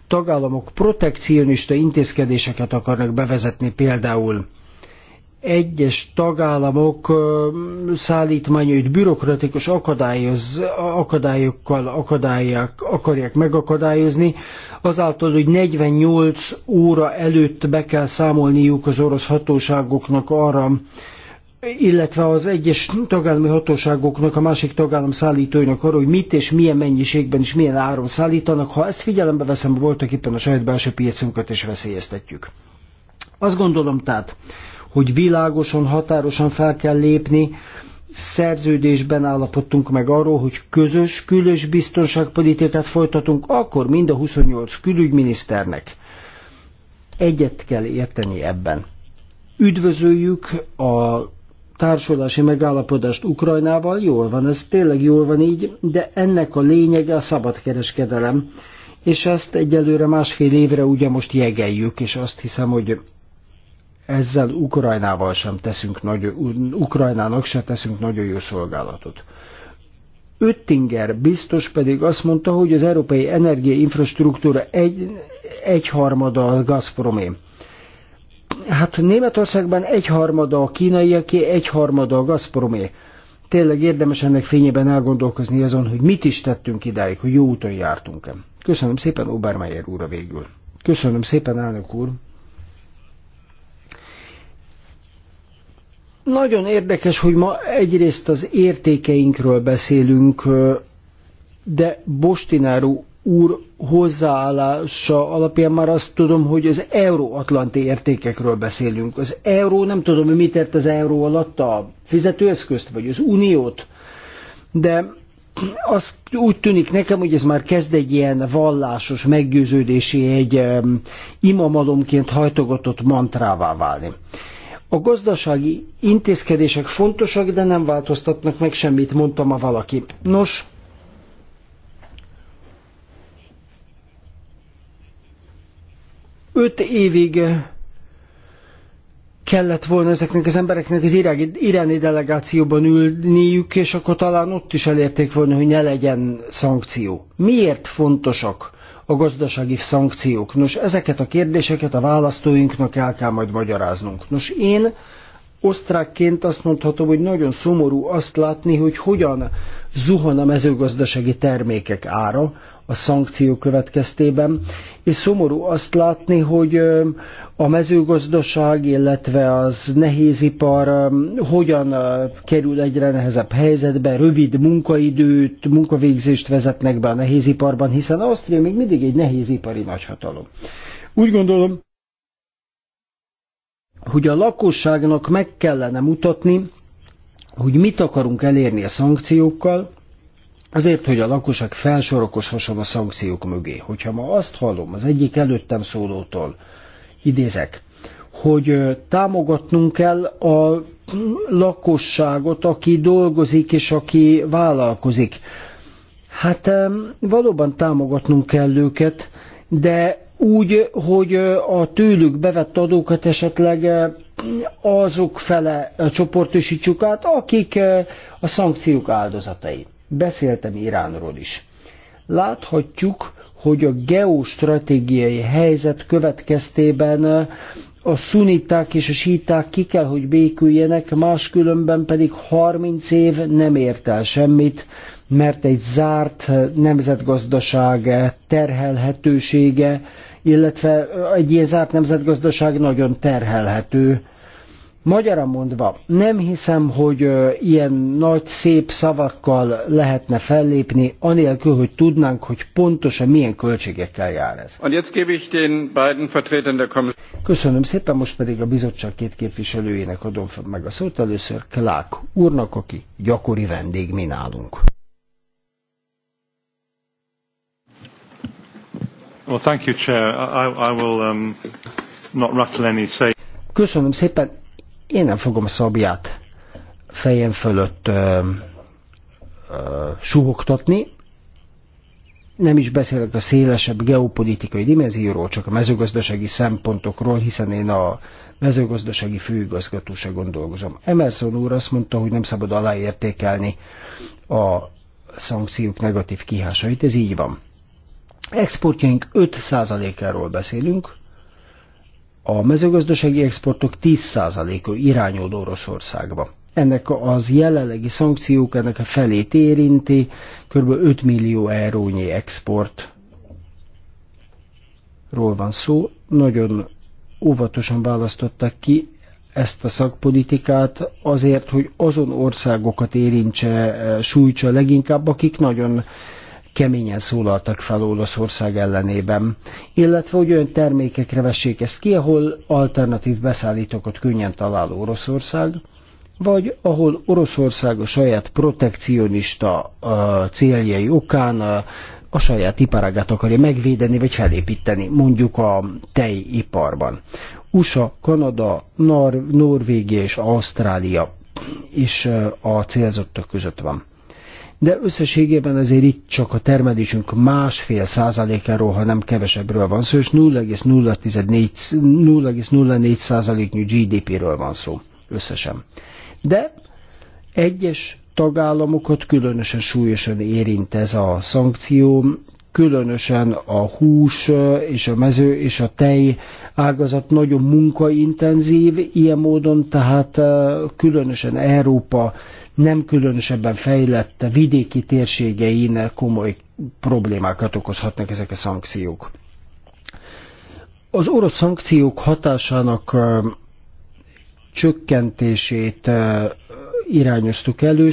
tagállamok protekcionista intézkedéseket akarnak bevezetni, például egyes tagállamok szállítmányait bürokratikus akadályoz, akadályokkal akadályok, akarják megakadályozni, azáltal, hogy 48 óra előtt be kell számolniuk az orosz hatóságoknak arra, illetve az egyes tagállami hatóságoknak, a másik tagállam szállítóinak arról, hogy mit és milyen mennyiségben és milyen áron szállítanak. Ha ezt figyelembe veszem, voltak éppen a saját belső piacunkat is veszélyeztetjük. Azt gondolom tehát, hogy világosan, határosan fel kell lépni, szerződésben állapodtunk meg arról, hogy közös külös biztonságpolitikát folytatunk, akkor mind a 28 külügyminiszternek egyet kell érteni ebben. Üdvözöljük a társulási megállapodást Ukrajnával, jól van, ez tényleg jól van így, de ennek a lényege a szabadkereskedelem. És ezt egyelőre másfél évre ugye most jegeljük, és azt hiszem, hogy ezzel Ukrajnával sem teszünk nagy, Ukrajnának sem teszünk nagyon jó szolgálatot. Öttinger biztos pedig azt mondta, hogy az európai energiainfrastruktúra egy, egyharmada a Gazpromé. Hát Németországban egyharmada a kínaiaké, egyharmada a Gazpromé. Tényleg érdemes ennek fényében elgondolkozni azon, hogy mit is tettünk idáig, hogy jó úton jártunk-e. Köszönöm szépen Obermeyer úr a végül. Köszönöm szépen, elnök úr. Nagyon érdekes, hogy ma egyrészt az értékeinkről beszélünk, de Bostináró úr hozzáállása alapján már azt tudom, hogy az euróatlanti értékekről beszélünk. Az euró, nem tudom, mit ért az euró alatt a fizetőeszközt, vagy az uniót, de az úgy tűnik nekem, hogy ez már kezd egy ilyen vallásos meggyőződési, egy um, imamalomként hajtogatott mantrává válni. A gazdasági intézkedések fontosak, de nem változtatnak meg semmit, mondtam a valaki. Nos, Öt évig kellett volna ezeknek az embereknek az iráni, iráni delegációban ülniük, és akkor talán ott is elérték volna, hogy ne legyen szankció. Miért fontosak a gazdasági szankciók? Nos, ezeket a kérdéseket a választóinknak el kell majd magyaráznunk. Nos, én osztrákként azt mondhatom, hogy nagyon szomorú azt látni, hogy hogyan zuhan a mezőgazdasági termékek ára, a szankció következtében, és szomorú azt látni, hogy a mezőgazdaság, illetve az nehézipar hogyan kerül egyre nehezebb helyzetbe, rövid munkaidőt, munkavégzést vezetnek be a nehéziparban, hiszen Ausztria még mindig egy nehézipari nagyhatalom. Úgy gondolom, hogy a lakosságnak meg kellene mutatni, hogy mit akarunk elérni a szankciókkal, Azért, hogy a lakosság felsorokozhasson a szankciók mögé. Hogyha ma azt hallom az egyik előttem szólótól, idézek, hogy támogatnunk kell a lakosságot, aki dolgozik és aki vállalkozik. Hát valóban támogatnunk kell őket, de úgy, hogy a tőlük bevett adókat esetleg azok fele csoportosítsuk át, akik a szankciók áldozatai. Beszéltem Iránról is. Láthatjuk, hogy a geostratégiai helyzet következtében a szuniták és a síták ki kell, hogy béküljenek, máskülönben pedig 30 év nem ért el semmit, mert egy zárt nemzetgazdaság terhelhetősége, illetve egy ilyen zárt nemzetgazdaság nagyon terhelhető, Magyarra mondva, nem hiszem, hogy ilyen nagy, szép szavakkal lehetne fellépni, anélkül, hogy tudnánk, hogy pontosan milyen költségekkel jár ez. Köszönöm szépen, most pedig a bizottság két képviselőjének adom meg a szót. Először Klák úrnak, aki gyakori vendég mi nálunk. Well, thank you, Chair. I, I will um, not rattle any say. Köszönöm szépen, én nem fogom szabját fejem fölött ö, ö, suhogtatni, nem is beszélek a szélesebb geopolitikai dimenzióról, csak a mezőgazdasági szempontokról, hiszen én a mezőgazdasági főigazgatóságon dolgozom. Emerson úr azt mondta, hogy nem szabad aláértékelni a szankciók negatív kihásait, ez így van. Exportjaink 5%-áról beszélünk, a mezőgazdasági exportok 10%-a irányul Oroszországba. Ennek az jelenlegi szankciók ennek a felét érinti, kb. 5 millió eurónyi exportról van szó. Nagyon óvatosan választottak ki ezt a szakpolitikát azért, hogy azon országokat érintse, sújtsa leginkább, akik nagyon keményen szólaltak fel Olaszország ellenében, illetve hogy olyan termékekre vessék ezt ki, ahol alternatív beszállítókat könnyen talál Oroszország, vagy ahol Oroszország a saját protekcionista céljai okán a saját iparágát akarja megvédeni vagy felépíteni, mondjuk a tejiparban. USA, Kanada, Nor- Norvégia és Ausztrália is a célzottak között van de összességében azért itt csak a termelésünk másfél százalékáról, ha nem kevesebbről van szó, és 0,04 százaléknyi GDP-ről van szó összesen. De egyes tagállamokat különösen súlyosan érint ez a szankció, különösen a hús és a mező és a tej ágazat nagyon munkaintenzív, ilyen módon tehát különösen Európa nem különösebben fejlett vidéki térségein komoly problémákat okozhatnak ezek a szankciók. Az orosz szankciók hatásának csökkentését irányoztuk elő.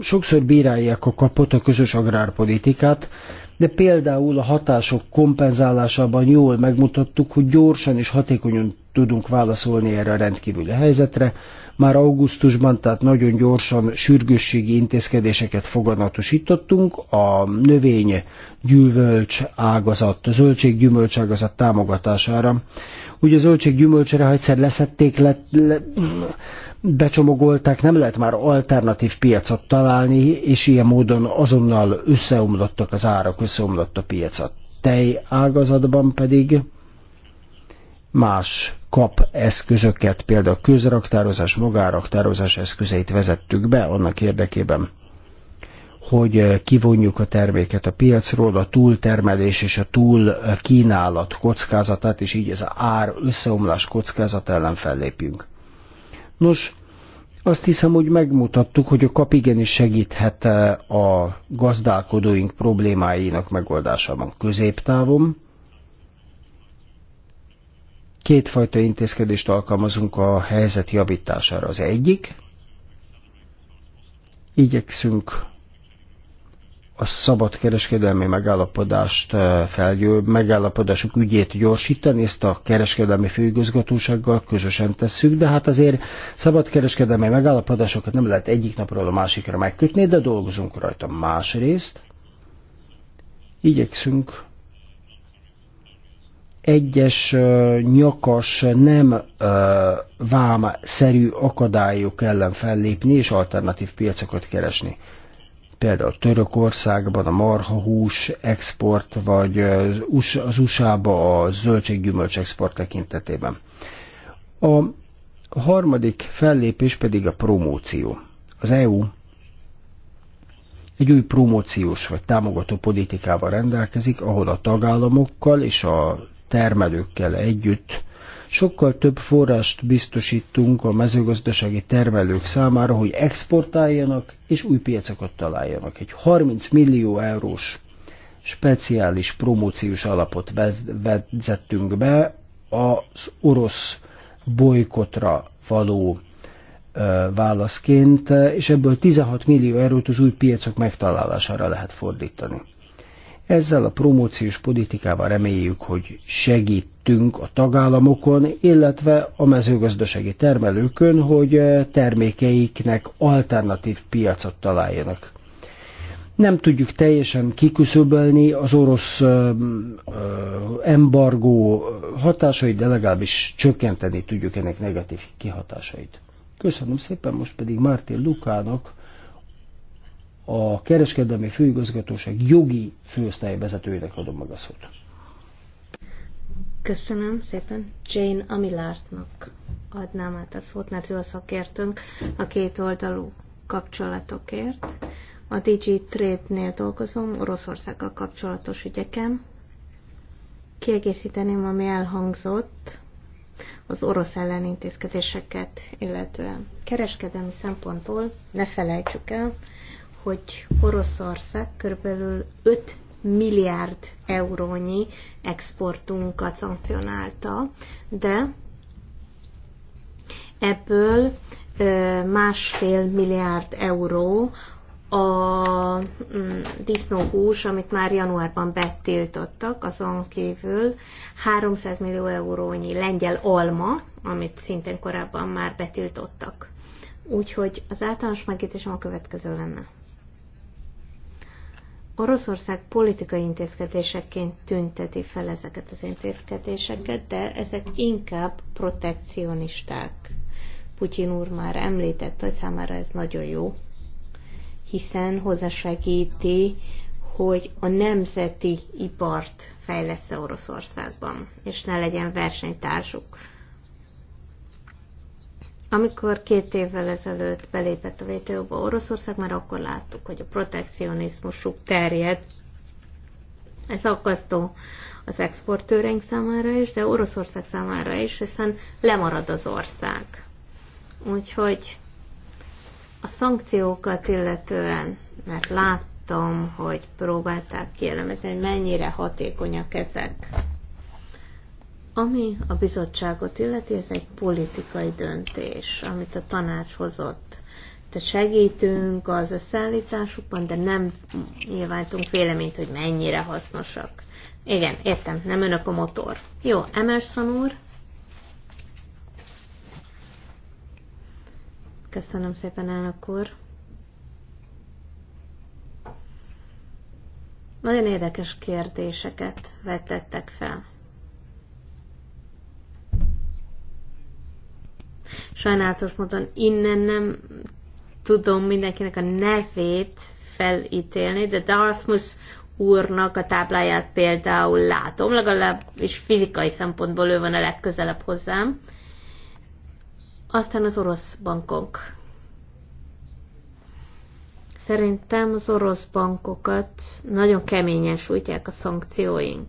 sokszor bírálják a kapot a közös agrárpolitikát, de például a hatások kompenzálásában jól megmutattuk, hogy gyorsan és hatékonyan tudunk válaszolni erre a rendkívüli helyzetre már augusztusban, tehát nagyon gyorsan sürgősségi intézkedéseket foganatosítottunk. A növény gyümölcs ágazat, a zöldség gyümölcs ágazat támogatására. Ugye a zöldség gyümölcsre, ha egyszer leszették, le, le, becsomagolták, nem lehet már alternatív piacot találni, és ilyen módon azonnal összeomlottak az árak, összeomlott a piac. A tej ágazatban pedig más kap eszközöket, például közraktározás, magáraktározás eszközeit vezettük be annak érdekében, hogy eh, kivonjuk a terméket a piacról, a túltermelés és a eh, kínálat kockázatát, és így az ár összeomlás kockázat ellen fellépjünk. Nos, azt hiszem, hogy megmutattuk, hogy a kap igenis segíthet eh, a gazdálkodóink problémáinak megoldásában középtávon, kétfajta intézkedést alkalmazunk a helyzet javítására. Az egyik, igyekszünk a szabad kereskedelmi megállapodást eh, felgyő, megállapodásuk ügyét gyorsítani, ezt a kereskedelmi főigazgatósággal közösen tesszük, de hát azért szabad kereskedelmi megállapodásokat nem lehet egyik napról a másikra megkötni, de dolgozunk rajta másrészt. Igyekszünk egyes nyakas, nem vámszerű akadályok ellen fellépni és alternatív piacokat keresni. Például Törökországban a marhahús export, vagy az USA-ba a zöldséggyümölcs export tekintetében. A harmadik fellépés pedig a promóció. Az EU egy új promóciós vagy támogató politikával rendelkezik, ahol a tagállamokkal és a termelőkkel együtt sokkal több forrást biztosítunk a mezőgazdasági termelők számára, hogy exportáljanak és új piacokat találjanak. Egy 30 millió eurós speciális promóciós alapot vezettünk be az orosz bolykotra való válaszként, és ebből 16 millió eurót az új piacok megtalálására lehet fordítani. Ezzel a promóciós politikával reméljük, hogy segítünk a tagállamokon, illetve a mezőgazdasági termelőkön, hogy eh, termékeiknek alternatív piacot találjanak. Nem tudjuk teljesen kiküszöbölni az orosz eh, eh, embargó hatásait, de legalábbis csökkenteni tudjuk ennek negatív kihatásait. Köszönöm szépen, most pedig Mártin Lukának, a kereskedelmi főigazgatóság jogi főosztály vezetőjének adom meg a szót. Köszönöm szépen. Jane Amilártnak adnám át a szót, mert ő a szakértőnk a két oldalú kapcsolatokért. A DG Trade-nél dolgozom, Oroszországgal kapcsolatos ügyeken. Kiegészíteném, ami elhangzott az orosz ellenintézkedéseket illetően. Kereskedelmi szempontból ne felejtsük el, hogy Oroszország körülbelül 5 milliárd eurónyi exportunkat szankcionálta, de ebből másfél milliárd euró a mm, disznóhús, amit már januárban betiltottak, azon kívül 300 millió eurónyi lengyel alma, amit szintén korábban már betiltottak. Úgyhogy az általános megjegyzésem a következő lenne. Oroszország politikai intézkedéseként tünteti fel ezeket az intézkedéseket, de ezek inkább protekcionisták. Putyin úr már említett, hogy számára ez nagyon jó, hiszen hozzásegíti, hogy a nemzeti ipart fejlesz Oroszországban, és ne legyen versenytársuk amikor két évvel ezelőtt belépett a WTO-ba Oroszország, már akkor láttuk, hogy a protekcionizmusuk terjed. Ez akasztó az exportőreink számára is, de Oroszország számára is, hiszen lemarad az ország. Úgyhogy a szankciókat illetően, mert láttam, hogy próbálták kielemezni, hogy mennyire hatékonyak ezek. Ami a bizottságot illeti, ez egy politikai döntés, amit a tanács hozott. Te segítünk az összeállításukban, de nem nyilvántunk véleményt, hogy mennyire hasznosak. Igen, értem, nem önök a motor. Jó, Emerson úr. Köszönöm szépen, el akkor. Nagyon érdekes kérdéseket vetettek fel. Sajnálatos módon innen nem tudom mindenkinek a nevét felítélni, de Dartmouth úrnak a tábláját például látom, legalább és fizikai szempontból ő van a legközelebb hozzám. Aztán az orosz bankok. Szerintem az orosz bankokat nagyon keményen sújtják a szankcióink.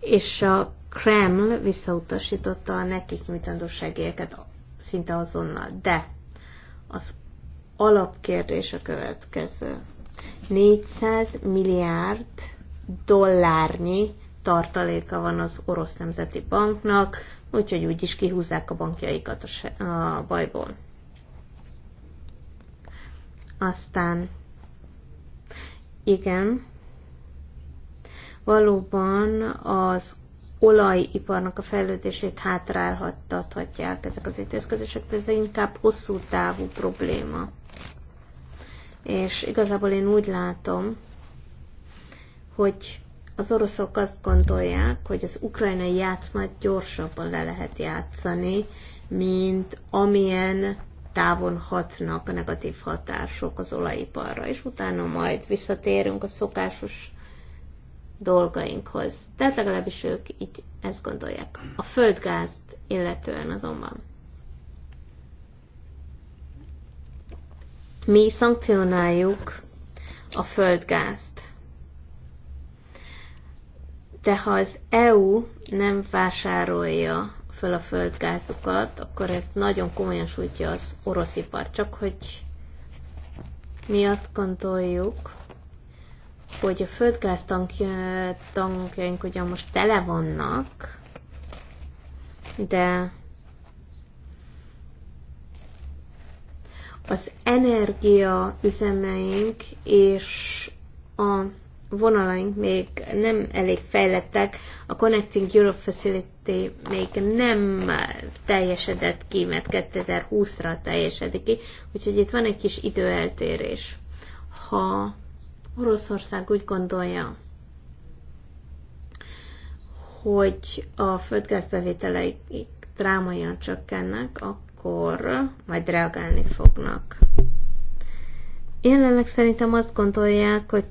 és a Kreml visszautasította a nekik nyújtandó segélyeket szinte azonnal. De az alapkérdés a következő. 400 milliárd dollárnyi tartaléka van az orosz nemzeti banknak, úgyhogy úgy is kihúzzák a bankjaikat a, se- a bajból. Aztán, igen, valóban az olajiparnak a fejlődését hátrálhattathatják ezek az intézkedések, de ez inkább hosszú távú probléma. És igazából én úgy látom, hogy az oroszok azt gondolják, hogy az ukrajnai játszmát gyorsabban le lehet játszani, mint amilyen távon hatnak a negatív hatások az olajiparra, és utána majd visszatérünk a szokásos dolgainkhoz. Tehát legalábbis ők így ezt gondolják. A földgázt illetően azonban. Mi szankcionáljuk a földgázt. De ha az EU nem vásárolja föl a földgázokat, akkor ez nagyon komolyan sújtja az orosz Csak hogy mi azt gondoljuk, hogy a földgáz tankjaink ugyan most tele vannak, de az energia üzemeink és a vonalaink még nem elég fejlettek, a Connecting Europe Facility még nem teljesedett ki, mert 2020-ra teljesedik ki, úgyhogy itt van egy kis időeltérés. Ha Oroszország úgy gondolja, hogy a földgázbevételeik drámaian csökkennek, akkor majd reagálni fognak. Jelenleg szerintem azt gondolják, hogy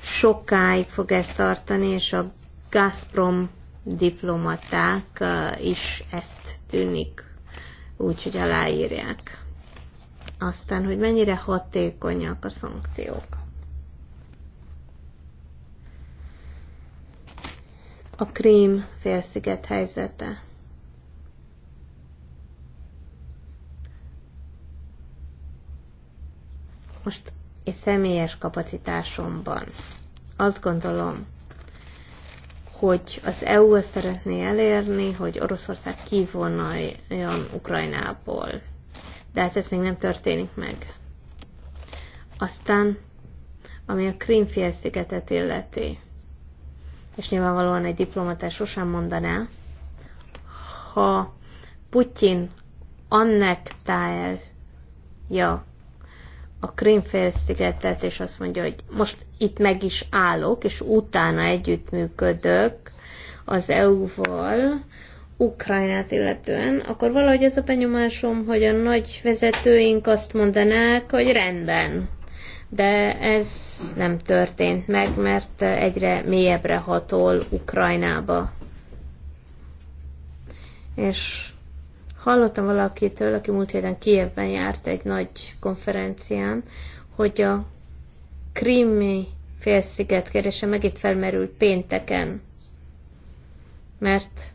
sokáig fog ez tartani, és a Gazprom diplomaták uh, is ezt tűnik úgy, hogy aláírják aztán, hogy mennyire hatékonyak a szankciók. A Krím félsziget helyzete. Most egy személyes kapacitásomban azt gondolom, hogy az EU szeretné elérni, hogy Oroszország kivonuljon Ukrajnából de hát ez még nem történik meg. Aztán, ami a Krímfélszigetet illeti, és nyilvánvalóan egy diplomatás sosem mondaná, ha Putyin annektálja a Krímfélszigetet, és azt mondja, hogy most itt meg is állok, és utána együttműködök az EU-val, Ukrajnát illetően, akkor valahogy ez a benyomásom, hogy a nagy vezetőink azt mondanák, hogy rendben. De ez nem történt meg, mert egyre mélyebbre hatol Ukrajnába. És hallottam valakitől, aki múlt héten Kievben járt egy nagy konferencián, hogy a krimi félsziget kérdése itt felmerült pénteken. Mert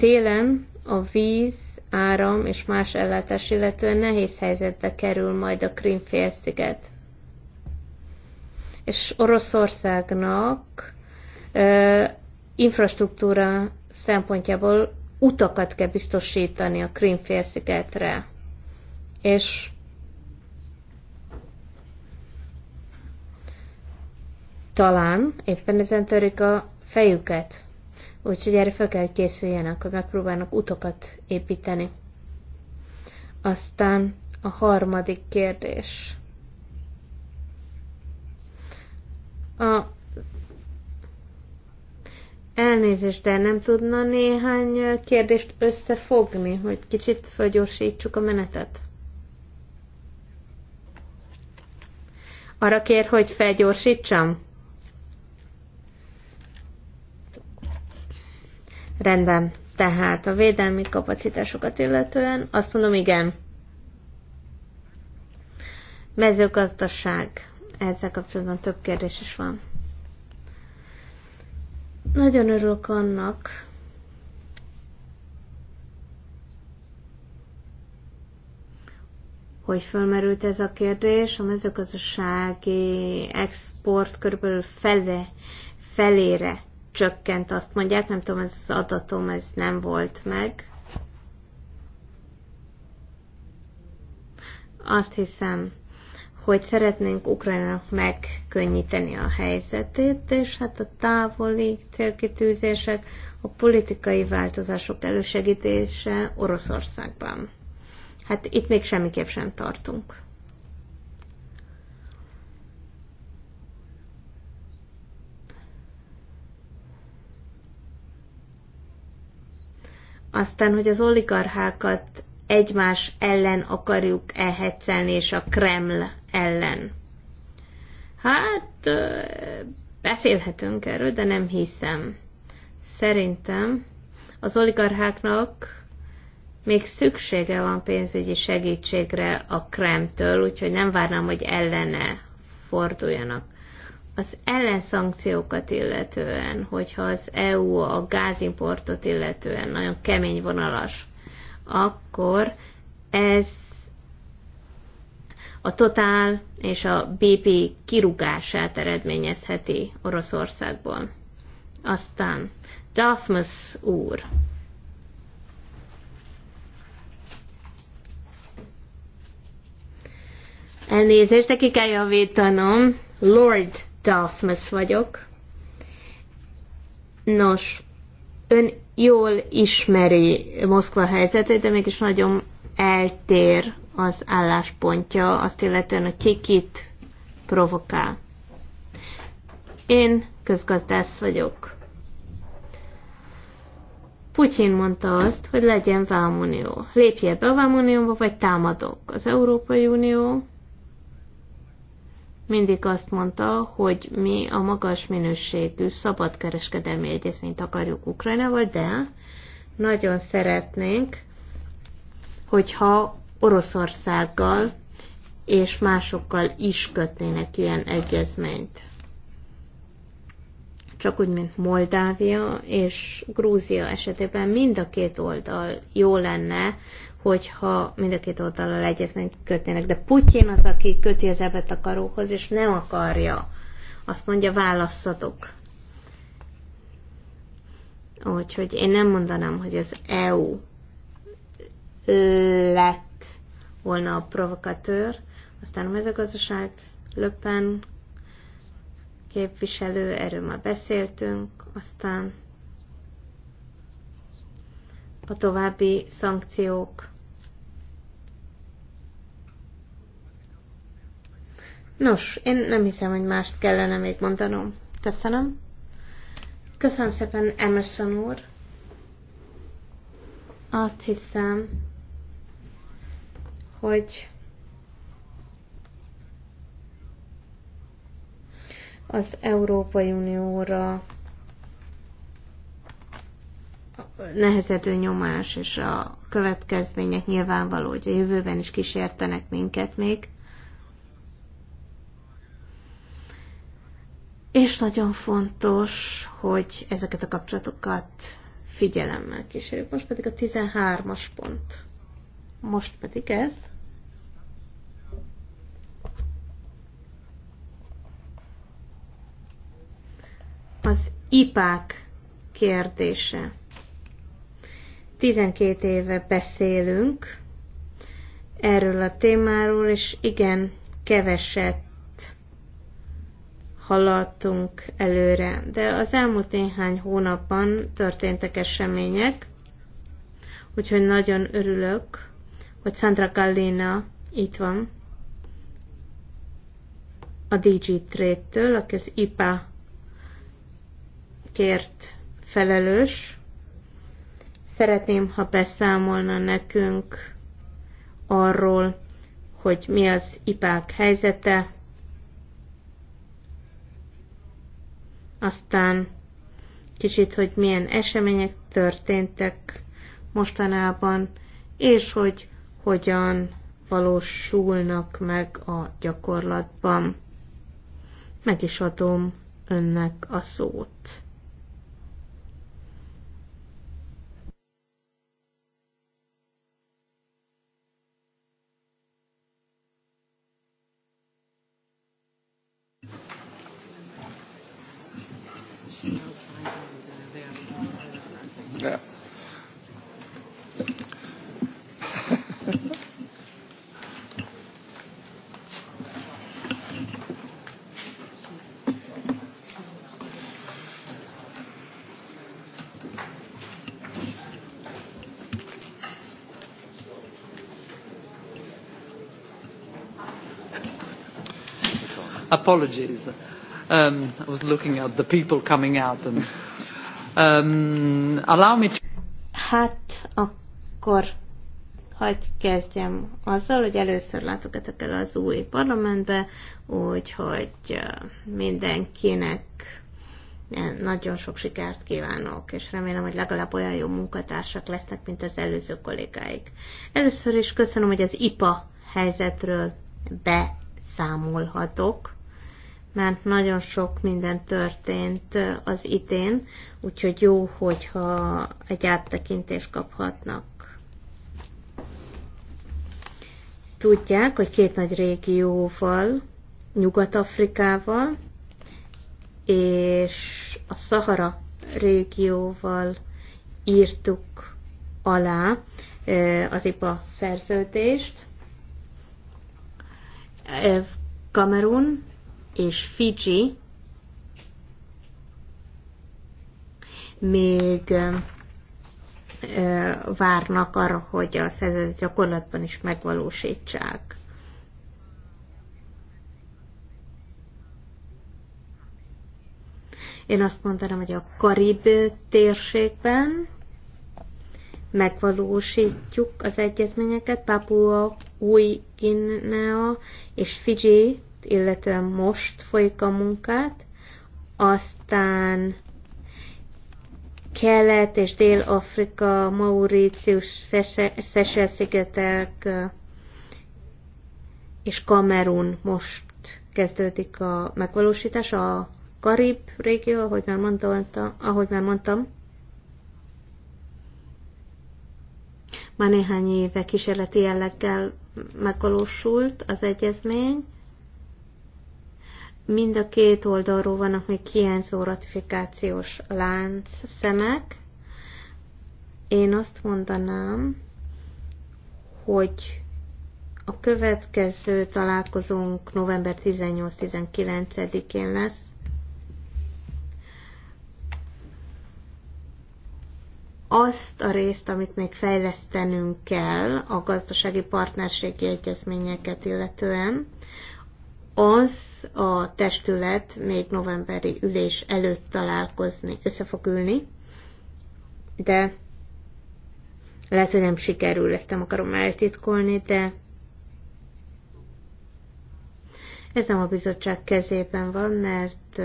Télen a víz, áram és más ellátás, illetően nehéz helyzetbe kerül majd a Krímfélsziget. És Oroszországnak e, infrastruktúra szempontjából utakat kell biztosítani a Krímfélszigetre. És talán éppen ezen törik a fejüket. Úgyhogy erre fel kell, hogy készüljenek, hogy megpróbálnak utakat építeni. Aztán a harmadik kérdés. A Elnézést, de nem tudna néhány kérdést összefogni, hogy kicsit felgyorsítsuk a menetet? Arra kér, hogy felgyorsítsam? Rendben. Tehát a védelmi kapacitásokat illetően azt mondom, igen. Mezőgazdaság. Ezzel kapcsolatban több kérdés is van. Nagyon örülök annak, hogy fölmerült ez a kérdés. A mezőgazdasági export körülbelül fele, felére csökkent, azt mondják, nem tudom, ez az adatom, ez nem volt meg. Azt hiszem, hogy szeretnénk Ukrajnának megkönnyíteni a helyzetét, és hát a távoli célkitűzések, a politikai változások elősegítése Oroszországban. Hát itt még semmiképp sem tartunk. aztán, hogy az oligarchákat egymás ellen akarjuk elhetszelni, és a Kreml ellen. Hát, beszélhetünk erről, de nem hiszem. Szerintem az oligarcháknak még szüksége van pénzügyi segítségre a Kremtől, úgyhogy nem várnám, hogy ellene forduljanak az ellenszankciókat illetően, hogyha az EU a gázimportot illetően nagyon kemény vonalas, akkor ez a Total és a BP kirúgását eredményezheti Oroszországból. Aztán Daphmus úr. Elnézést, neki kell javítanom. Lord Daphnes vagyok. Nos, ön jól ismeri Moszkva helyzetét, de mégis nagyon eltér az álláspontja, azt illetően, hogy ki kit provokál. Én közgazdász vagyok. Putyin mondta azt, hogy legyen vámunió. Lépje be a vámunióba, vagy támadok. Az Európai Unió mindig azt mondta, hogy mi a magas minőségű szabadkereskedelmi egyezményt akarjuk Ukrajnával, de nagyon szeretnénk, hogyha Oroszországgal és másokkal is kötnének ilyen egyezményt. Csak úgy, mint Moldávia és Grúzia esetében mind a két oldal jó lenne, hogyha mind a két oldalal egyezményt kötnének. De Putyin az, aki köti az ebet a karóhoz, és nem akarja. Azt mondja, válasszatok. Úgyhogy én nem mondanám, hogy az EU lett volna a provokatőr, aztán a mezőgazdaság, löppen képviselő, erről már beszéltünk, aztán a további szankciók Nos, én nem hiszem, hogy mást kellene még mondanom. Köszönöm. Köszönöm szépen, Emerson úr. Azt hiszem, hogy az Európai Unióra nehezedő nyomás és a következmények nyilvánvaló, hogy a jövőben is kísértenek minket még. És nagyon fontos, hogy ezeket a kapcsolatokat figyelemmel kísérjük. Most pedig a 13-as pont. Most pedig ez. Az ipák kérdése. 12 éve beszélünk erről a témáról, és igen, keveset haladtunk előre. De az elmúlt néhány hónapban történtek események, úgyhogy nagyon örülök, hogy Sandra Gallina itt van a DG Trade-től, aki az IPA kért felelős. Szeretném, ha beszámolna nekünk arról, hogy mi az Ipa helyzete, aztán kicsit, hogy milyen események történtek mostanában, és hogy hogyan valósulnak meg a gyakorlatban. Meg is adom önnek a szót. Apologies. Um, I was looking at the people coming out and Um, allow me to... Hát akkor hagyj kezdjem azzal, hogy először látogatok el az új parlamentbe, úgyhogy mindenkinek nagyon sok sikert kívánok, és remélem, hogy legalább olyan jó munkatársak lesznek, mint az előző kollégáik. Először is köszönöm, hogy az IPA helyzetről beszámolhatok mert nagyon sok minden történt az idén, úgyhogy jó, hogyha egy áttekintést kaphatnak. Tudják, hogy két nagy régióval, Nyugat-Afrikával és a Szahara régióval írtuk alá az IPA szerződést. Kamerun és Fiji még várnak arra, hogy a szerződést gyakorlatban is megvalósítsák. Én azt mondanám, hogy a Karib térségben megvalósítjuk az egyezményeket, Papua, Új Guinea és Fiji illetve most folyik a munkát, aztán Kelet és Dél-Afrika, Mauritius, Szesel-szigetek és Kamerun most kezdődik a megvalósítás. A Karib régió, ahogy már mondtam, ahogy már mondtam már néhány éve kísérleti jelleggel megvalósult az egyezmény, Mind a két oldalról vannak még hiányzó ratifikációs lánc szemek. Én azt mondanám, hogy a következő találkozónk november 18-19-én lesz. Azt a részt, amit még fejlesztenünk kell a gazdasági partnerségi egyezményeket illetően, az a testület még novemberi ülés előtt találkozni, össze fog ülni, de lehet, hogy nem sikerül, ezt nem akarom eltitkolni, de ez nem a bizottság kezében van, mert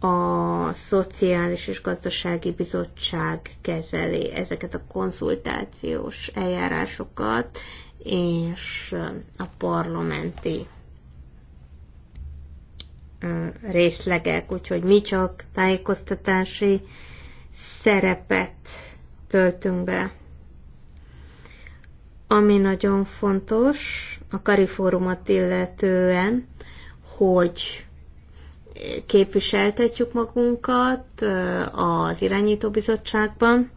a Szociális és Gazdasági Bizottság kezeli ezeket a konzultációs eljárásokat, és a parlamenti részlegek, úgyhogy mi csak tájékoztatási szerepet töltünk be. Ami nagyon fontos a karifórumot illetően, hogy képviseltetjük magunkat az irányítóbizottságban,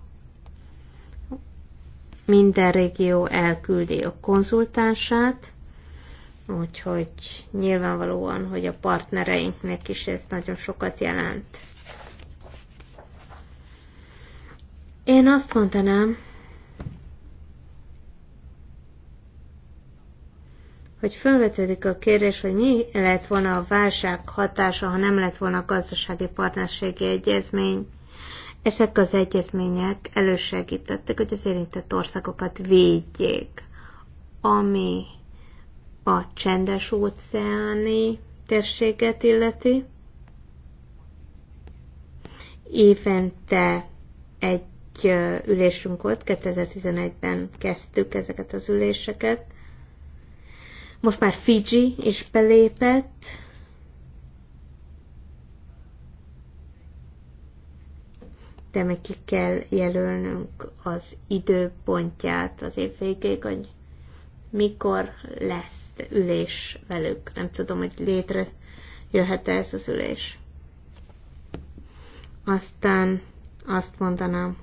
minden régió elküldi a konzultánsát, Úgyhogy nyilvánvalóan, hogy a partnereinknek is ez nagyon sokat jelent. Én azt mondanám, hogy felvetődik a kérdés, hogy mi lett volna a válság hatása, ha nem lett volna a gazdasági partnerségi egyezmény. Ezek az egyezmények elősegítettek, hogy az érintett országokat védjék, ami a csendes óceáni térséget illeti. Évente egy ülésünk volt, 2011-ben kezdtük ezeket az üléseket. Most már Fiji is belépett, de meg ki kell jelölnünk az időpontját az év végéig, hogy mikor lesz ülés velük. Nem tudom, hogy létre jöhet-e ez az ülés. Aztán azt mondanám,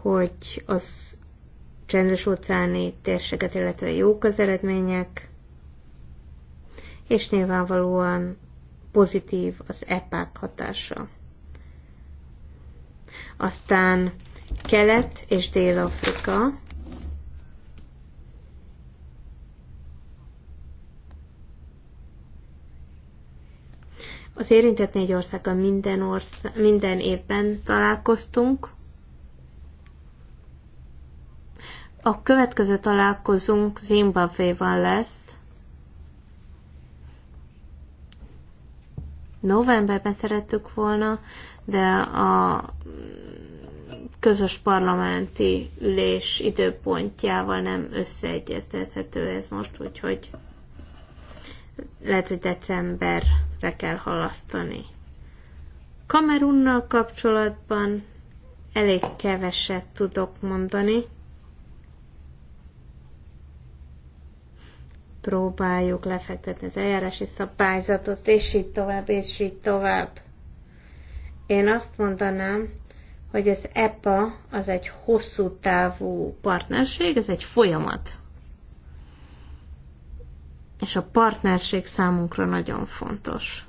hogy az csendes óceáni térséget, illetve jók az eredmények, és nyilvánvalóan pozitív az epák hatása. Aztán Kelet és Dél-Afrika, Az érintett négy országgal minden, ország, minden évben találkoztunk. A következő találkozunk Zimbabvéval lesz. Novemberben szerettük volna, de a közös parlamenti ülés időpontjával nem összeegyeztethető ez most, úgyhogy lehet, hogy decemberre kell halasztani. Kamerunnal kapcsolatban elég keveset tudok mondani. Próbáljuk lefektetni az eljárási szabályzatot, és így tovább, és így tovább. Én azt mondanám, hogy az EPA az egy hosszú távú partnerség, ez egy folyamat és a partnerség számunkra nagyon fontos.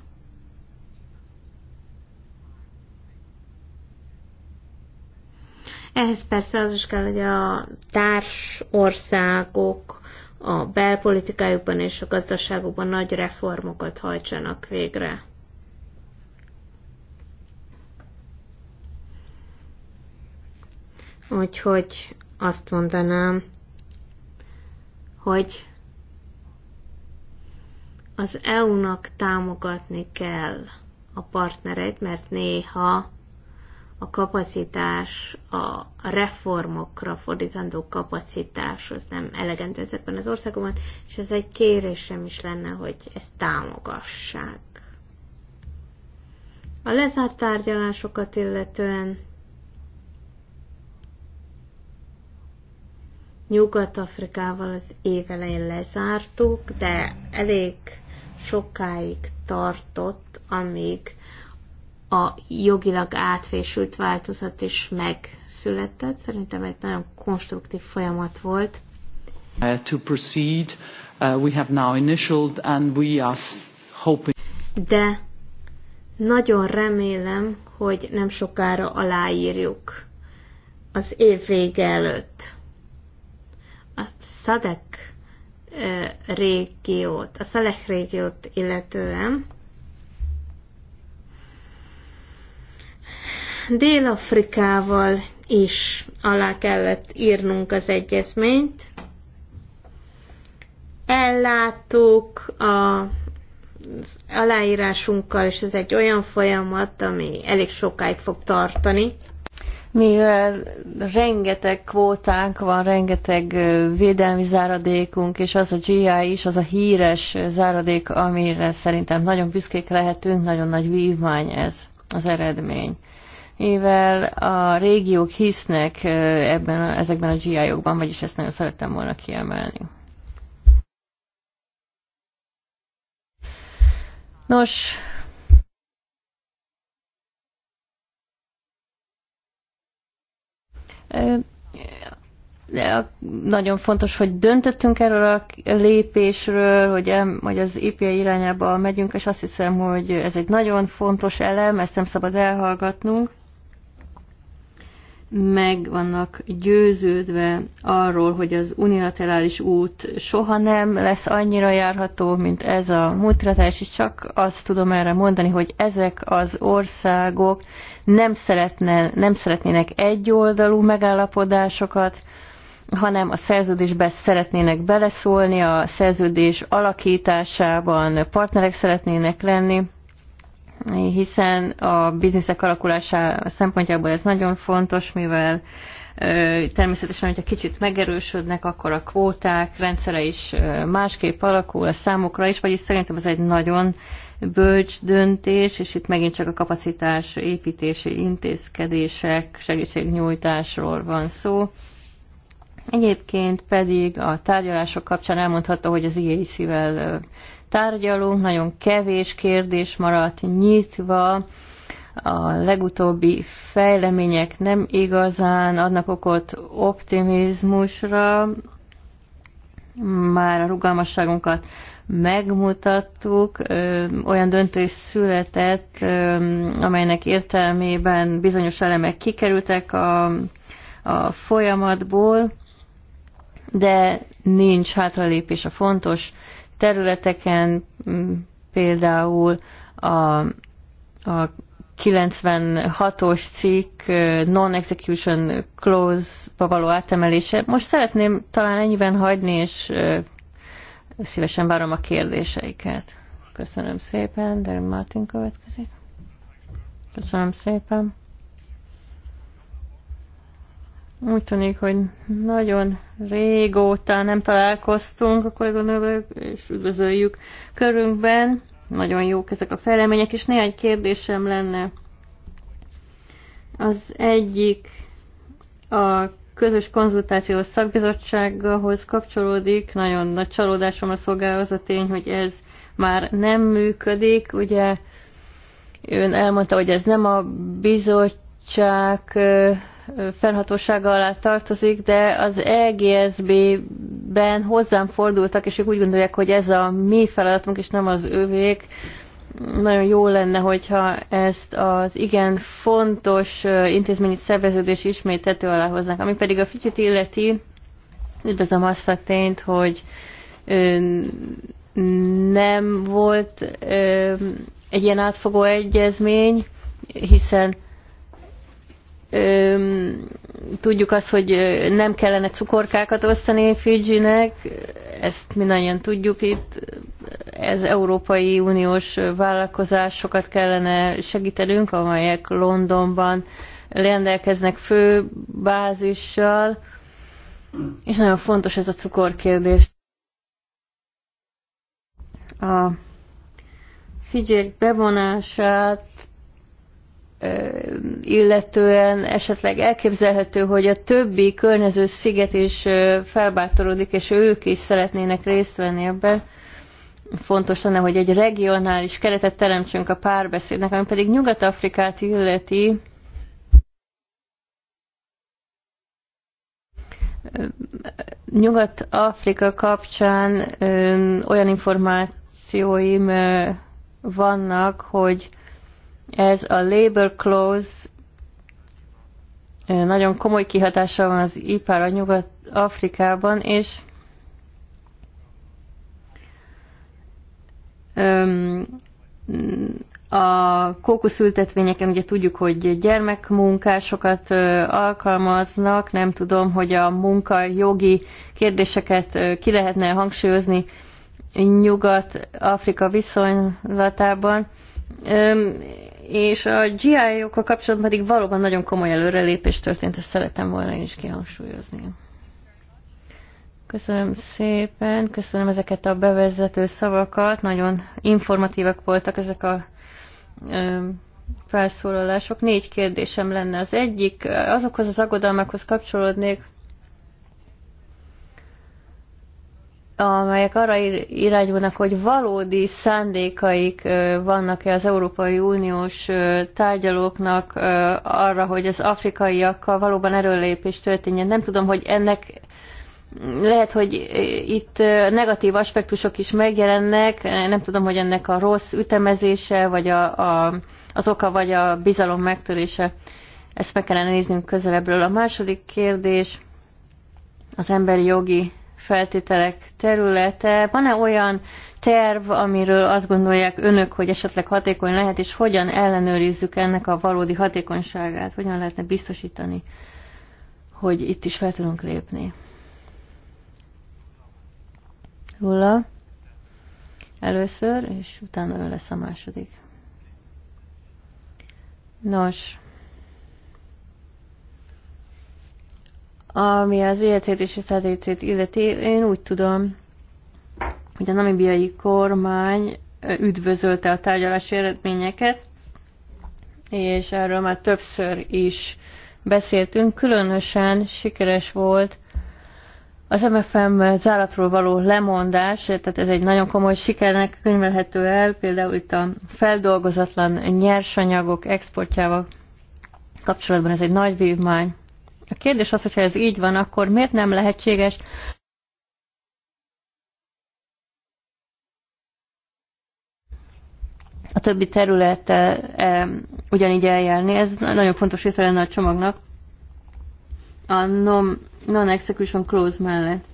Ehhez persze az is kell, hogy a társ országok a belpolitikájukban és a gazdaságukban nagy reformokat hajtsanak végre. Úgyhogy azt mondanám, hogy az EU-nak támogatni kell a partnereit, mert néha a kapacitás, a reformokra fordítandó kapacitás az nem elegendő ezekben az országokban, és ez egy kérésem is lenne, hogy ezt támogassák. A lezárt tárgyalásokat illetően Nyugat-Afrikával az évelején lezártuk, de elég sokáig tartott, amíg a jogilag átfésült változat is megszületett. Szerintem egy nagyon konstruktív folyamat volt. Uh, to proceed, uh, we have now initialed and we are hoping... De nagyon remélem, hogy nem sokára aláírjuk az év vége előtt. A SZADEK régiót, a Szelek régiót illetően. Dél-Afrikával is alá kellett írnunk az egyezményt. Elláttuk a aláírásunkkal, és ez egy olyan folyamat, ami elég sokáig fog tartani mivel rengeteg kvótánk van, rengeteg védelmi záradékunk, és az a GI is, az a híres záradék, amire szerintem nagyon büszkék lehetünk, nagyon nagy vívmány ez az eredmény. Mivel a régiók hisznek ebben, ezekben a GI-okban, vagyis ezt nagyon szerettem volna kiemelni. Nos, Nagyon fontos, hogy döntöttünk erről a lépésről, hogy, el, hogy az IPI irányába megyünk, és azt hiszem, hogy ez egy nagyon fontos elem, ezt nem szabad elhallgatnunk meg vannak győződve arról, hogy az unilaterális út soha nem lesz annyira járható, mint ez a mutatás és csak azt tudom erre mondani, hogy ezek az országok nem, szeretne, nem szeretnének egyoldalú megállapodásokat, hanem a szerződésbe szeretnének beleszólni, a szerződés alakításában partnerek szeretnének lenni, hiszen a bizniszek alakulása szempontjából ez nagyon fontos, mivel természetesen, hogyha kicsit megerősödnek, akkor a kvóták rendszere is másképp alakul a számokra, is, vagyis szerintem ez egy nagyon bölcs döntés, és itt megint csak a kapacitás építési intézkedések segítségnyújtásról van szó. Egyébként pedig a tárgyalások kapcsán elmondható, hogy az IAC-vel tárgyalunk, nagyon kevés kérdés maradt nyitva, a legutóbbi fejlemények nem igazán adnak okot optimizmusra, már a rugalmasságunkat megmutattuk, olyan döntés született, amelynek értelmében bizonyos elemek kikerültek a, a folyamatból, de nincs hátralépés a fontos területeken, mm, például a, a 96-os cikk non-execution clause-ba való átemelése. Most szeretném talán ennyiben hagyni, és szívesen várom a kérdéseiket. Köszönöm szépen, Darren Martin következik. Köszönöm szépen. Úgy tűnik, hogy nagyon régóta nem találkoztunk a kolléganővel, és üdvözöljük körünkben. Nagyon jók ezek a fejlemények, és néhány kérdésem lenne. Az egyik a közös konzultációs szakbizottsághoz kapcsolódik. Nagyon nagy csalódásomra szolgál az a tény, hogy ez már nem működik. Ugye ön elmondta, hogy ez nem a bizottság fennhatósága alá tartozik, de az EGSB-ben hozzám fordultak, és ők úgy gondolják, hogy ez a mi feladatunk, és nem az ővék. Nagyon jó lenne, hogyha ezt az igen fontos intézményi szerveződés ismét tető alá hoznak. Ami pedig a Ficsit illeti, üdvözlöm azt a tényt, hogy nem volt egy ilyen átfogó egyezmény, hiszen tudjuk azt, hogy nem kellene cukorkákat osztani Fidzsinek, ezt mindannyian tudjuk itt, ez Európai Uniós vállalkozásokat kellene segítenünk, amelyek Londonban rendelkeznek fő bázissal, és nagyon fontos ez a cukorkérdés. A figyék bevonását illetően esetleg elképzelhető, hogy a többi környező sziget is felbátorodik, és ők is szeretnének részt venni ebben. Fontos lenne, hogy egy regionális keretet teremtsünk a párbeszédnek, ami pedig Nyugat-Afrikát illeti. Nyugat-Afrika kapcsán olyan információim vannak, hogy ez a labor clause nagyon komoly kihatása van az ipára Nyugat-Afrikában, és a kókuszültetvényeken ugye tudjuk, hogy gyermekmunkásokat alkalmaznak, nem tudom, hogy a munka jogi kérdéseket ki lehetne hangsúlyozni Nyugat-Afrika viszonylatában és a GI-okkal kapcsolatban pedig valóban nagyon komoly előrelépés történt, ezt szeretem volna én is kihangsúlyozni. Köszönöm szépen, köszönöm ezeket a bevezető szavakat, nagyon informatívak voltak ezek a ö, felszólalások. Négy kérdésem lenne. Az egyik, azokhoz az aggodalmakhoz kapcsolódnék, amelyek arra irányulnak, hogy valódi szándékaik vannak-e az Európai Uniós tárgyalóknak arra, hogy az afrikaiakkal valóban erőlépés történjen. Nem tudom, hogy ennek lehet, hogy itt negatív aspektusok is megjelennek, nem tudom, hogy ennek a rossz ütemezése, vagy a, a, az oka, vagy a bizalom megtörése. Ezt meg kellene néznünk közelebbről. A második kérdés az emberi jogi feltételek területe. Van-e olyan terv, amiről azt gondolják önök, hogy esetleg hatékony lehet, és hogyan ellenőrizzük ennek a valódi hatékonyságát? Hogyan lehetne biztosítani, hogy itt is fel tudunk lépni? Lula, először, és utána ő lesz a második. Nos, Ami az ELC-t és a ADC-t illeti, én úgy tudom, hogy a namibiai kormány üdvözölte a tárgyalási eredményeket, és erről már többször is beszéltünk. Különösen sikeres volt az MFM záratról való lemondás, tehát ez egy nagyon komoly sikernek könyvelhető el, például itt a feldolgozatlan nyersanyagok exportjával kapcsolatban ez egy nagy vívmány a kérdés az, hogyha ez így van, akkor miért nem lehetséges a többi területtel e, eh, ugyanígy eljárni. Ez nagyon fontos része lenne a csomagnak. A non-execution non clause mellett.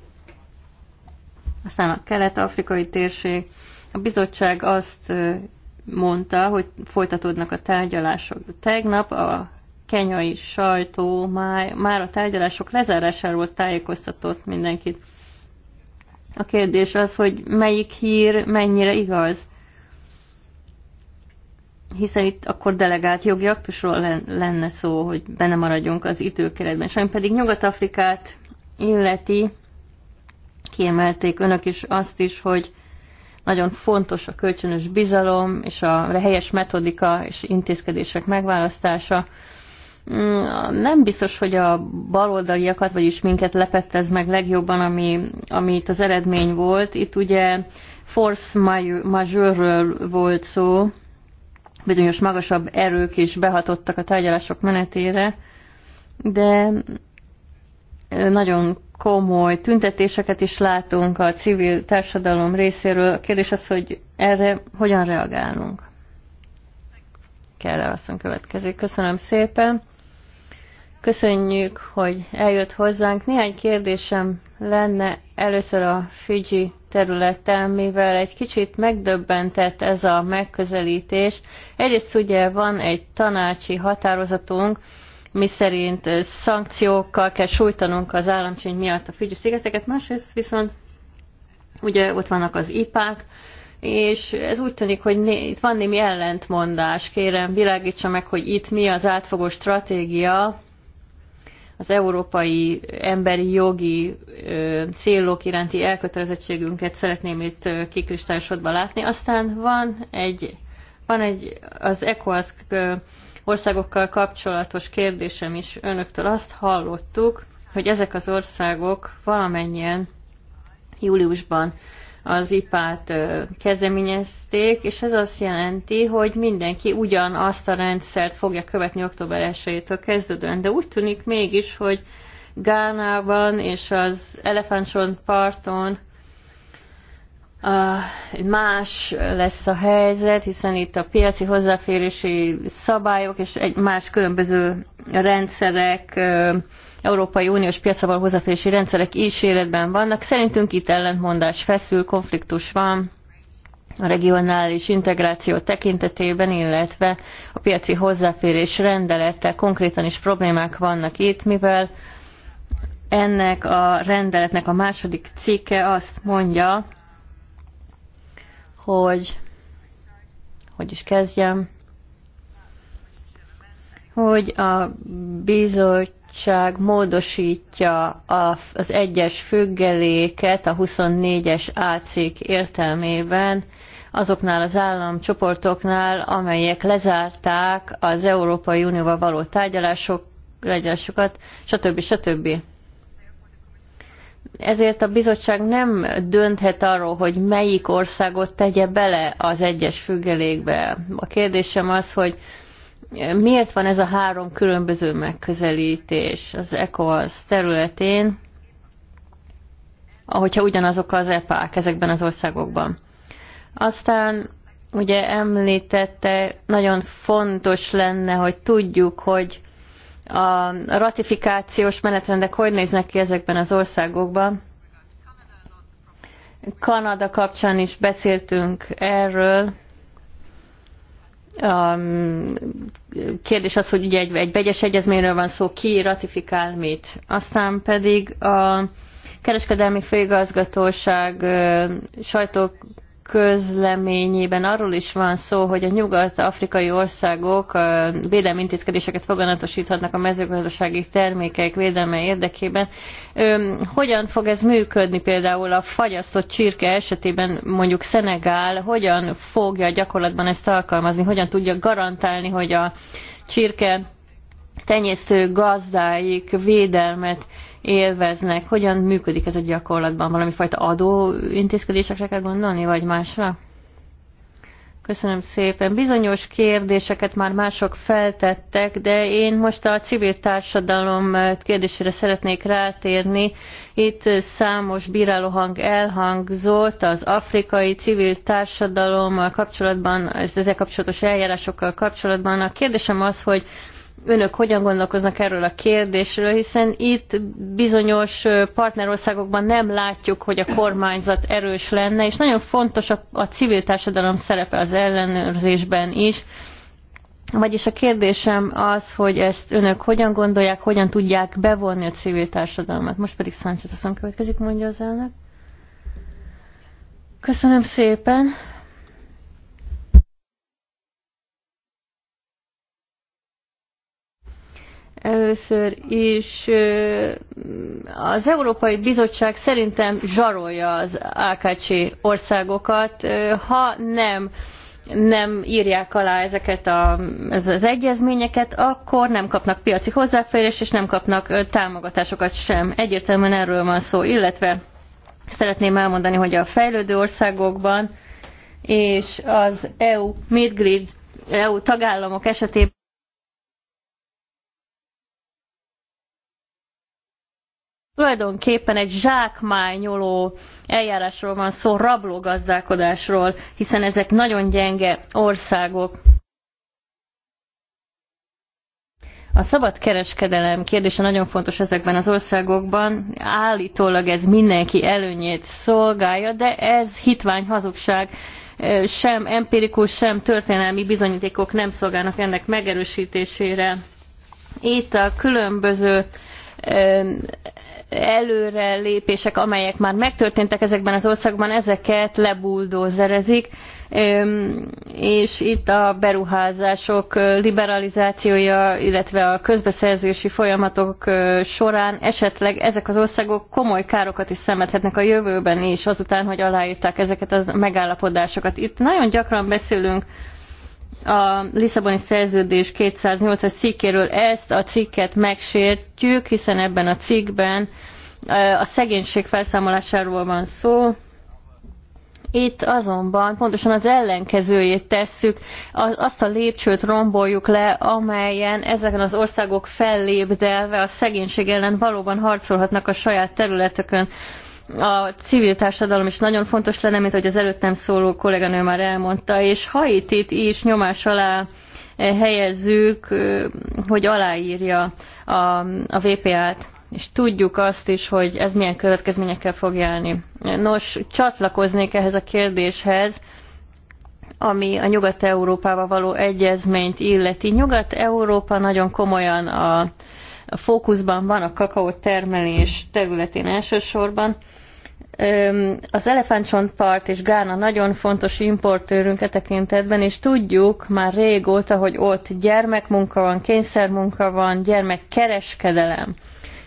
Aztán a kelet-afrikai térség. A bizottság azt eh, mondta, hogy folytatódnak a tárgyalások. Tegnap a kenyai sajtó már, már a tárgyalások lezárásáról tájékoztatott mindenkit. A kérdés az, hogy melyik hír mennyire igaz. Hiszen itt akkor delegált jogi aktusról lenne szó, hogy benne maradjunk az időkeretben. És pedig Nyugat-Afrikát illeti, kiemelték önök is azt is, hogy nagyon fontos a kölcsönös bizalom és a helyes metodika és intézkedések megválasztása. Mm, nem biztos, hogy a baloldaliakat, vagyis minket lepett ez meg legjobban, ami, ami itt az eredmény volt. Itt ugye force majeure volt szó, bizonyos magasabb erők is behatottak a tárgyalások menetére, de nagyon komoly tüntetéseket is látunk a civil társadalom részéről. A kérdés az, hogy erre hogyan reagálunk. Kell asszony következik. Köszönöm szépen. Köszönjük, hogy eljött hozzánk. Néhány kérdésem lenne először a Fiji területen, mivel egy kicsit megdöbbentett ez a megközelítés. Egyrészt ugye van egy tanácsi határozatunk, miszerint szankciókkal kell sújtanunk az államcsény miatt a Fiji szigeteket, másrészt viszont ugye ott vannak az ipák, és ez úgy tűnik, hogy né- itt van némi ellentmondás. Kérem, világítsa meg, hogy itt mi az átfogó stratégia az európai emberi jogi célok iránti elkötelezettségünket szeretném itt kikristályosodva látni. Aztán van egy, van egy az ECOWASZ országokkal kapcsolatos kérdésem is önöktől. Azt hallottuk, hogy ezek az országok valamennyien júliusban az IPÁT kezdeményezték, és ez azt jelenti, hogy mindenki ugyanazt a rendszert fogja követni október 1-től kezdődően, de úgy tűnik mégis, hogy Gánában és az Elefántson parton más lesz a helyzet, hiszen itt a piaci hozzáférési szabályok és egy más különböző rendszerek Európai Uniós piacaval hozzáférési rendszerek is életben vannak. Szerintünk itt ellentmondás feszül, konfliktus van a regionális integráció tekintetében, illetve a piaci hozzáférés rendelettel konkrétan is problémák vannak itt, mivel ennek a rendeletnek a második cikke azt mondja, hogy hogy is kezdjem, hogy a bizottság bizottság módosítja az egyes függeléket a 24-es ácik értelmében azoknál az államcsoportoknál, amelyek lezárták az Európai Unióval való tárgyalások, tárgyalásokat, stb. stb. Ezért a bizottság nem dönthet arról, hogy melyik országot tegye bele az egyes függelékbe. A kérdésem az, hogy miért van ez a három különböző megközelítés az ECOWAS területén, ahogyha ugyanazok az EPÁK ezekben az országokban. Aztán ugye említette, nagyon fontos lenne, hogy tudjuk, hogy a ratifikációs menetrendek hogy néznek ki ezekben az országokban. Kanada kapcsán is beszéltünk erről, a kérdés az, hogy ugye egy, egy vegyes egyezményről van szó, ki ratifikál mit. Aztán pedig a kereskedelmi főigazgatóság sajtó közleményében arról is van szó, hogy a nyugat-afrikai országok védelmi intézkedéseket foganatosíthatnak a mezőgazdasági termékek védelme érdekében. Hogyan fog ez működni például a fagyasztott csirke esetében mondjuk Szenegál, hogyan fogja gyakorlatban ezt alkalmazni, hogyan tudja garantálni, hogy a csirke tenyésztő gazdáik védelmet élveznek. Hogyan működik ez a gyakorlatban? Valami fajta adó intézkedésekre kell gondolni, vagy másra? Köszönöm szépen. Bizonyos kérdéseket már mások feltettek, de én most a civil társadalom kérdésére szeretnék rátérni. Itt számos bírálóhang elhangzott az afrikai civil társadalom kapcsolatban, ezzel kapcsolatos eljárásokkal kapcsolatban. A kérdésem az, hogy önök hogyan gondolkoznak erről a kérdésről, hiszen itt bizonyos partnerországokban nem látjuk, hogy a kormányzat erős lenne, és nagyon fontos a, a civil társadalom szerepe az ellenőrzésben is. Vagyis a kérdésem az, hogy ezt önök hogyan gondolják, hogyan tudják bevonni a civil társadalmat. Most pedig Sánchez a következik, mondja az elnök. Köszönöm szépen. Először is az Európai Bizottság szerintem zsarolja az AKC országokat, ha nem nem írják alá ezeket a, ez az egyezményeket, akkor nem kapnak piaci hozzáférés, és nem kapnak támogatásokat sem. Egyértelműen erről van szó, illetve szeretném elmondani, hogy a fejlődő országokban és az EU midgrid, EU tagállamok esetében Tulajdonképpen egy zsákmányoló eljárásról van szó, rablógazdálkodásról, hiszen ezek nagyon gyenge országok. A szabad kereskedelem kérdése nagyon fontos ezekben az országokban. Állítólag ez mindenki előnyét szolgálja, de ez hitvány hazugság. Sem empirikus, sem történelmi bizonyítékok nem szolgálnak ennek megerősítésére. Itt a különböző előre lépések, amelyek már megtörténtek ezekben az országban, ezeket lebuldózerezik, és itt a beruházások liberalizációja, illetve a közbeszerzési folyamatok során esetleg ezek az országok komoly károkat is szemethetnek a jövőben is, azután, hogy aláírták ezeket a megállapodásokat. Itt nagyon gyakran beszélünk a Lisszaboni szerződés 208-as cikkéről ezt a cikket megsértjük, hiszen ebben a cikkben a szegénység felszámolásáról van szó, itt azonban pontosan az ellenkezőjét tesszük, azt a lépcsőt romboljuk le, amelyen ezeken az országok fellépdelve a szegénység ellen valóban harcolhatnak a saját területökön a civil társadalom is nagyon fontos lenne, mint hogy az előttem szóló kolléganő már elmondta, és Haitit is nyomás alá eh, helyezzük, eh, hogy aláírja a, a VPA-t, és tudjuk azt is, hogy ez milyen következményekkel fog járni. Nos, csatlakoznék ehhez a kérdéshez, ami a Nyugat-Európával való egyezményt illeti. Nyugat-Európa nagyon komolyan a, a fókuszban van a kakaó termelés területén elsősorban, az elefántcsontpart és Gána nagyon fontos importőrünk e tekintetben, és tudjuk már régóta, hogy ott gyermekmunka van, kényszermunka van, gyermekkereskedelem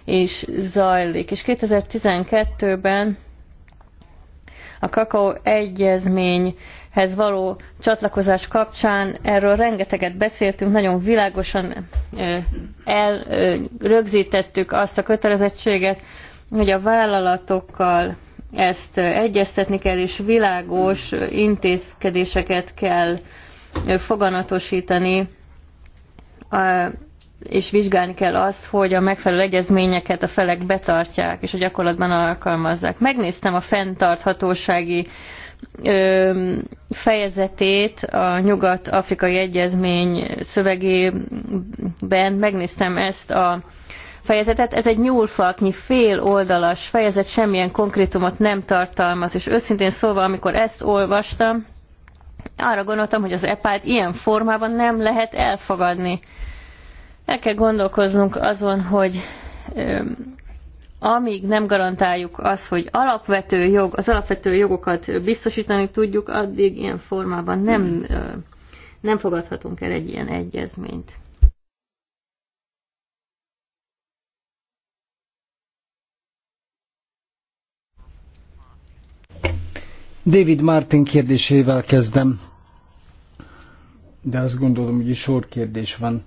is zajlik. És 2012-ben a kakaó egyezményhez való csatlakozás kapcsán erről rengeteget beszéltünk, nagyon világosan elrögzítettük azt a kötelezettséget, hogy a vállalatokkal ezt egyeztetni kell, és világos intézkedéseket kell foganatosítani, és vizsgálni kell azt, hogy a megfelelő egyezményeket a felek betartják, és a gyakorlatban alkalmazzák. Megnéztem a fenntarthatósági fejezetét a Nyugat-Afrikai Egyezmény szövegében, megnéztem ezt a fejezetet. Ez egy nyúlfaknyi fél oldalas fejezet, semmilyen konkrétumot nem tartalmaz, és őszintén szólva, amikor ezt olvastam, arra gondoltam, hogy az epát ilyen formában nem lehet elfogadni. El kell gondolkoznunk azon, hogy amíg nem garantáljuk azt, hogy alapvető jog, az alapvető jogokat biztosítani tudjuk, addig ilyen formában nem, nem fogadhatunk el egy ilyen egyezményt. David Martin kérdésével kezdem, de azt gondolom, hogy sor kérdés van,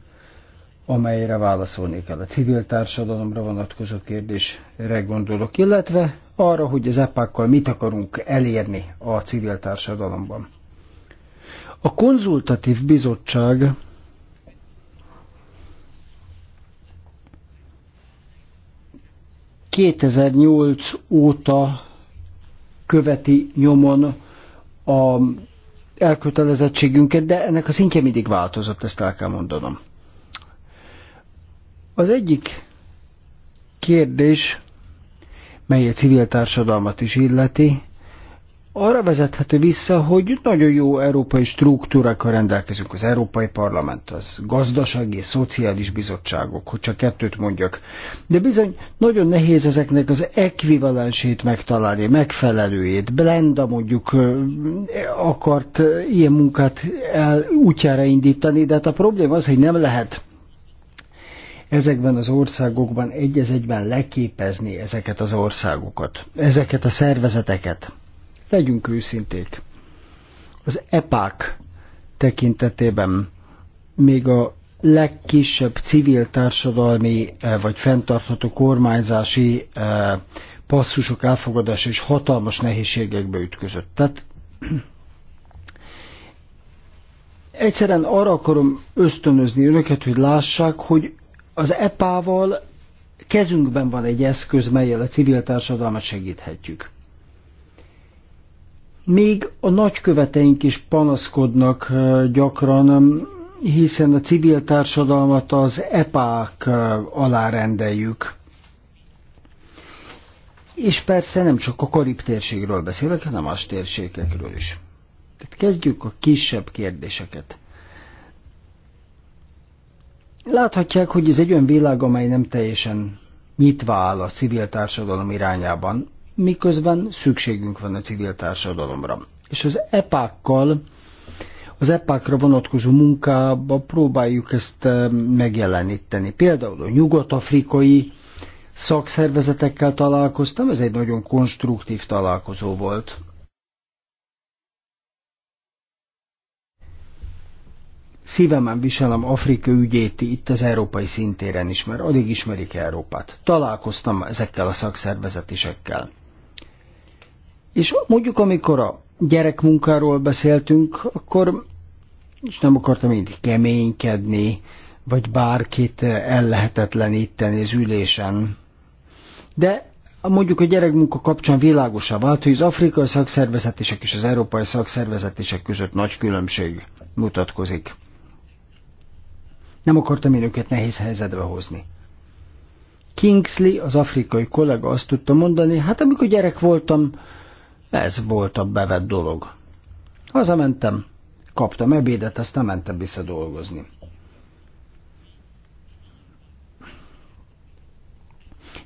amelyre válaszolni kell. A civil társadalomra vonatkozó kérdésre gondolok, illetve arra, hogy az epákkal mit akarunk elérni a civil társadalomban. A konzultatív bizottság ...2008 óta követi nyomon a elkötelezettségünket, de ennek a szintje mindig változott, ezt el kell mondanom. Az egyik kérdés, mely a civil társadalmat is illeti, arra vezethető vissza, hogy nagyon jó európai struktúrákkal rendelkezünk. Az Európai Parlament, az gazdasági és szociális bizottságok, hogy csak kettőt mondjak. De bizony nagyon nehéz ezeknek az ekvivalensét megtalálni, megfelelőjét. Blenda mondjuk akart ilyen munkát el, útjára indítani, de hát a probléma az, hogy nem lehet ezekben az országokban egy egyben leképezni ezeket az országokat, ezeket a szervezeteket. Legyünk őszinték. Az epák tekintetében még a legkisebb civil társadalmi eh, vagy fenntartható kormányzási eh, passzusok elfogadása is hatalmas nehézségekbe ütközött. Tehát egyszerűen arra akarom ösztönözni önöket, hogy lássák, hogy az EPA-val kezünkben van egy eszköz, melyel a civil társadalmat segíthetjük. Még a nagyköveteink is panaszkodnak gyakran, hiszen a civil társadalmat az EPÁK alárendeljük. És persze nem csak a karib térségről beszélek, hanem más térségekről is. Tehát kezdjük a kisebb kérdéseket. Láthatják, hogy ez egy olyan világ, amely nem teljesen nyitva áll a civil társadalom irányában miközben szükségünk van a civil társadalomra. És az epákkal, az epákra vonatkozó munkába próbáljuk ezt eh, megjeleníteni. Például a nyugat-afrikai szakszervezetekkel találkoztam, ez egy nagyon konstruktív találkozó volt. Szívemen viselem Afrika ügyét itt az európai szintéren is, mert addig ismerik Európát. Találkoztam ezekkel a szakszervezetésekkel. És mondjuk, amikor a gyerekmunkáról beszéltünk, akkor és nem akartam én keménykedni, vagy bárkit ellehetetleníteni az ülésen. De mondjuk a gyerekmunka kapcsán világosá vált, hogy az afrikai szakszervezetések és az európai szakszervezetések között nagy különbség mutatkozik. Nem akartam én őket nehéz helyzetbe hozni. Kingsley, az afrikai kollega azt tudta mondani, hát amikor gyerek voltam, ez volt a bevett dolog. Hazamentem, kaptam ebédet, aztán mentem vissza dolgozni.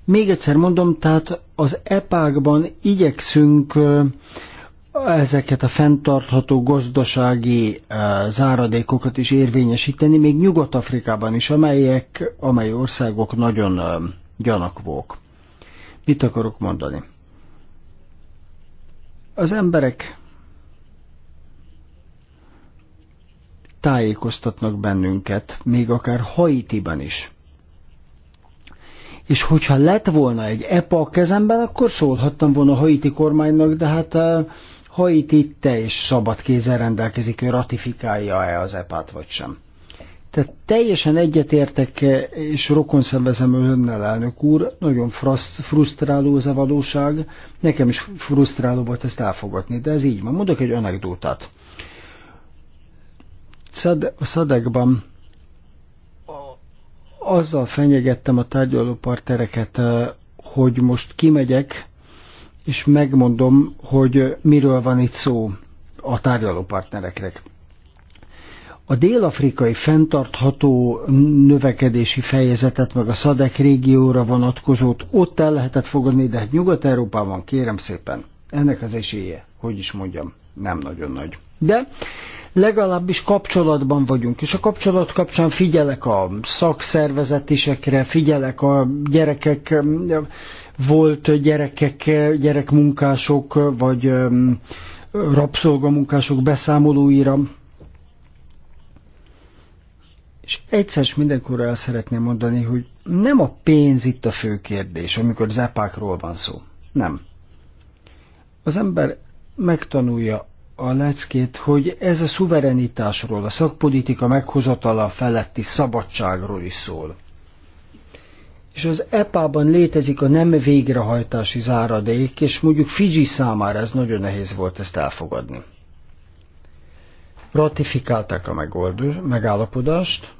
Még egyszer mondom, tehát az epákban igyekszünk ezeket a fenntartható gazdasági záradékokat is érvényesíteni, még Nyugat-Afrikában is, amelyek, amely országok nagyon gyanakvók. Mit akarok mondani? Az emberek tájékoztatnak bennünket, még akár Haitiban is. És hogyha lett volna egy EPA a kezemben, akkor szólhattam volna a haiti kormánynak, de hát a eh, Haiti teljes szabad kézzel rendelkezik, hogy ratifikálja-e az EPA-t vagy sem. Tehát teljesen egyetértek és rokon szenvezem önnel, elnök úr. Nagyon frusztráló ez a valóság. Nekem is frusztráló volt ezt elfogadni, de ez így van. Mondok egy anekdótát. Szed, a szadekban azzal fenyegettem a tárgyalópartereket, hogy most kimegyek, és megmondom, hogy miről van itt szó a tárgyalópartnereknek. A dél-afrikai fenntartható növekedési fejezetet, meg a SZADEK régióra vonatkozót ott el lehetett fogadni, de hát Nyugat-Európában kérem szépen, ennek az esélye, hogy is mondjam, nem nagyon nagy. De legalábbis kapcsolatban vagyunk, és a kapcsolat kapcsán figyelek a szakszervezetisekre, figyelek a gyerekek, volt gyerekek, gyerekmunkások, vagy rabszolgamunkások beszámolóira, és egyszer is mindenkorra el szeretném mondani, hogy nem a pénz itt a fő kérdés, amikor zápákról van szó. Nem. Az ember megtanulja a leckét, hogy ez a szuverenitásról, a szakpolitika meghozatala feletti szabadságról is szól. És az EPA-ban létezik a nem végrehajtási záradék, és mondjuk Fiji számára ez nagyon nehéz volt ezt elfogadni ratifikálták a megoldő, megállapodást,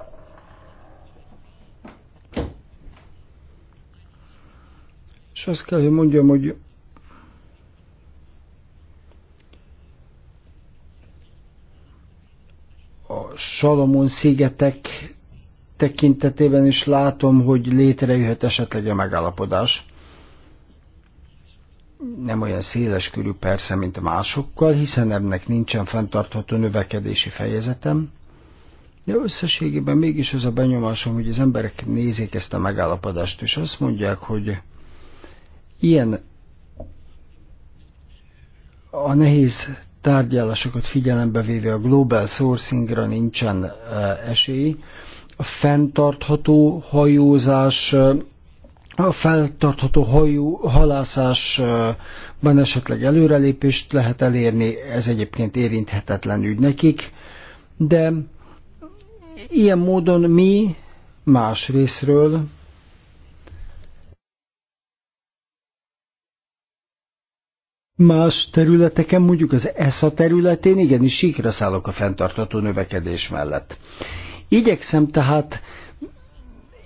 és azt kell, hogy mondjam, hogy a Salomon szigetek tekintetében is látom, hogy létrejöhet esetleg a megállapodás nem olyan széles körű persze, mint másokkal, hiszen ennek nincsen fenntartható növekedési fejezetem, de összességében mégis az a benyomásom, hogy az emberek nézik ezt a megállapodást, és azt mondják, hogy ilyen a nehéz tárgyalásokat figyelembe véve a global sourcingra nincsen eh, esély. A fenntartható hajózás eh, a feltartható hajó halászásban esetleg előrelépést lehet elérni, ez egyébként érinthetetlen ügy nekik, de ilyen módon mi más részről más területeken, mondjuk az ESZA területén igenis síkra szállok a fenntartható növekedés mellett. Igyekszem tehát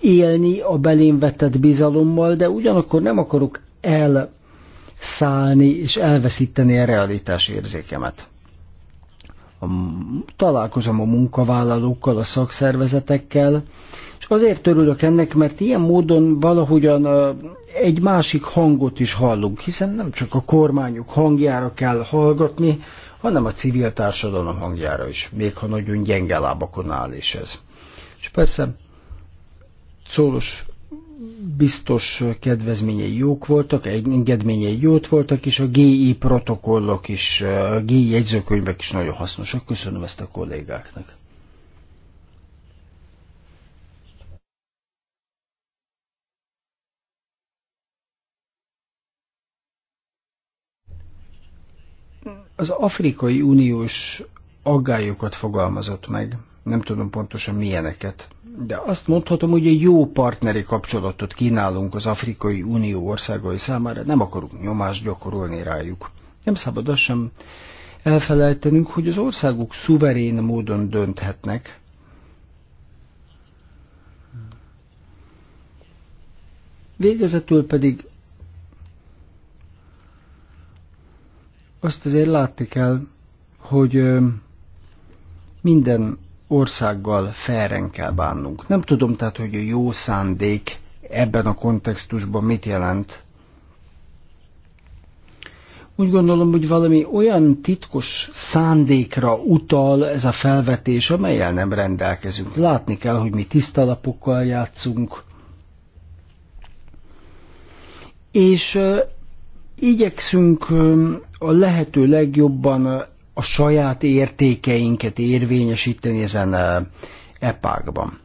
élni a belém vetett bizalommal, de ugyanakkor nem akarok elszállni és elveszíteni a realitás érzékemet. találkozom a munkavállalókkal, a szakszervezetekkel, és azért örülök ennek, mert ilyen módon valahogyan egy másik hangot is hallunk, hiszen nem csak a kormányok hangjára kell hallgatni, hanem a civil társadalom hangjára is, még ha nagyon gyenge lábakon áll is ez. És persze Szólos biztos kedvezményei jók voltak, engedményei jót voltak, és a GI protokollok is, a GI jegyzőkönyvek is nagyon hasznosak. Köszönöm ezt a kollégáknak. Az Afrikai Uniós aggályokat fogalmazott meg nem tudom pontosan milyeneket. De azt mondhatom, hogy egy jó partneri kapcsolatot kínálunk az Afrikai Unió országai számára, nem akarunk nyomást gyakorolni rájuk. Nem szabad azt sem elfelejtenünk, hogy az országok szuverén módon dönthetnek, Végezetül pedig azt azért látni kell, hogy minden országgal felren kell bánnunk. Nem tudom tehát, hogy a jó szándék ebben a kontextusban mit jelent. Úgy gondolom, hogy valami olyan titkos szándékra utal ez a felvetés, amelyel nem rendelkezünk. Látni kell, hogy mi tisztalapokkal játszunk, és igyekszünk a lehető legjobban a saját értékeinket érvényesíteni ezen epákban.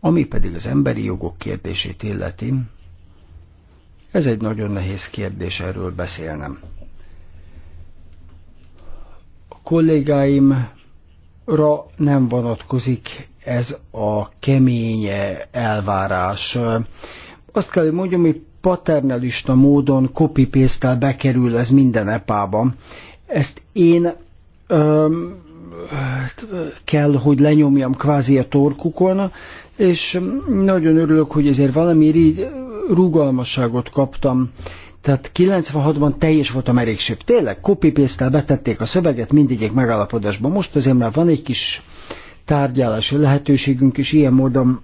Ami pedig az emberi jogok kérdését illeti, ez egy nagyon nehéz kérdés, erről beszélnem. A kollégáimra nem vonatkozik ez a kemény elvárás. Azt kell, hogy mondjam, hogy paternalista módon copy bekerül ez minden epában. Ezt én öm, kell, hogy lenyomjam kvázi a torkukon, és nagyon örülök, hogy ezért valami rugalmasságot kaptam. Tehát 96-ban teljes volt a merégség. Tényleg, copy betették a szöveget mindegyik megállapodásban. Most azért már van egy kis tárgyalási lehetőségünk, és ilyen módon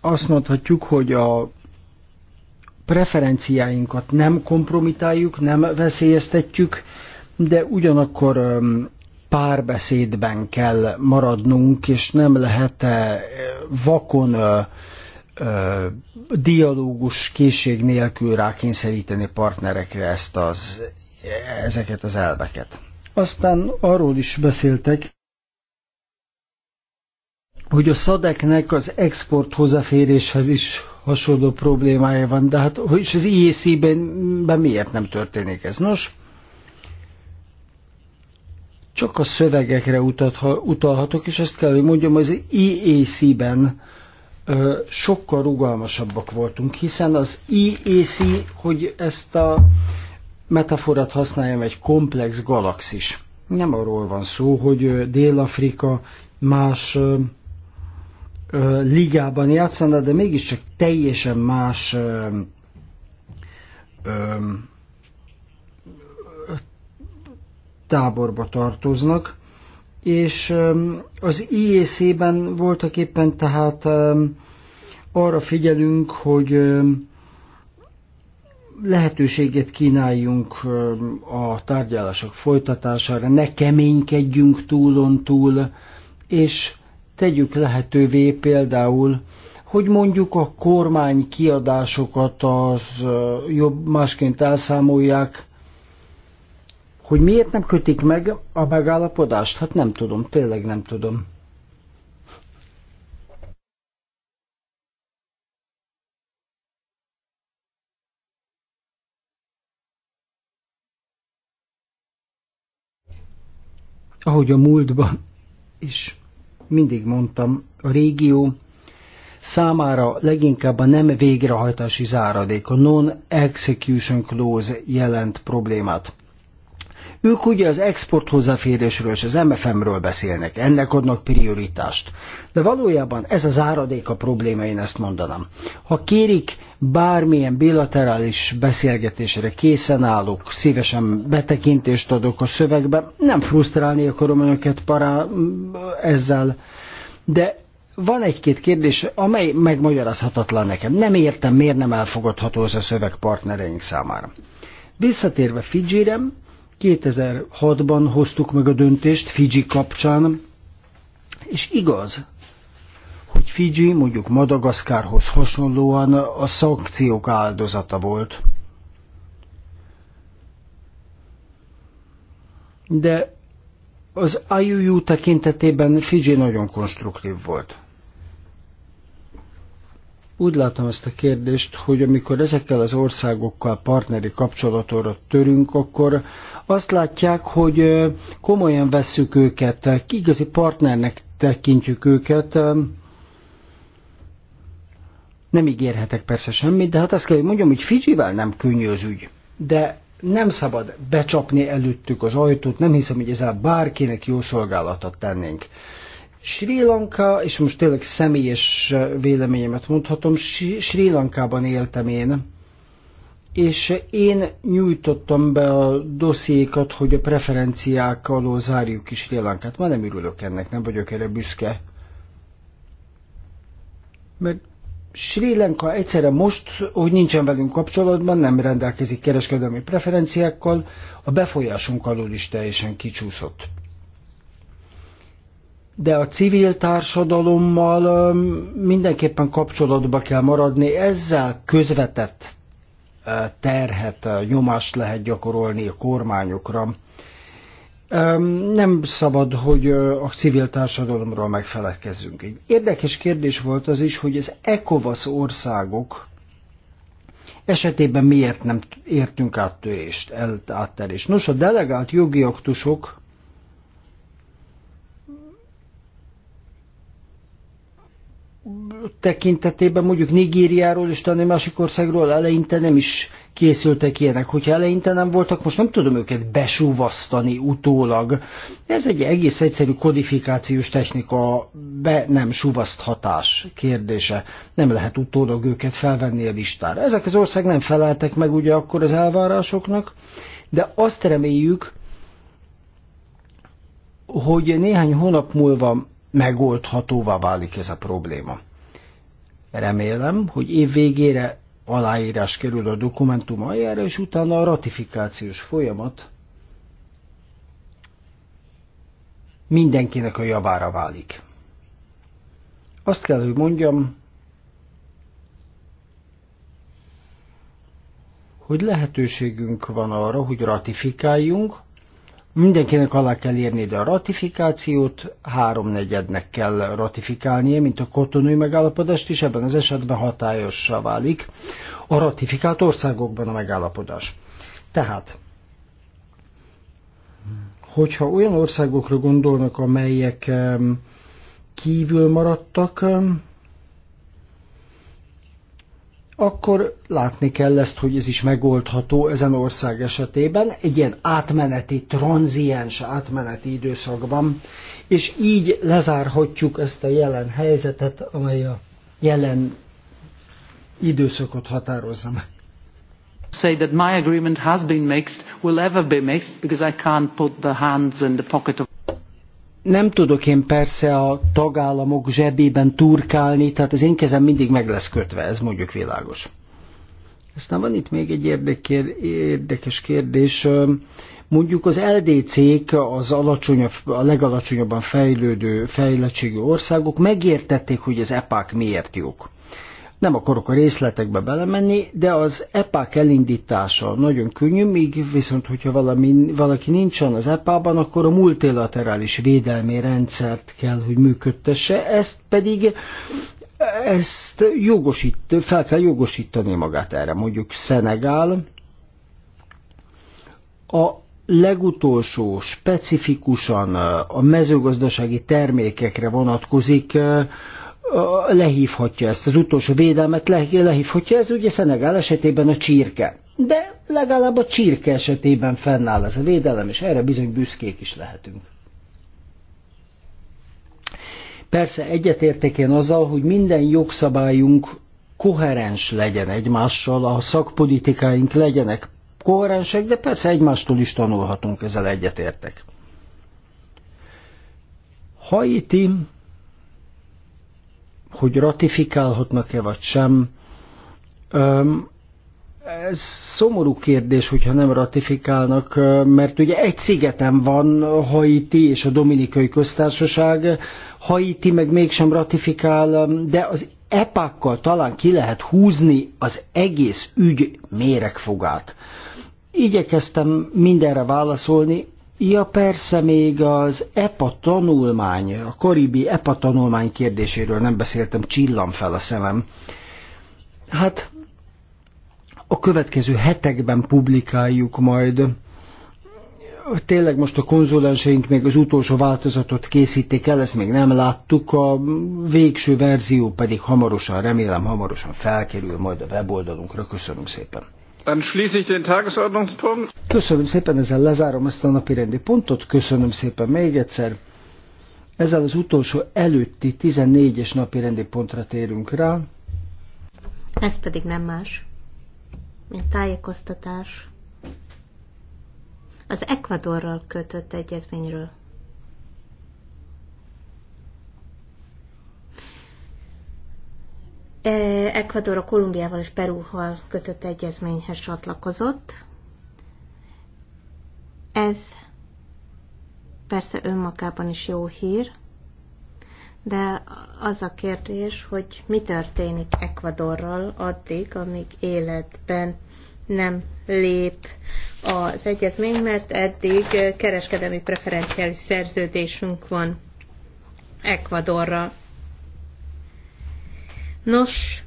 azt mondhatjuk, hogy a preferenciáinkat nem kompromitáljuk, nem veszélyeztetjük, de ugyanakkor párbeszédben kell maradnunk, és nem lehet vakon dialógus készség nélkül rákényszeríteni partnerekre ezt az, ezeket az elveket. Aztán arról is beszéltek, hogy a szadeknek az export hozzáféréshez is hasonló problémája van, de hát és az IEC-ben miért nem történik ez? Nos, csak a szövegekre utatha, utalhatok, és ezt kell, hogy mondjam, az IEC-ben sokkal rugalmasabbak voltunk, hiszen az IEC, hogy ezt a metaforát használjam, egy komplex galaxis. Nem arról van szó, hogy Dél-Afrika más ligában játszana, de mégiscsak teljesen más ö, ö, táborba tartoznak, és ö, az IEC-ben voltak éppen tehát ö, arra figyelünk, hogy ö, lehetőséget kínáljunk a tárgyalások folytatására, ne keménykedjünk túlon túl, és tegyük lehetővé például, hogy mondjuk a kormány kiadásokat az jobb másként elszámolják, hogy miért nem kötik meg a megállapodást? Hát nem tudom, tényleg nem tudom. Ahogy a múltban is mindig mondtam, a régió számára leginkább a nem végrehajtási záradék, a non-execution clause jelent problémát. Ők ugye az export hozzáférésről és az MFM-ről beszélnek, ennek adnak prioritást. De valójában ez az áradék a probléma, én ezt mondanám. Ha kérik, bármilyen bilaterális beszélgetésre készen állok, szívesen betekintést adok a szövegbe, nem frusztrálni akarom önöket para ezzel, de van egy-két kérdés, amely megmagyarázhatatlan nekem. Nem értem, miért nem elfogadható ez a szöveg partnereink számára. Visszatérve Fidzsirem, 2006-ban hoztuk meg a döntést Fiji kapcsán, és igaz, hogy Fiji mondjuk Madagaszkárhoz hasonlóan a szankciók áldozata volt. De az IUU tekintetében Fiji nagyon konstruktív volt. Úgy látom ezt a kérdést, hogy amikor ezekkel az országokkal partneri kapcsolatóra törünk, akkor azt látják, hogy komolyan vesszük őket, igazi partnernek tekintjük őket. Nem ígérhetek persze semmit, de hát azt kell, hogy mondjam, hogy Fidzsivel nem könnyű az ügy. De nem szabad becsapni előttük az ajtót, nem hiszem, hogy ezzel bárkinek jó szolgálatot tennénk. Sri Lanka, és most tényleg személyes véleményemet mondhatom, Sri Lankában éltem én, és én nyújtottam be a dossziékat, hogy a preferenciák alól zárjuk is Rélánkát. Már nem örülök ennek, nem vagyok erre büszke. Mert Sri Lanka egyszerre most, hogy nincsen velünk kapcsolatban, nem rendelkezik kereskedelmi preferenciákkal, a befolyásunk alól is teljesen kicsúszott. De a civil társadalommal um, mindenképpen kapcsolatba kell maradni, ezzel közvetett terhet, nyomást lehet gyakorolni a kormányokra. Nem szabad, hogy a civil társadalomról megfelelkezzünk. Egy érdekes kérdés volt az is, hogy az ECOVAS országok esetében miért nem értünk áttörést, áttörést. Nos, a delegált jogi aktusok tekintetében mondjuk Nigériáról és talán másik országról eleinte nem is készültek ilyenek. Hogyha eleinte nem voltak, most nem tudom őket besúvasztani utólag. Ez egy egész egyszerű kodifikációs technika, be nem suvaszthatás kérdése. Nem lehet utólag őket felvenni a listára. Ezek az ország nem feleltek meg ugye akkor az elvárásoknak, de azt reméljük, hogy néhány hónap múlva megoldhatóvá válik ez a probléma. Remélem, hogy év végére aláírás kerül a dokumentum aljára, és utána a ratifikációs folyamat mindenkinek a javára válik. Azt kell, hogy mondjam, hogy lehetőségünk van arra, hogy ratifikáljunk, mindenkinek alá kell írni, de a ratifikációt háromnegyednek kell ratifikálnia, mint a kotonai megállapodást is, ebben az esetben hatályossá válik a ratifikált országokban a megállapodás. Tehát, hogyha olyan országokra gondolnak, amelyek kívül maradtak, akkor látni kell ezt, hogy ez is megoldható ezen ország esetében, egy ilyen átmeneti, tranziens átmeneti időszakban, és így lezárhatjuk ezt a jelen helyzetet, amely a jelen időszakot határozza meg. Say that my agreement has been mixed, will ever be mixed, because I can't put the hands in the pocket of nem tudok én persze a tagállamok zsebében turkálni, tehát az én kezem mindig meg lesz kötve, ez mondjuk világos. Aztán van itt még egy érdekes kérdés. Mondjuk az LDC-k, az alacsonyabb, a legalacsonyabban fejlődő fejlettségű országok megértették, hogy az EPÁK miért jók. Nem akarok a részletekbe belemenni, de az epák elindítása nagyon könnyű, míg viszont, hogyha valami, valaki nincsen az epában akkor a multilaterális védelmi rendszert kell, hogy működtesse, ezt pedig ezt jogosít, fel kell jogosítani magát erre. Mondjuk Szenegál a legutolsó specifikusan a mezőgazdasági termékekre vonatkozik lehívhatja ezt, az utolsó védelmet lehívhatja, ez ugye Szenegál esetében a csirke. De legalább a csirke esetében fennáll ez a védelem, és erre bizony büszkék is lehetünk. Persze egyetértek én azzal, hogy minden jogszabályunk koherens legyen egymással, a szakpolitikáink legyenek koherensek, de persze egymástól is tanulhatunk, ezzel egyetértek. Haiti hogy ratifikálhatnak-e vagy sem. Ez szomorú kérdés, hogyha nem ratifikálnak, mert ugye egy szigeten van Haiti és a Dominikai Köztársaság, Haiti meg mégsem ratifikál, de az epákkal talán ki lehet húzni az egész ügy méregfogát. Igyekeztem mindenre válaszolni, Ja persze, még az EPA tanulmány, a karibi EPA tanulmány kérdéséről nem beszéltem, csillam fel a szemem. Hát a következő hetekben publikáljuk majd. Tényleg most a konzulenseink még az utolsó változatot készítik el, ezt még nem láttuk, a végső verzió pedig hamarosan, remélem hamarosan felkerül majd a weboldalunkra. Köszönöm szépen! Dann schließe ich den Tagesordnungspunkt. Köszönöm szépen, ezzel lezárom ezt a napi rendi pontot. Köszönöm szépen még egyszer. Ezzel az utolsó előtti 14-es napi rendi pontra térünk rá. Ez pedig nem más, mint tájékoztatás az Ekvadorral kötött egyezményről. E, Ecuador a Kolumbiával és Perúval kötött egyezményhez csatlakozott. Ez persze önmagában is jó hír, de az a kérdés, hogy mi történik Ecuadorral addig, amíg életben nem lép az egyezmény, mert eddig kereskedelmi preferenciális szerződésünk van Ecuadorra. Nos,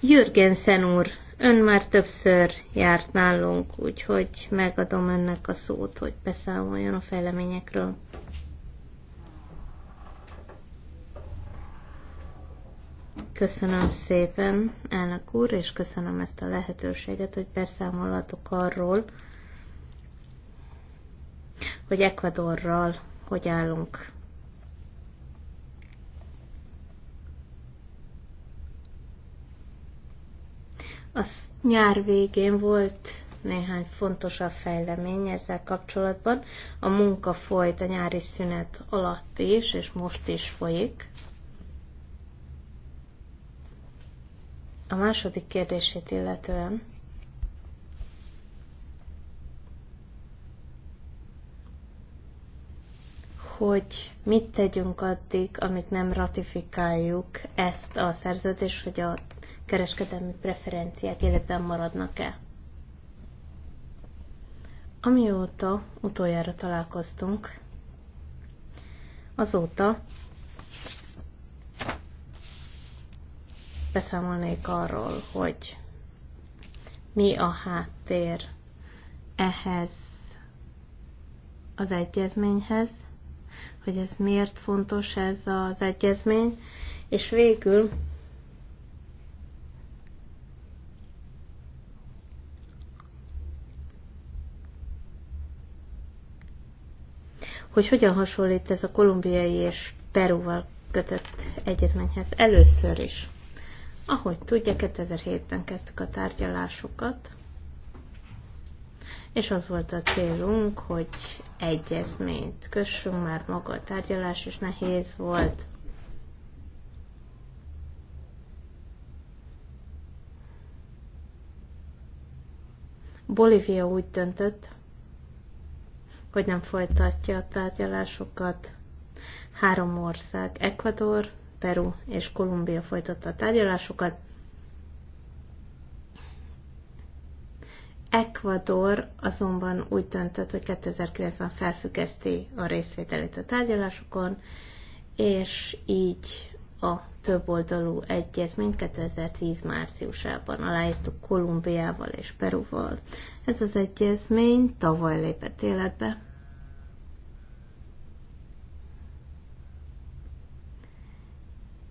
Jürgensen úr, ön már többször járt nálunk, úgyhogy megadom önnek a szót, hogy beszámoljon a fejleményekről. Köszönöm szépen, elnök úr, és köszönöm ezt a lehetőséget, hogy beszámolhatok arról, hogy Ecuadorral hogy állunk. Az nyár végén volt néhány fontosabb fejlemény ezzel kapcsolatban. A munka folyt a nyári szünet alatt is, és most is folyik. A második kérdését illetően hogy mit tegyünk addig, amit nem ratifikáljuk ezt a szerződést, hogy a kereskedelmi preferenciák életben maradnak-e. Amióta utoljára találkoztunk, azóta beszámolnék arról, hogy mi a háttér ehhez az egyezményhez, hogy ez miért fontos ez az egyezmény, és végül hogy hogyan hasonlít ez a kolumbiai és Perúval kötött egyezményhez először is. Ahogy tudja, 2007-ben kezdtük a tárgyalásokat, és az volt a célunk, hogy egyezményt kössünk, már maga a tárgyalás is nehéz volt. Bolívia úgy döntött, hogy nem folytatja a tárgyalásokat. Három ország, Ecuador, Peru és Kolumbia folytatta a tárgyalásokat. Ecuador azonban úgy döntött, hogy 2009-ben felfüggeszti a részvételét a tárgyalásokon, és így a többoldalú egyezményt 2010 márciusában aláírtuk Kolumbiával és Peruval. Ez az egyezmény tavaly lépett életbe.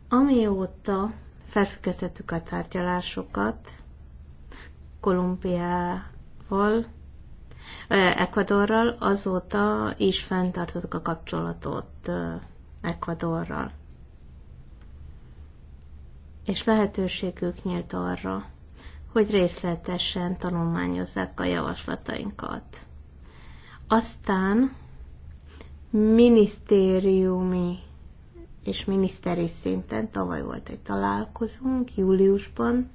Amióta felfüggesztettük a tárgyalásokat Kolumbiával, Ecuadorral, azóta is fenntartottuk a kapcsolatot Ecuadorral és lehetőségük nyílt arra, hogy részletesen tanulmányozzák a javaslatainkat. Aztán minisztériumi és miniszteri szinten tavaly volt egy találkozunk, júliusban,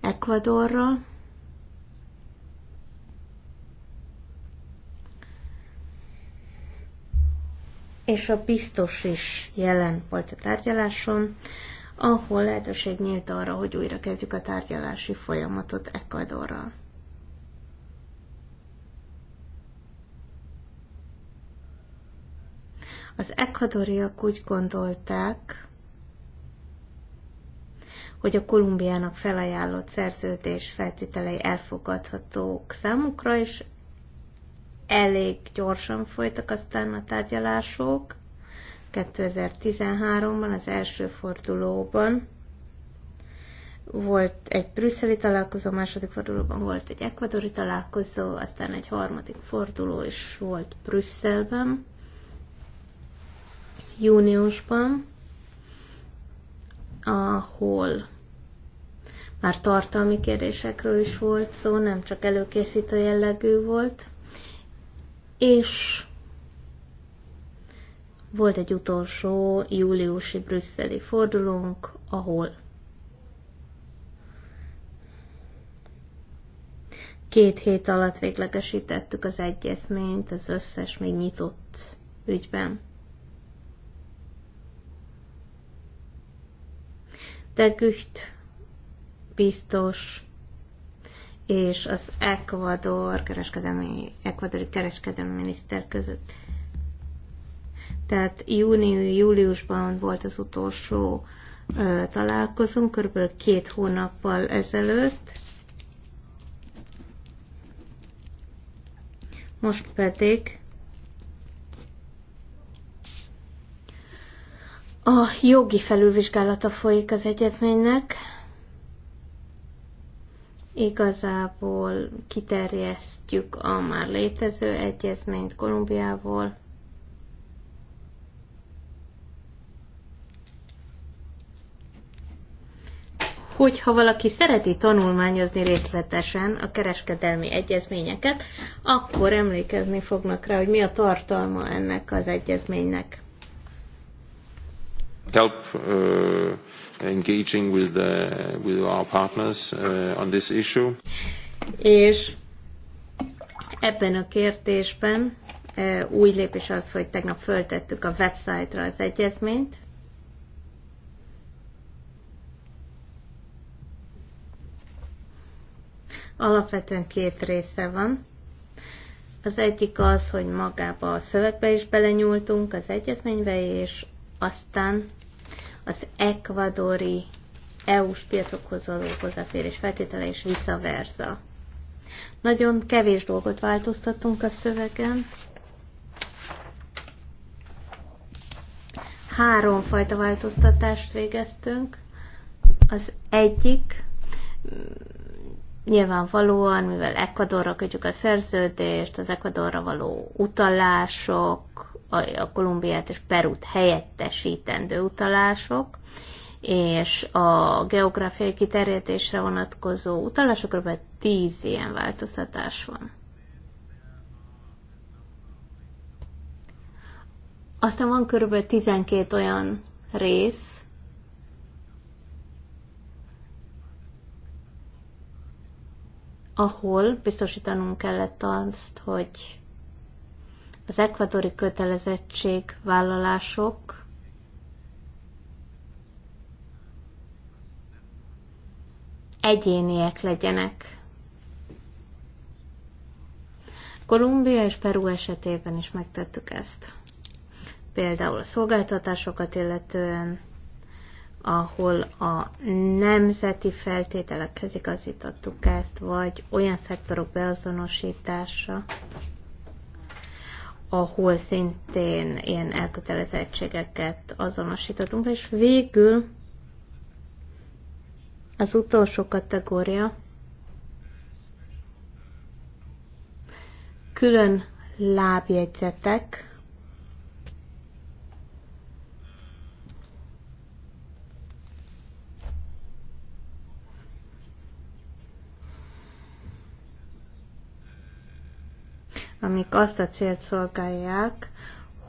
Ecuadorra, és a biztos is jelen volt a tárgyaláson, ahol lehetőség nyílt arra, hogy újra kezdjük a tárgyalási folyamatot Ecuadorral. Az ekvadoriak úgy gondolták, hogy a Kolumbiának felajánlott szerződés feltételei elfogadhatók számukra, és elég gyorsan folytak aztán a tárgyalások, 2013-ban az első fordulóban volt egy brüsszeli találkozó, a második fordulóban volt egy ekvadori találkozó, aztán egy harmadik forduló is volt Brüsszelben, júniusban, ahol már tartalmi kérdésekről is volt szó, nem csak előkészítő jellegű volt, és volt egy utolsó júliusi brüsszeli fordulónk, ahol két hét alatt véglegesítettük az egyezményt az összes még nyitott ügyben. De Gücht biztos, és az Ecuador kereskedelmi, Ecuadori kereskedelmi miniszter között tehát június-júliusban volt az utolsó ö, találkozunk, körülbelül két hónappal ezelőtt. Most pedig a jogi felülvizsgálata folyik az egyezménynek. Igazából kiterjesztjük a már létező egyezményt Kolumbiával, Hogy ha valaki szereti tanulmányozni részletesen a kereskedelmi egyezményeket, akkor emlékezni fognak rá, hogy mi a tartalma ennek az egyezménynek. Help uh, engaging with, the, with our partners uh, on this issue. És ebben a kérdésben uh, új lépés az, hogy tegnap föltettük a website-ra az egyezményt, alapvetően két része van. Az egyik az, hogy magába a szövegbe is belenyúltunk, az egyezménybe, és aztán az ekvadori EU-s piacokhoz való hozzáférés feltétele és vice versa. Nagyon kevés dolgot változtattunk a szövegen. Három fajta változtatást végeztünk. Az egyik Nyilvánvalóan, mivel Ecuadorra kötjük a szerződést, az Ecuadorra való utalások, a Kolumbiát és Perút helyettesítendő utalások, és a geográfiai kiterjedésre vonatkozó utalásokra kb. tíz ilyen változtatás van. Aztán van kb. 12 olyan rész, ahol biztosítanunk kellett azt, hogy az ekvadori vállalások egyéniek legyenek. Kolumbia és Peru esetében is megtettük ezt. Például a szolgáltatásokat illetően, ahol a nemzeti feltételekhez igazítottuk ezt, vagy olyan szektorok beazonosítása, ahol szintén ilyen elkötelezettségeket azonosítottunk, és végül az utolsó kategória külön lábjegyzetek, amik azt a célt szolgálják,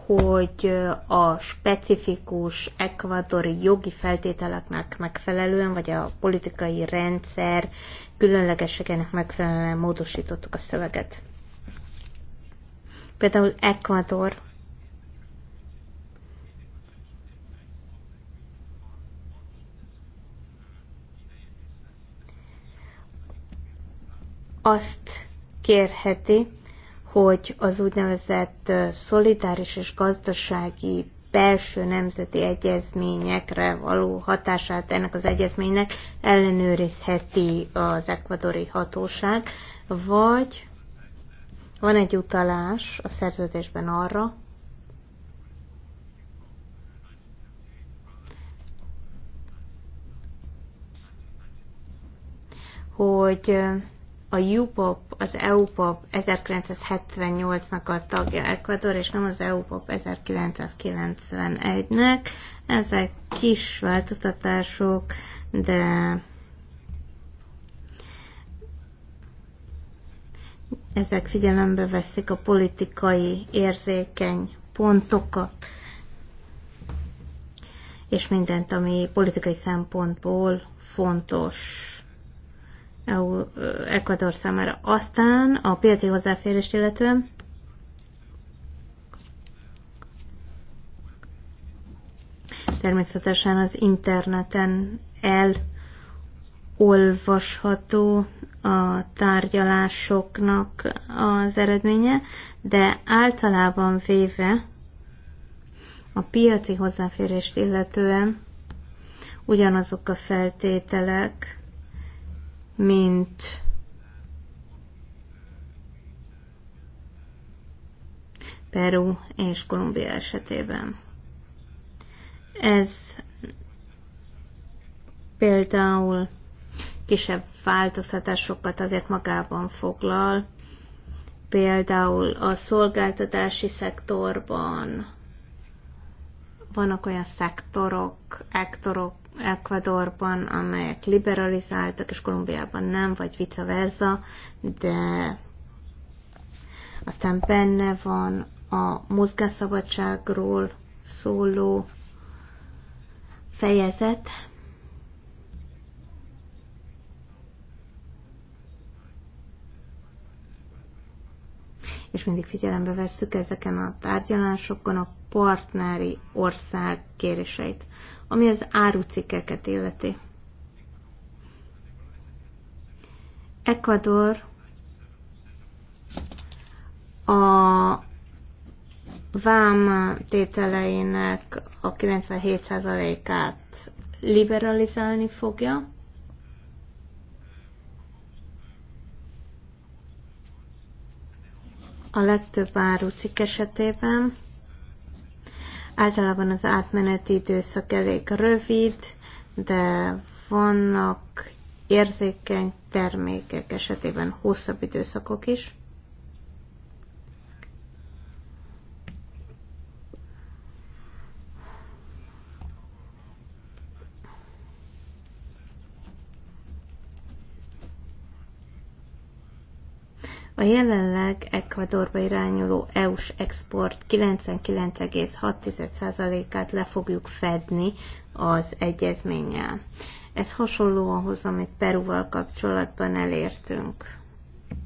hogy a specifikus ekvadori jogi feltételeknek megfelelően, vagy a politikai rendszer különlegességének megfelelően módosítottuk a szöveget. Például Ekvador azt kérheti, hogy az úgynevezett szolidáris és gazdasági belső nemzeti egyezményekre való hatását ennek az egyezménynek ellenőrizheti az ekvadori hatóság, vagy van egy utalás a szerződésben arra, hogy a UPOP, az EUPOP 1978-nak a tagja Ecuador, és nem az EUPOP 1991-nek. Ezek kis változtatások, de ezek figyelembe veszik a politikai érzékeny pontokat, és mindent, ami politikai szempontból fontos. Ecuador számára. Aztán a piaci hozzáférést illetően természetesen az interneten elolvasható a tárgyalásoknak az eredménye, de általában véve a piaci hozzáférést illetően ugyanazok a feltételek, mint Peru és Kolumbia esetében. Ez például kisebb változtatásokat azért magában foglal, például a szolgáltatási szektorban vannak olyan szektorok, ektorok, Ecuadorban, amelyek liberalizáltak, és Kolumbiában nem, vagy vice versa, de aztán benne van a mozgásszabadságról szóló fejezet, és mindig figyelembe vesszük ezeken a tárgyalásokon a partneri ország kéréseit ami az árucikkeket illeti. Ecuador a vám tételeinek a 97%-át liberalizálni fogja, a legtöbb árucik esetében, Általában az átmeneti időszak elég rövid, de vannak érzékeny termékek esetében hosszabb időszakok is. A jelenleg Ecuadorba irányuló EU-s export 99,6%-át le fogjuk fedni az egyezménnyel. Ez hasonló ahhoz, amit Peruval kapcsolatban elértünk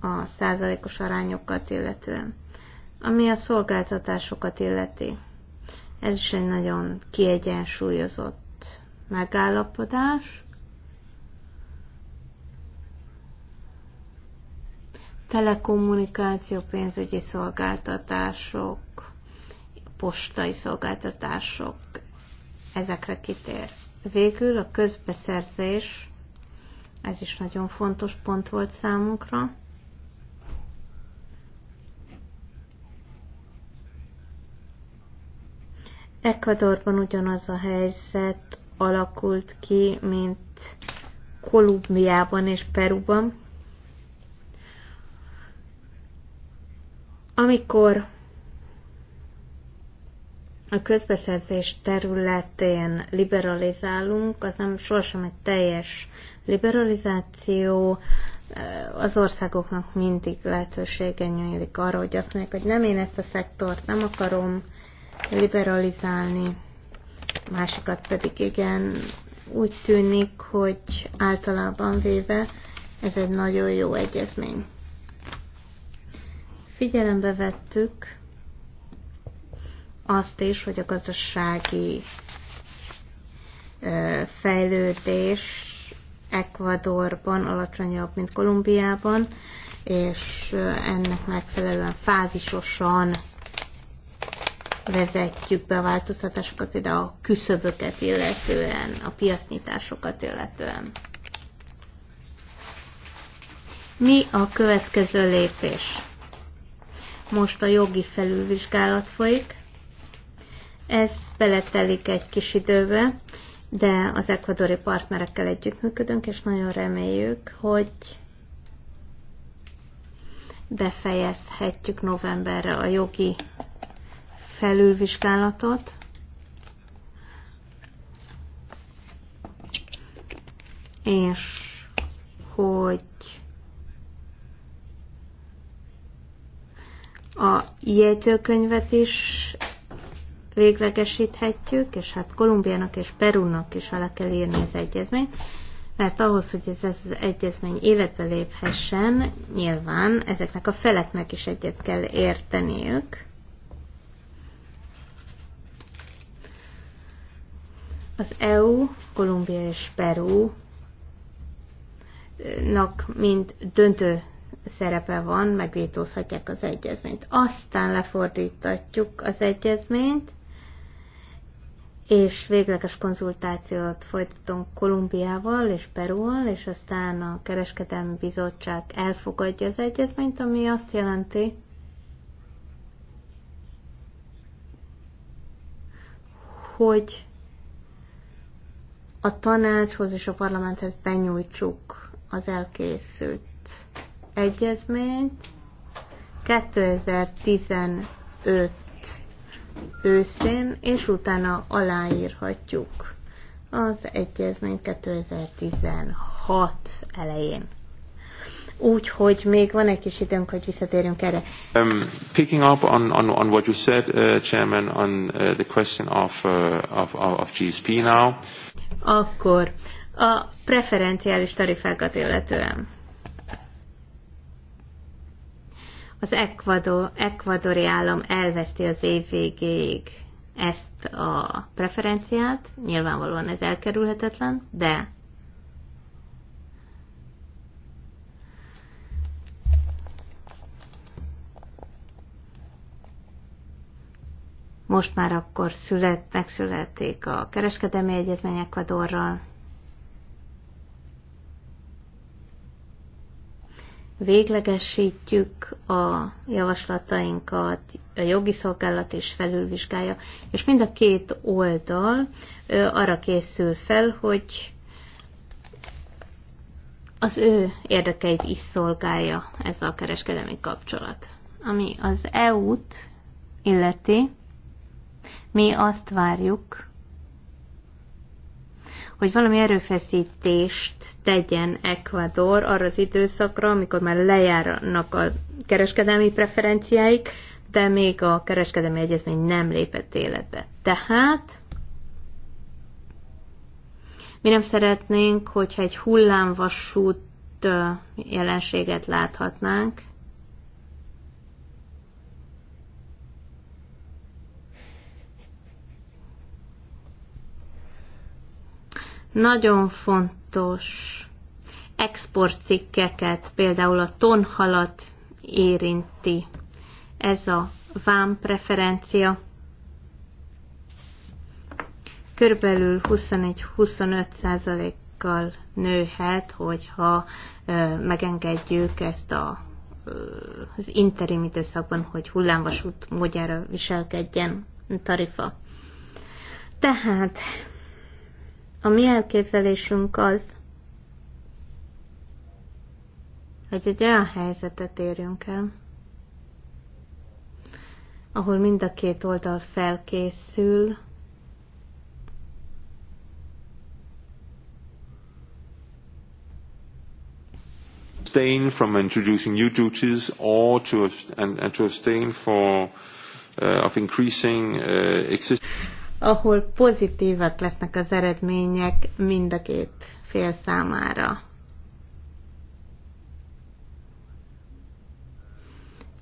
a százalékos arányokat illetően, ami a szolgáltatásokat illeti. Ez is egy nagyon kiegyensúlyozott megállapodás, telekommunikáció, pénzügyi szolgáltatások, postai szolgáltatások, ezekre kitér. Végül a közbeszerzés, ez is nagyon fontos pont volt számunkra. Ecuadorban ugyanaz a helyzet alakult ki, mint Kolumbiában és Peruban. Amikor a közbeszerzés területén liberalizálunk, az nem sohasem egy teljes liberalizáció, az országoknak mindig lehetősége nyílik arra, hogy azt mondják, hogy nem én ezt a szektort nem akarom liberalizálni, másikat pedig igen, úgy tűnik, hogy általában véve ez egy nagyon jó egyezmény. Figyelembe vettük azt is, hogy a gazdasági fejlődés Ecuadorban alacsonyabb, mint Kolumbiában, és ennek megfelelően fázisosan vezetjük be a változtatásokat, például a küszöböket illetően, a piacnyitásokat illetően. Mi a következő lépés? most a jogi felülvizsgálat folyik. Ez beletelik egy kis időbe, de az ekvadori partnerekkel együttműködünk, és nagyon reméljük, hogy befejezhetjük novemberre a jogi felülvizsgálatot. És hogy A jegyzőkönyvet is véglegesíthetjük, és hát Kolumbiának és Perúnak is alá kell írni az egyezményt, mert ahhoz, hogy ez, az egyezmény életbe léphessen, nyilván ezeknek a feleknek is egyet kell érteniük. Az EU, Kolumbia és Peru nak mind döntő szerepe van, megvétózhatják az egyezményt. Aztán lefordítatjuk az egyezményt, és végleges konzultációt folytatunk Kolumbiával és Perúval, és aztán a Kereskedelmi Bizottság elfogadja az egyezményt, ami azt jelenti, hogy a tanácshoz és a parlamenthez benyújtsuk az elkészült egyezményt 2015 őszén, és utána aláírhatjuk az egyezményt 2016 elején. Úgyhogy még van egy kis időnk, hogy visszatérjünk erre. Um, picking up on, on, on what you said, uh, Chairman, on uh, the question of, uh, of, of GSP now. Akkor a preferenciális tarifákat illetően. az Ecuador, ekvadori állam elveszti az év végéig ezt a preferenciát, nyilvánvalóan ez elkerülhetetlen, de most már akkor szület, megszületik a kereskedelmi egyezmény Ecuadorral, véglegesítjük a javaslatainkat, a jogi szolgálat is felülvizsgálja, és mind a két oldal arra készül fel, hogy az ő érdekeit is szolgálja ez a kereskedelmi kapcsolat. Ami az EU-t illeti, mi azt várjuk, hogy valami erőfeszítést tegyen Ecuador arra az időszakra, amikor már lejárnak a kereskedelmi preferenciáik, de még a kereskedelmi egyezmény nem lépett életbe. Tehát mi nem szeretnénk, hogyha egy hullámvasút jelenséget láthatnánk, Nagyon fontos exportcikkeket, például a tonhalat érinti ez a vám preferencia. Körülbelül 21-25 kal nőhet, hogyha ö, megengedjük ezt a, ö, az interim időszakban, hogy hullámvasút módjára viselkedjen tarifa. Tehát a mi elképzelésünk az, hogy egy olyan helyzetet érjünk el, ahol mind a két oldal felkészül, abstain from introducing new duties or to and, and to abstain for uh, of increasing uh, existing ahol pozitívak lesznek az eredmények mind a két fél számára.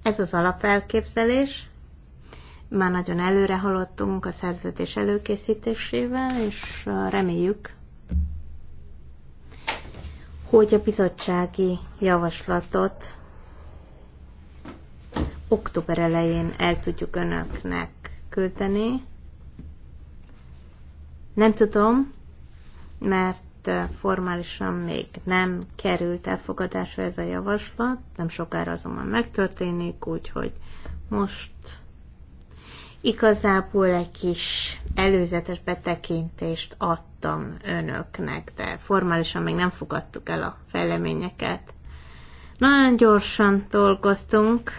Ez az alapelképzelés. Már nagyon előre haladtunk a szerződés előkészítésével, és reméljük, hogy a bizottsági javaslatot október elején el tudjuk önöknek küldeni nem tudom, mert eh, formálisan még nem került elfogadásra ez a javaslat, nem sokára azonban megtörténik, úgyhogy most igazából egy kis előzetes betekintést adtam önöknek, de formálisan még nem fogadtuk el a fejleményeket. Nagyon gyorsan dolgoztunk,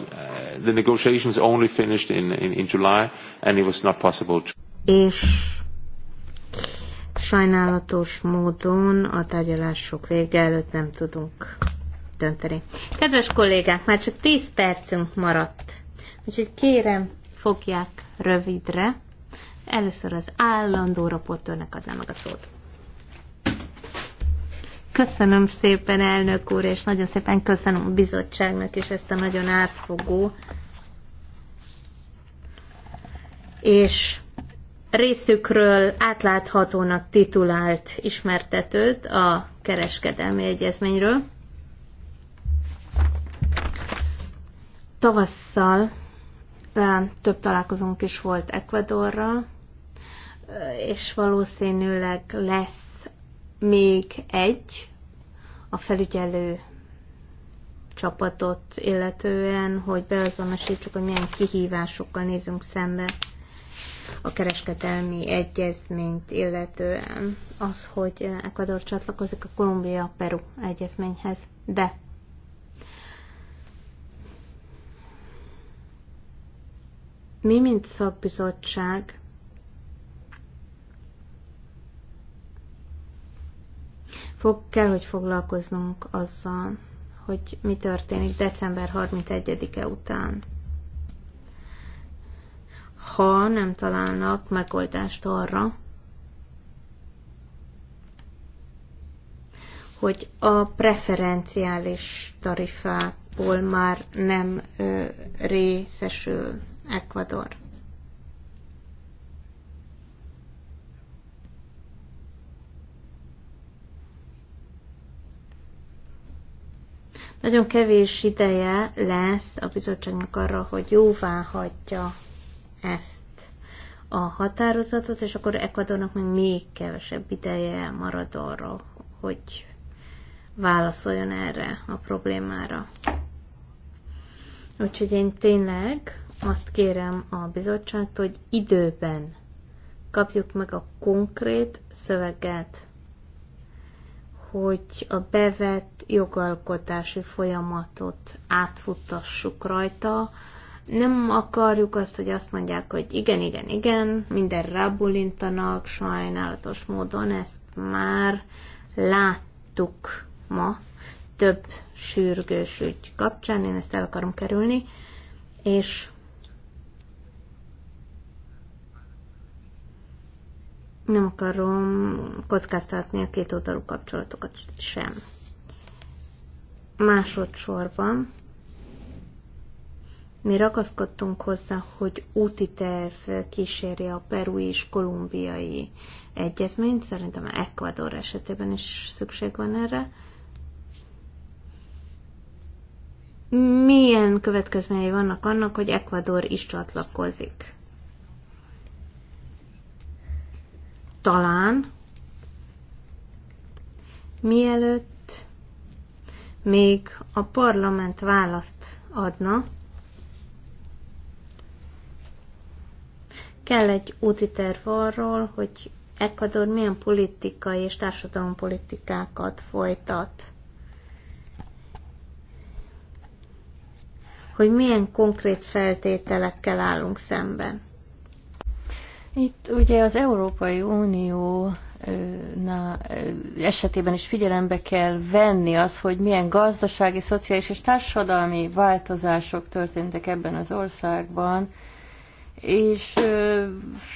Uh, the negotiations only finished in, in, in July, and it was not possible to... És sajnálatos módon a tárgyalások vége előtt nem tudunk dönteni. Kedves kollégák, már csak 10 percünk maradt, úgyhogy kérem, fogják rövidre. Először az állandó raportőrnek adnám meg a szót. Köszönöm szépen, elnök úr, és nagyon szépen köszönöm a bizottságnak is ezt a nagyon átfogó és részükről átláthatónak titulált ismertetőt a kereskedelmi egyezményről. Tavasszal több találkozónk is volt Ecuadorra és valószínűleg lesz még egy a felügyelő csapatot illetően, hogy beazonosítsuk, hogy milyen kihívásokkal nézünk szembe a kereskedelmi egyezményt illetően. Az, hogy Ecuador csatlakozik a Kolumbia-Peru egyezményhez. De mi, mint szakbizottság, fog, kell, hogy foglalkoznunk azzal, hogy mi történik december 31-e után. Ha nem találnak megoldást arra, hogy a preferenciális tarifákból már nem ö, részesül Ecuador. Nagyon kevés ideje lesz a bizottságnak arra, hogy jóvá hagyja ezt a határozatot, és akkor Ecuadornak még, még kevesebb ideje marad arra, hogy válaszoljon erre a problémára. Úgyhogy én tényleg azt kérem a bizottságtól, hogy időben kapjuk meg a konkrét szöveget hogy a bevett jogalkotási folyamatot átfuttassuk rajta. Nem akarjuk azt, hogy azt mondják, hogy igen, igen, igen, minden rábulintanak, sajnálatos módon ezt már láttuk ma több sürgős ügy kapcsán, én ezt el akarom kerülni, és nem akarom kockáztatni a két oldalú kapcsolatokat sem. Másodszorban mi ragaszkodtunk hozzá, hogy úti terv kísérje a perui és kolumbiai egyezményt, szerintem Ecuador esetében is szükség van erre. Milyen következményei vannak annak, hogy Ecuador is csatlakozik? talán mielőtt még a parlament választ adna, kell egy úti terv arról, hogy Ecuador milyen politikai és társadalompolitikákat folytat. Hogy milyen konkrét feltételekkel állunk szemben. Itt ugye az Európai Unió na, esetében is figyelembe kell venni az, hogy milyen gazdasági, szociális és társadalmi változások történtek ebben az országban, és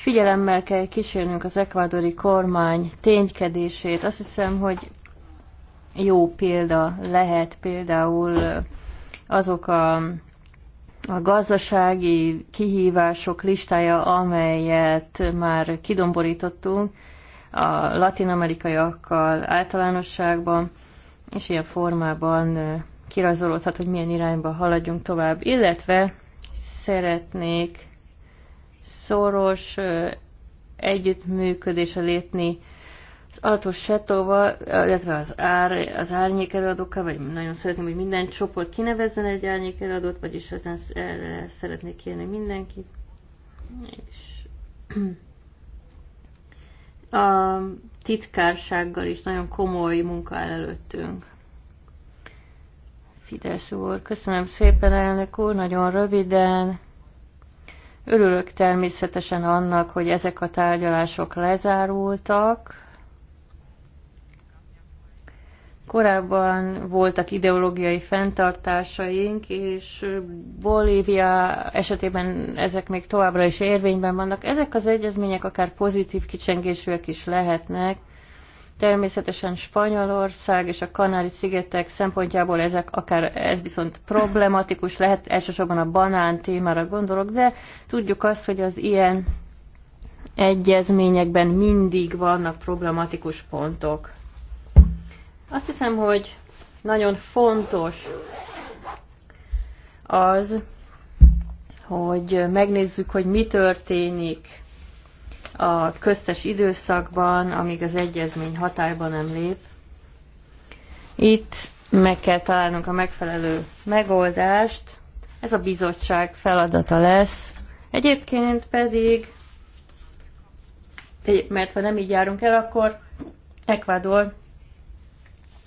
figyelemmel kell kísérnünk az ekvádori kormány ténykedését. Azt hiszem, hogy jó példa lehet például azok a a gazdasági kihívások listája, amelyet már kidomborítottunk a latinamerikaiakkal általánosságban, és ilyen formában kirajzolódhat, hogy milyen irányba haladjunk tovább. Illetve szeretnék szoros együttműködésre lépni Altos Setóval, illetve az, ár, az árnyék előadókkal, vagy nagyon szeretném, hogy minden csoport kinevezzen egy árnyék előadót, vagyis ezen erre szeretnék kérni mindenkit. És a titkársággal is nagyon komoly munka áll előttünk. Fidesz úr, köszönöm szépen, elnök úr, nagyon röviden. Örülök természetesen annak, hogy ezek a tárgyalások lezárultak, Korábban voltak ideológiai fenntartásaink, és Bolívia esetében ezek még továbbra is érvényben vannak. Ezek az egyezmények akár pozitív kicsengésűek is lehetnek. Természetesen Spanyolország és a Kanári-szigetek szempontjából ezek akár ez viszont problematikus lehet, elsősorban a banán témára gondolok, de tudjuk azt, hogy az ilyen egyezményekben mindig vannak problematikus pontok. Azt hiszem, hogy nagyon fontos az, hogy megnézzük, hogy mi történik a köztes időszakban, amíg az egyezmény hatályban nem lép. Itt meg kell találnunk a megfelelő megoldást. Ez a bizottság feladata lesz. Egyébként pedig, mert ha nem így járunk el, akkor Ecuador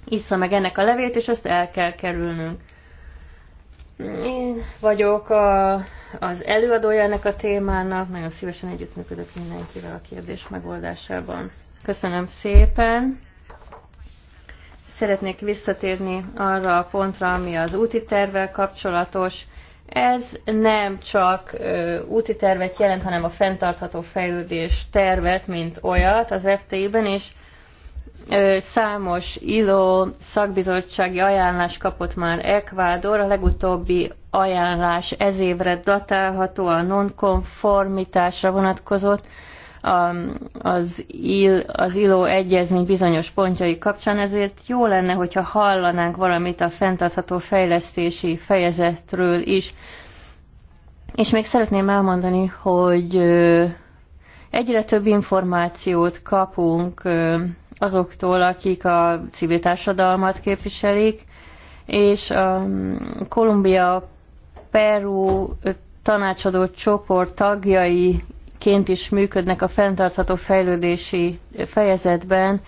issza meg ennek a levét, és ezt el kell kerülnünk. Én vagyok a, az előadója ennek a témának, nagyon szívesen együttműködök mindenkivel a kérdés megoldásában. Köszönöm szépen! Szeretnék visszatérni arra a pontra, ami az úti tervvel kapcsolatos. Ez nem csak ö, úti tervet jelent, hanem a fenntartható fejlődés tervet, mint olyat az FTI-ben, és számos ILO szakbizottsági ajánlás kapott már Ecuador, a legutóbbi ajánlás ez évre datálható a nonkonformitásra vonatkozott az, IL, az ILO egyezmény bizonyos pontjai kapcsán, ezért jó lenne, hogyha hallanánk valamit a fenntartható fejlesztési fejezetről is. És még szeretném elmondani, hogy egyre több információt kapunk azoktól, akik a civil társadalmat képviselik, és a um, Kolumbia Peru tanácsadó csoport tagjaiként is működnek a fenntartható fejlődési fejezetben.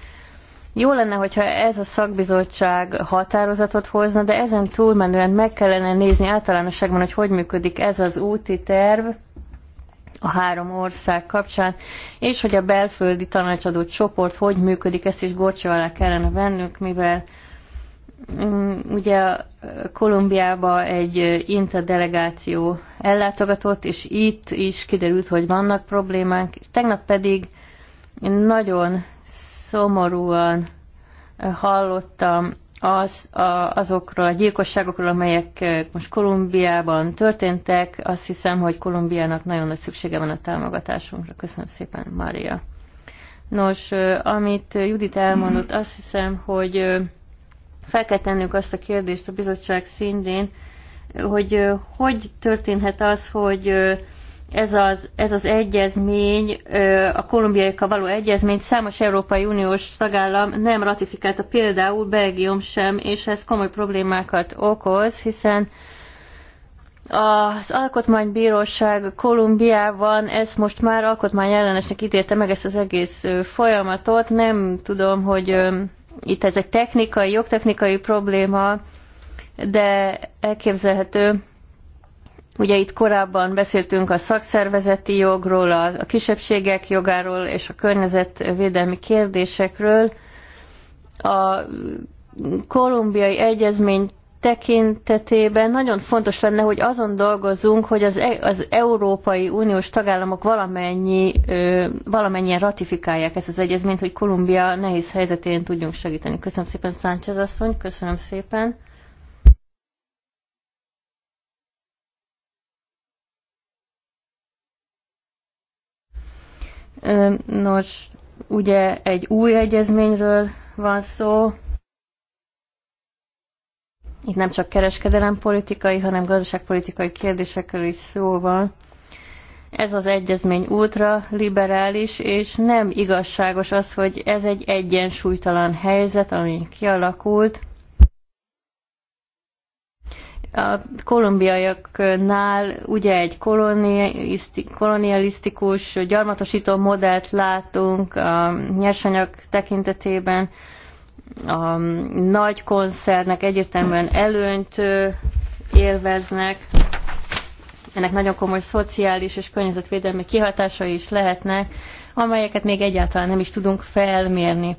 Jó lenne, hogyha ez a szakbizottság határozatot hozna, de ezen túlmenően meg kellene nézni általánosságban, hogy hogy működik ez az úti terv, a három ország kapcsán, és hogy a belföldi tanácsadó csoport hogy működik, ezt is gorcsó alá kellene vennünk, mivel mm, ugye Kolumbiába egy INTA delegáció ellátogatott, és itt is kiderült, hogy vannak problémánk. Tegnap pedig nagyon szomorúan hallottam az, a, azokról a gyilkosságokról, amelyek most Kolumbiában történtek. Azt hiszem, hogy Kolumbiának nagyon nagy szüksége van a támogatásunkra. Köszönöm szépen, Mária. Nos, amit Judit elmondott, azt hiszem, hogy fel kell tennünk azt a kérdést a bizottság szintén, hogy hogy történhet az, hogy ez az, ez az egyezmény, a kolumbiaiakkal való egyezményt számos Európai Uniós tagállam nem ratifikálta, például Belgium sem, és ez komoly problémákat okoz, hiszen az Alkotmánybíróság Kolumbiában ezt most már alkotmányellenesnek ítélte meg ezt az egész folyamatot. Nem tudom, hogy itt ez egy technikai, jogtechnikai probléma, de elképzelhető, Ugye itt korábban beszéltünk a szakszervezeti jogról, a kisebbségek jogáról és a környezetvédelmi kérdésekről. A kolumbiai egyezmény tekintetében nagyon fontos lenne, hogy azon dolgozzunk, hogy az, e, az Európai Uniós tagállamok valamennyi, ö, valamennyien ratifikálják ezt az egyezményt, hogy Kolumbia nehéz helyzetén tudjunk segíteni. Köszönöm szépen, Sánchez asszony, köszönöm szépen. Nos, ugye egy új egyezményről van szó, itt nem csak kereskedelempolitikai, hanem gazdaságpolitikai kérdésekről is szó van. Ez az egyezmény ultra liberális, és nem igazságos az, hogy ez egy egyensúlytalan helyzet, ami kialakult a kolumbiaiaknál ugye egy kolonialisztikus, gyarmatosító modellt látunk a nyersanyag tekintetében, a nagy koncernek egyértelműen előnyt élveznek, ennek nagyon komoly szociális és környezetvédelmi kihatásai is lehetnek, amelyeket még egyáltalán nem is tudunk felmérni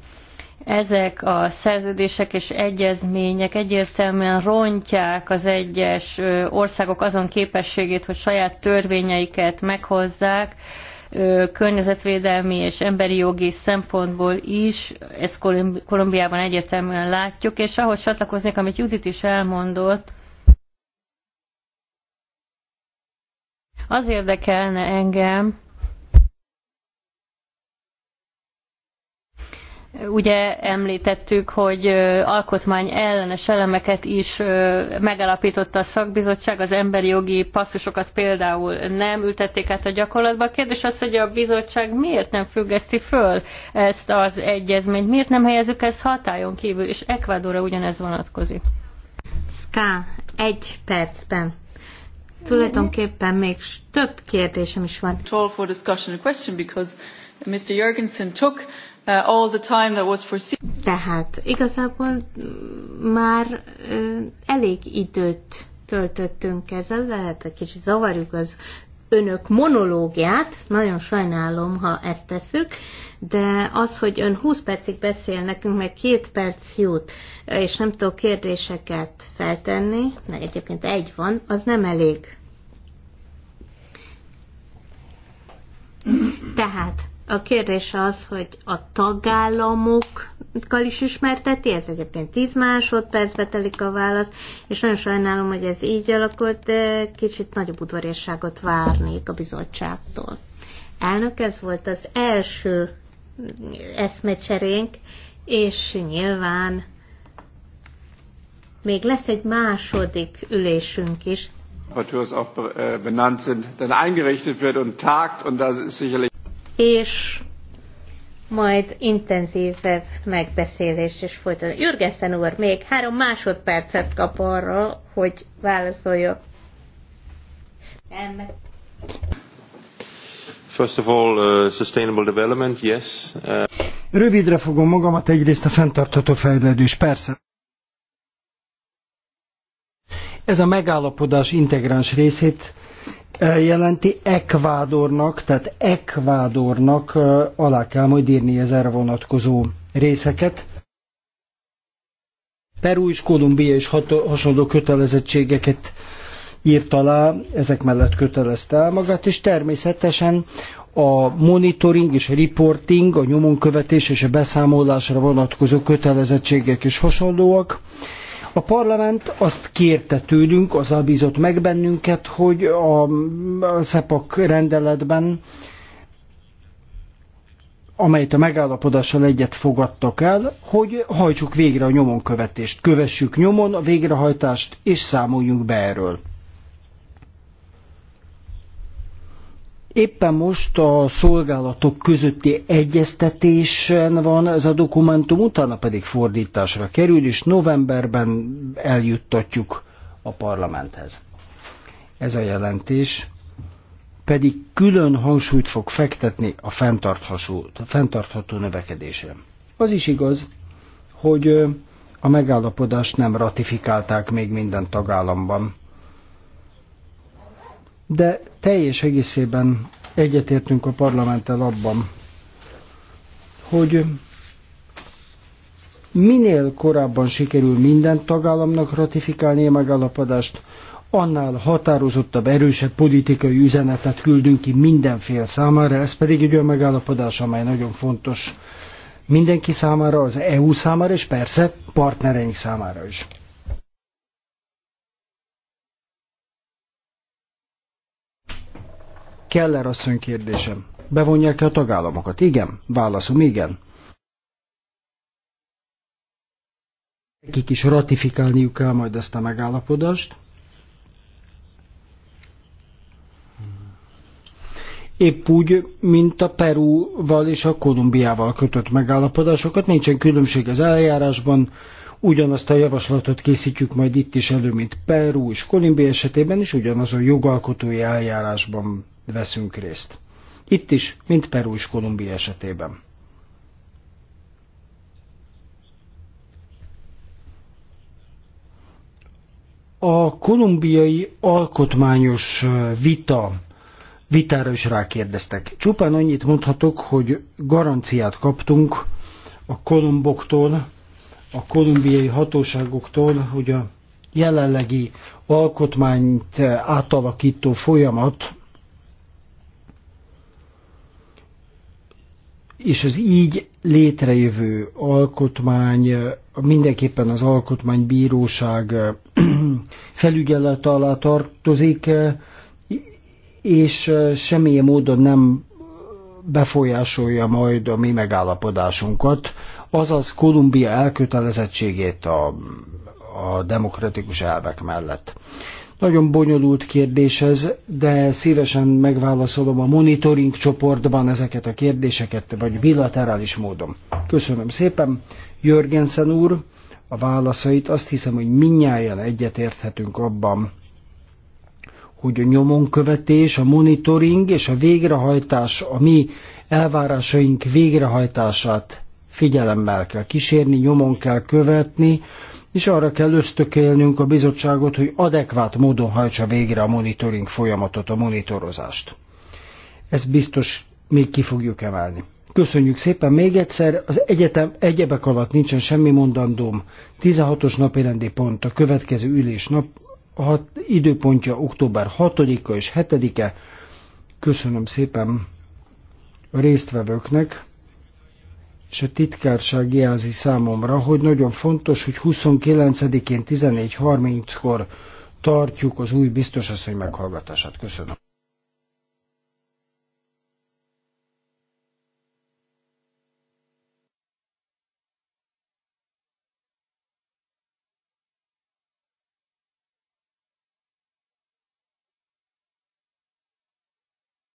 ezek a szerződések és egyezmények egyértelműen rontják az egyes országok azon képességét, hogy saját törvényeiket meghozzák, környezetvédelmi és emberi jogi szempontból is, ezt Kolumbiában egyértelműen látjuk, és ahhoz csatlakoznék, amit Judit is elmondott, az érdekelne engem, Ugye említettük, hogy alkotmány ellenes elemeket is megalapította a szakbizottság, az emberi jogi passzusokat például nem ültették át a gyakorlatba. A kérdés az, hogy a bizottság miért nem függeszti föl ezt az egyezményt, miért nem helyezzük ezt hatályon kívül, és Ekvádorra ugyanez vonatkozik. Ska, egy percben. Tulajdonképpen még több kérdésem is van. for discussion question because Mr. Jorgensen took Uh, all the time that was foreseen. Tehát igazából mm, már elég időt töltöttünk ezzel, lehet, egy kicsit zavarjuk az önök monológiát, nagyon sajnálom, ha ezt tesszük, de az, hogy ön 20 percig beszél nekünk, meg két perc jut, és nem tudok kérdéseket feltenni, meg egyébként egy van, az nem elég. Tehát a kérdés az, hogy a tagállamokkal is ismerteti, ez egyébként 10 másodpercbe telik a válasz, és nagyon sajnálom, hogy ez így alakult, de kicsit nagyobb udvariasságot várnék a bizottságtól. Elnök, ez volt az első eszmecserénk, és nyilván még lesz egy második ülésünk is. Rapporteurs auch äh, benannt sind, dann eingerichtet wird und tagt, und das ist sicherlich és majd intenzívebb megbeszélés is folytatni. Jürgeszen úr, még három másodpercet kap arra, hogy válaszoljak. Nem. First of all, uh, sustainable development, yes. Uh... Rövidre fogom magamat, egyrészt a fenntartható fejlődés, persze. Ez a megállapodás integráns részét jelenti Ekvádornak, tehát Ekvádornak alá kell majd írni az erre vonatkozó részeket. Peru és Kolumbia is hasonló kötelezettségeket írt alá, ezek mellett kötelezte el magát, és természetesen a monitoring és a reporting, a nyomonkövetés és a beszámolásra vonatkozó kötelezettségek is hasonlóak. A parlament azt kérte tőlünk, az bizott meg bennünket, hogy a szepak rendeletben amelyet a megállapodással egyet fogadtak el, hogy hajtsuk végre a nyomonkövetést, kövessük nyomon a végrehajtást, és számoljunk be erről. Éppen most a szolgálatok közötti egyeztetésen van ez a dokumentum, utána pedig fordításra kerül, és novemberben eljuttatjuk a parlamenthez. Ez a jelentés pedig külön hangsúlyt fog fektetni a fenntartható, a fenntartható növekedésre. Az is igaz, hogy a megállapodást nem ratifikálták még minden tagállamban de teljes egészében egyetértünk a parlamenttel abban, hogy minél korábban sikerül minden tagállamnak ratifikálni a megállapodást, annál határozottabb, erősebb politikai üzenetet küldünk ki mindenfél számára, ez pedig egy olyan megállapodás, amely nagyon fontos mindenki számára, az EU számára, és persze partnereink számára is. Keller asszony kérdésem. Bevonják-e a tagállamokat? Igen. Válaszom, igen. Nekik is ratifikálniuk kell majd ezt a megállapodást. Épp úgy, mint a Perúval és a Kolumbiával kötött megállapodásokat, nincsen különbség az eljárásban, ugyanazt a javaslatot készítjük majd itt is elő, mint Perú és Kolumbia esetében, és a jogalkotói eljárásban veszünk részt. Itt is, mint Peru és Kolumbia esetében. A kolumbiai alkotmányos vita vitára is rákérdeztek. Csupán annyit mondhatok, hogy garanciát kaptunk a kolumboktól, a kolumbiai hatóságoktól, hogy a jelenlegi alkotmányt átalakító folyamat és az így létrejövő alkotmány, mindenképpen az alkotmánybíróság felügyelet alá tartozik, és semmilyen módon nem befolyásolja majd a mi megállapodásunkat, azaz Kolumbia elkötelezettségét a, a demokratikus elvek mellett. Nagyon bonyolult kérdés ez, de szívesen megválaszolom a monitoring csoportban ezeket a kérdéseket, vagy bilaterális módon. Köszönöm szépen, Jörgensen úr, a válaszait. Azt hiszem, hogy minnyáján egyetérthetünk abban, hogy a nyomonkövetés, a monitoring és a végrehajtás, a mi elvárásaink végrehajtását figyelemmel kell kísérni, nyomon kell követni, és arra kell ösztökélnünk a bizottságot, hogy adekvát módon hajtsa végre a monitoring folyamatot, a monitorozást. Ezt biztos még ki fogjuk emelni. Köszönjük szépen még egyszer, az egyetem egyebek alatt nincsen semmi mondandóm. 16-os napirendi pont a következő ülés nap, hat, időpontja október 6-a és 7-e. Köszönöm szépen a résztvevőknek és a titkárság jelzi számomra, hogy nagyon fontos, hogy 29-én 14.30-kor tartjuk az új biztosasszony meghallgatását. Köszönöm.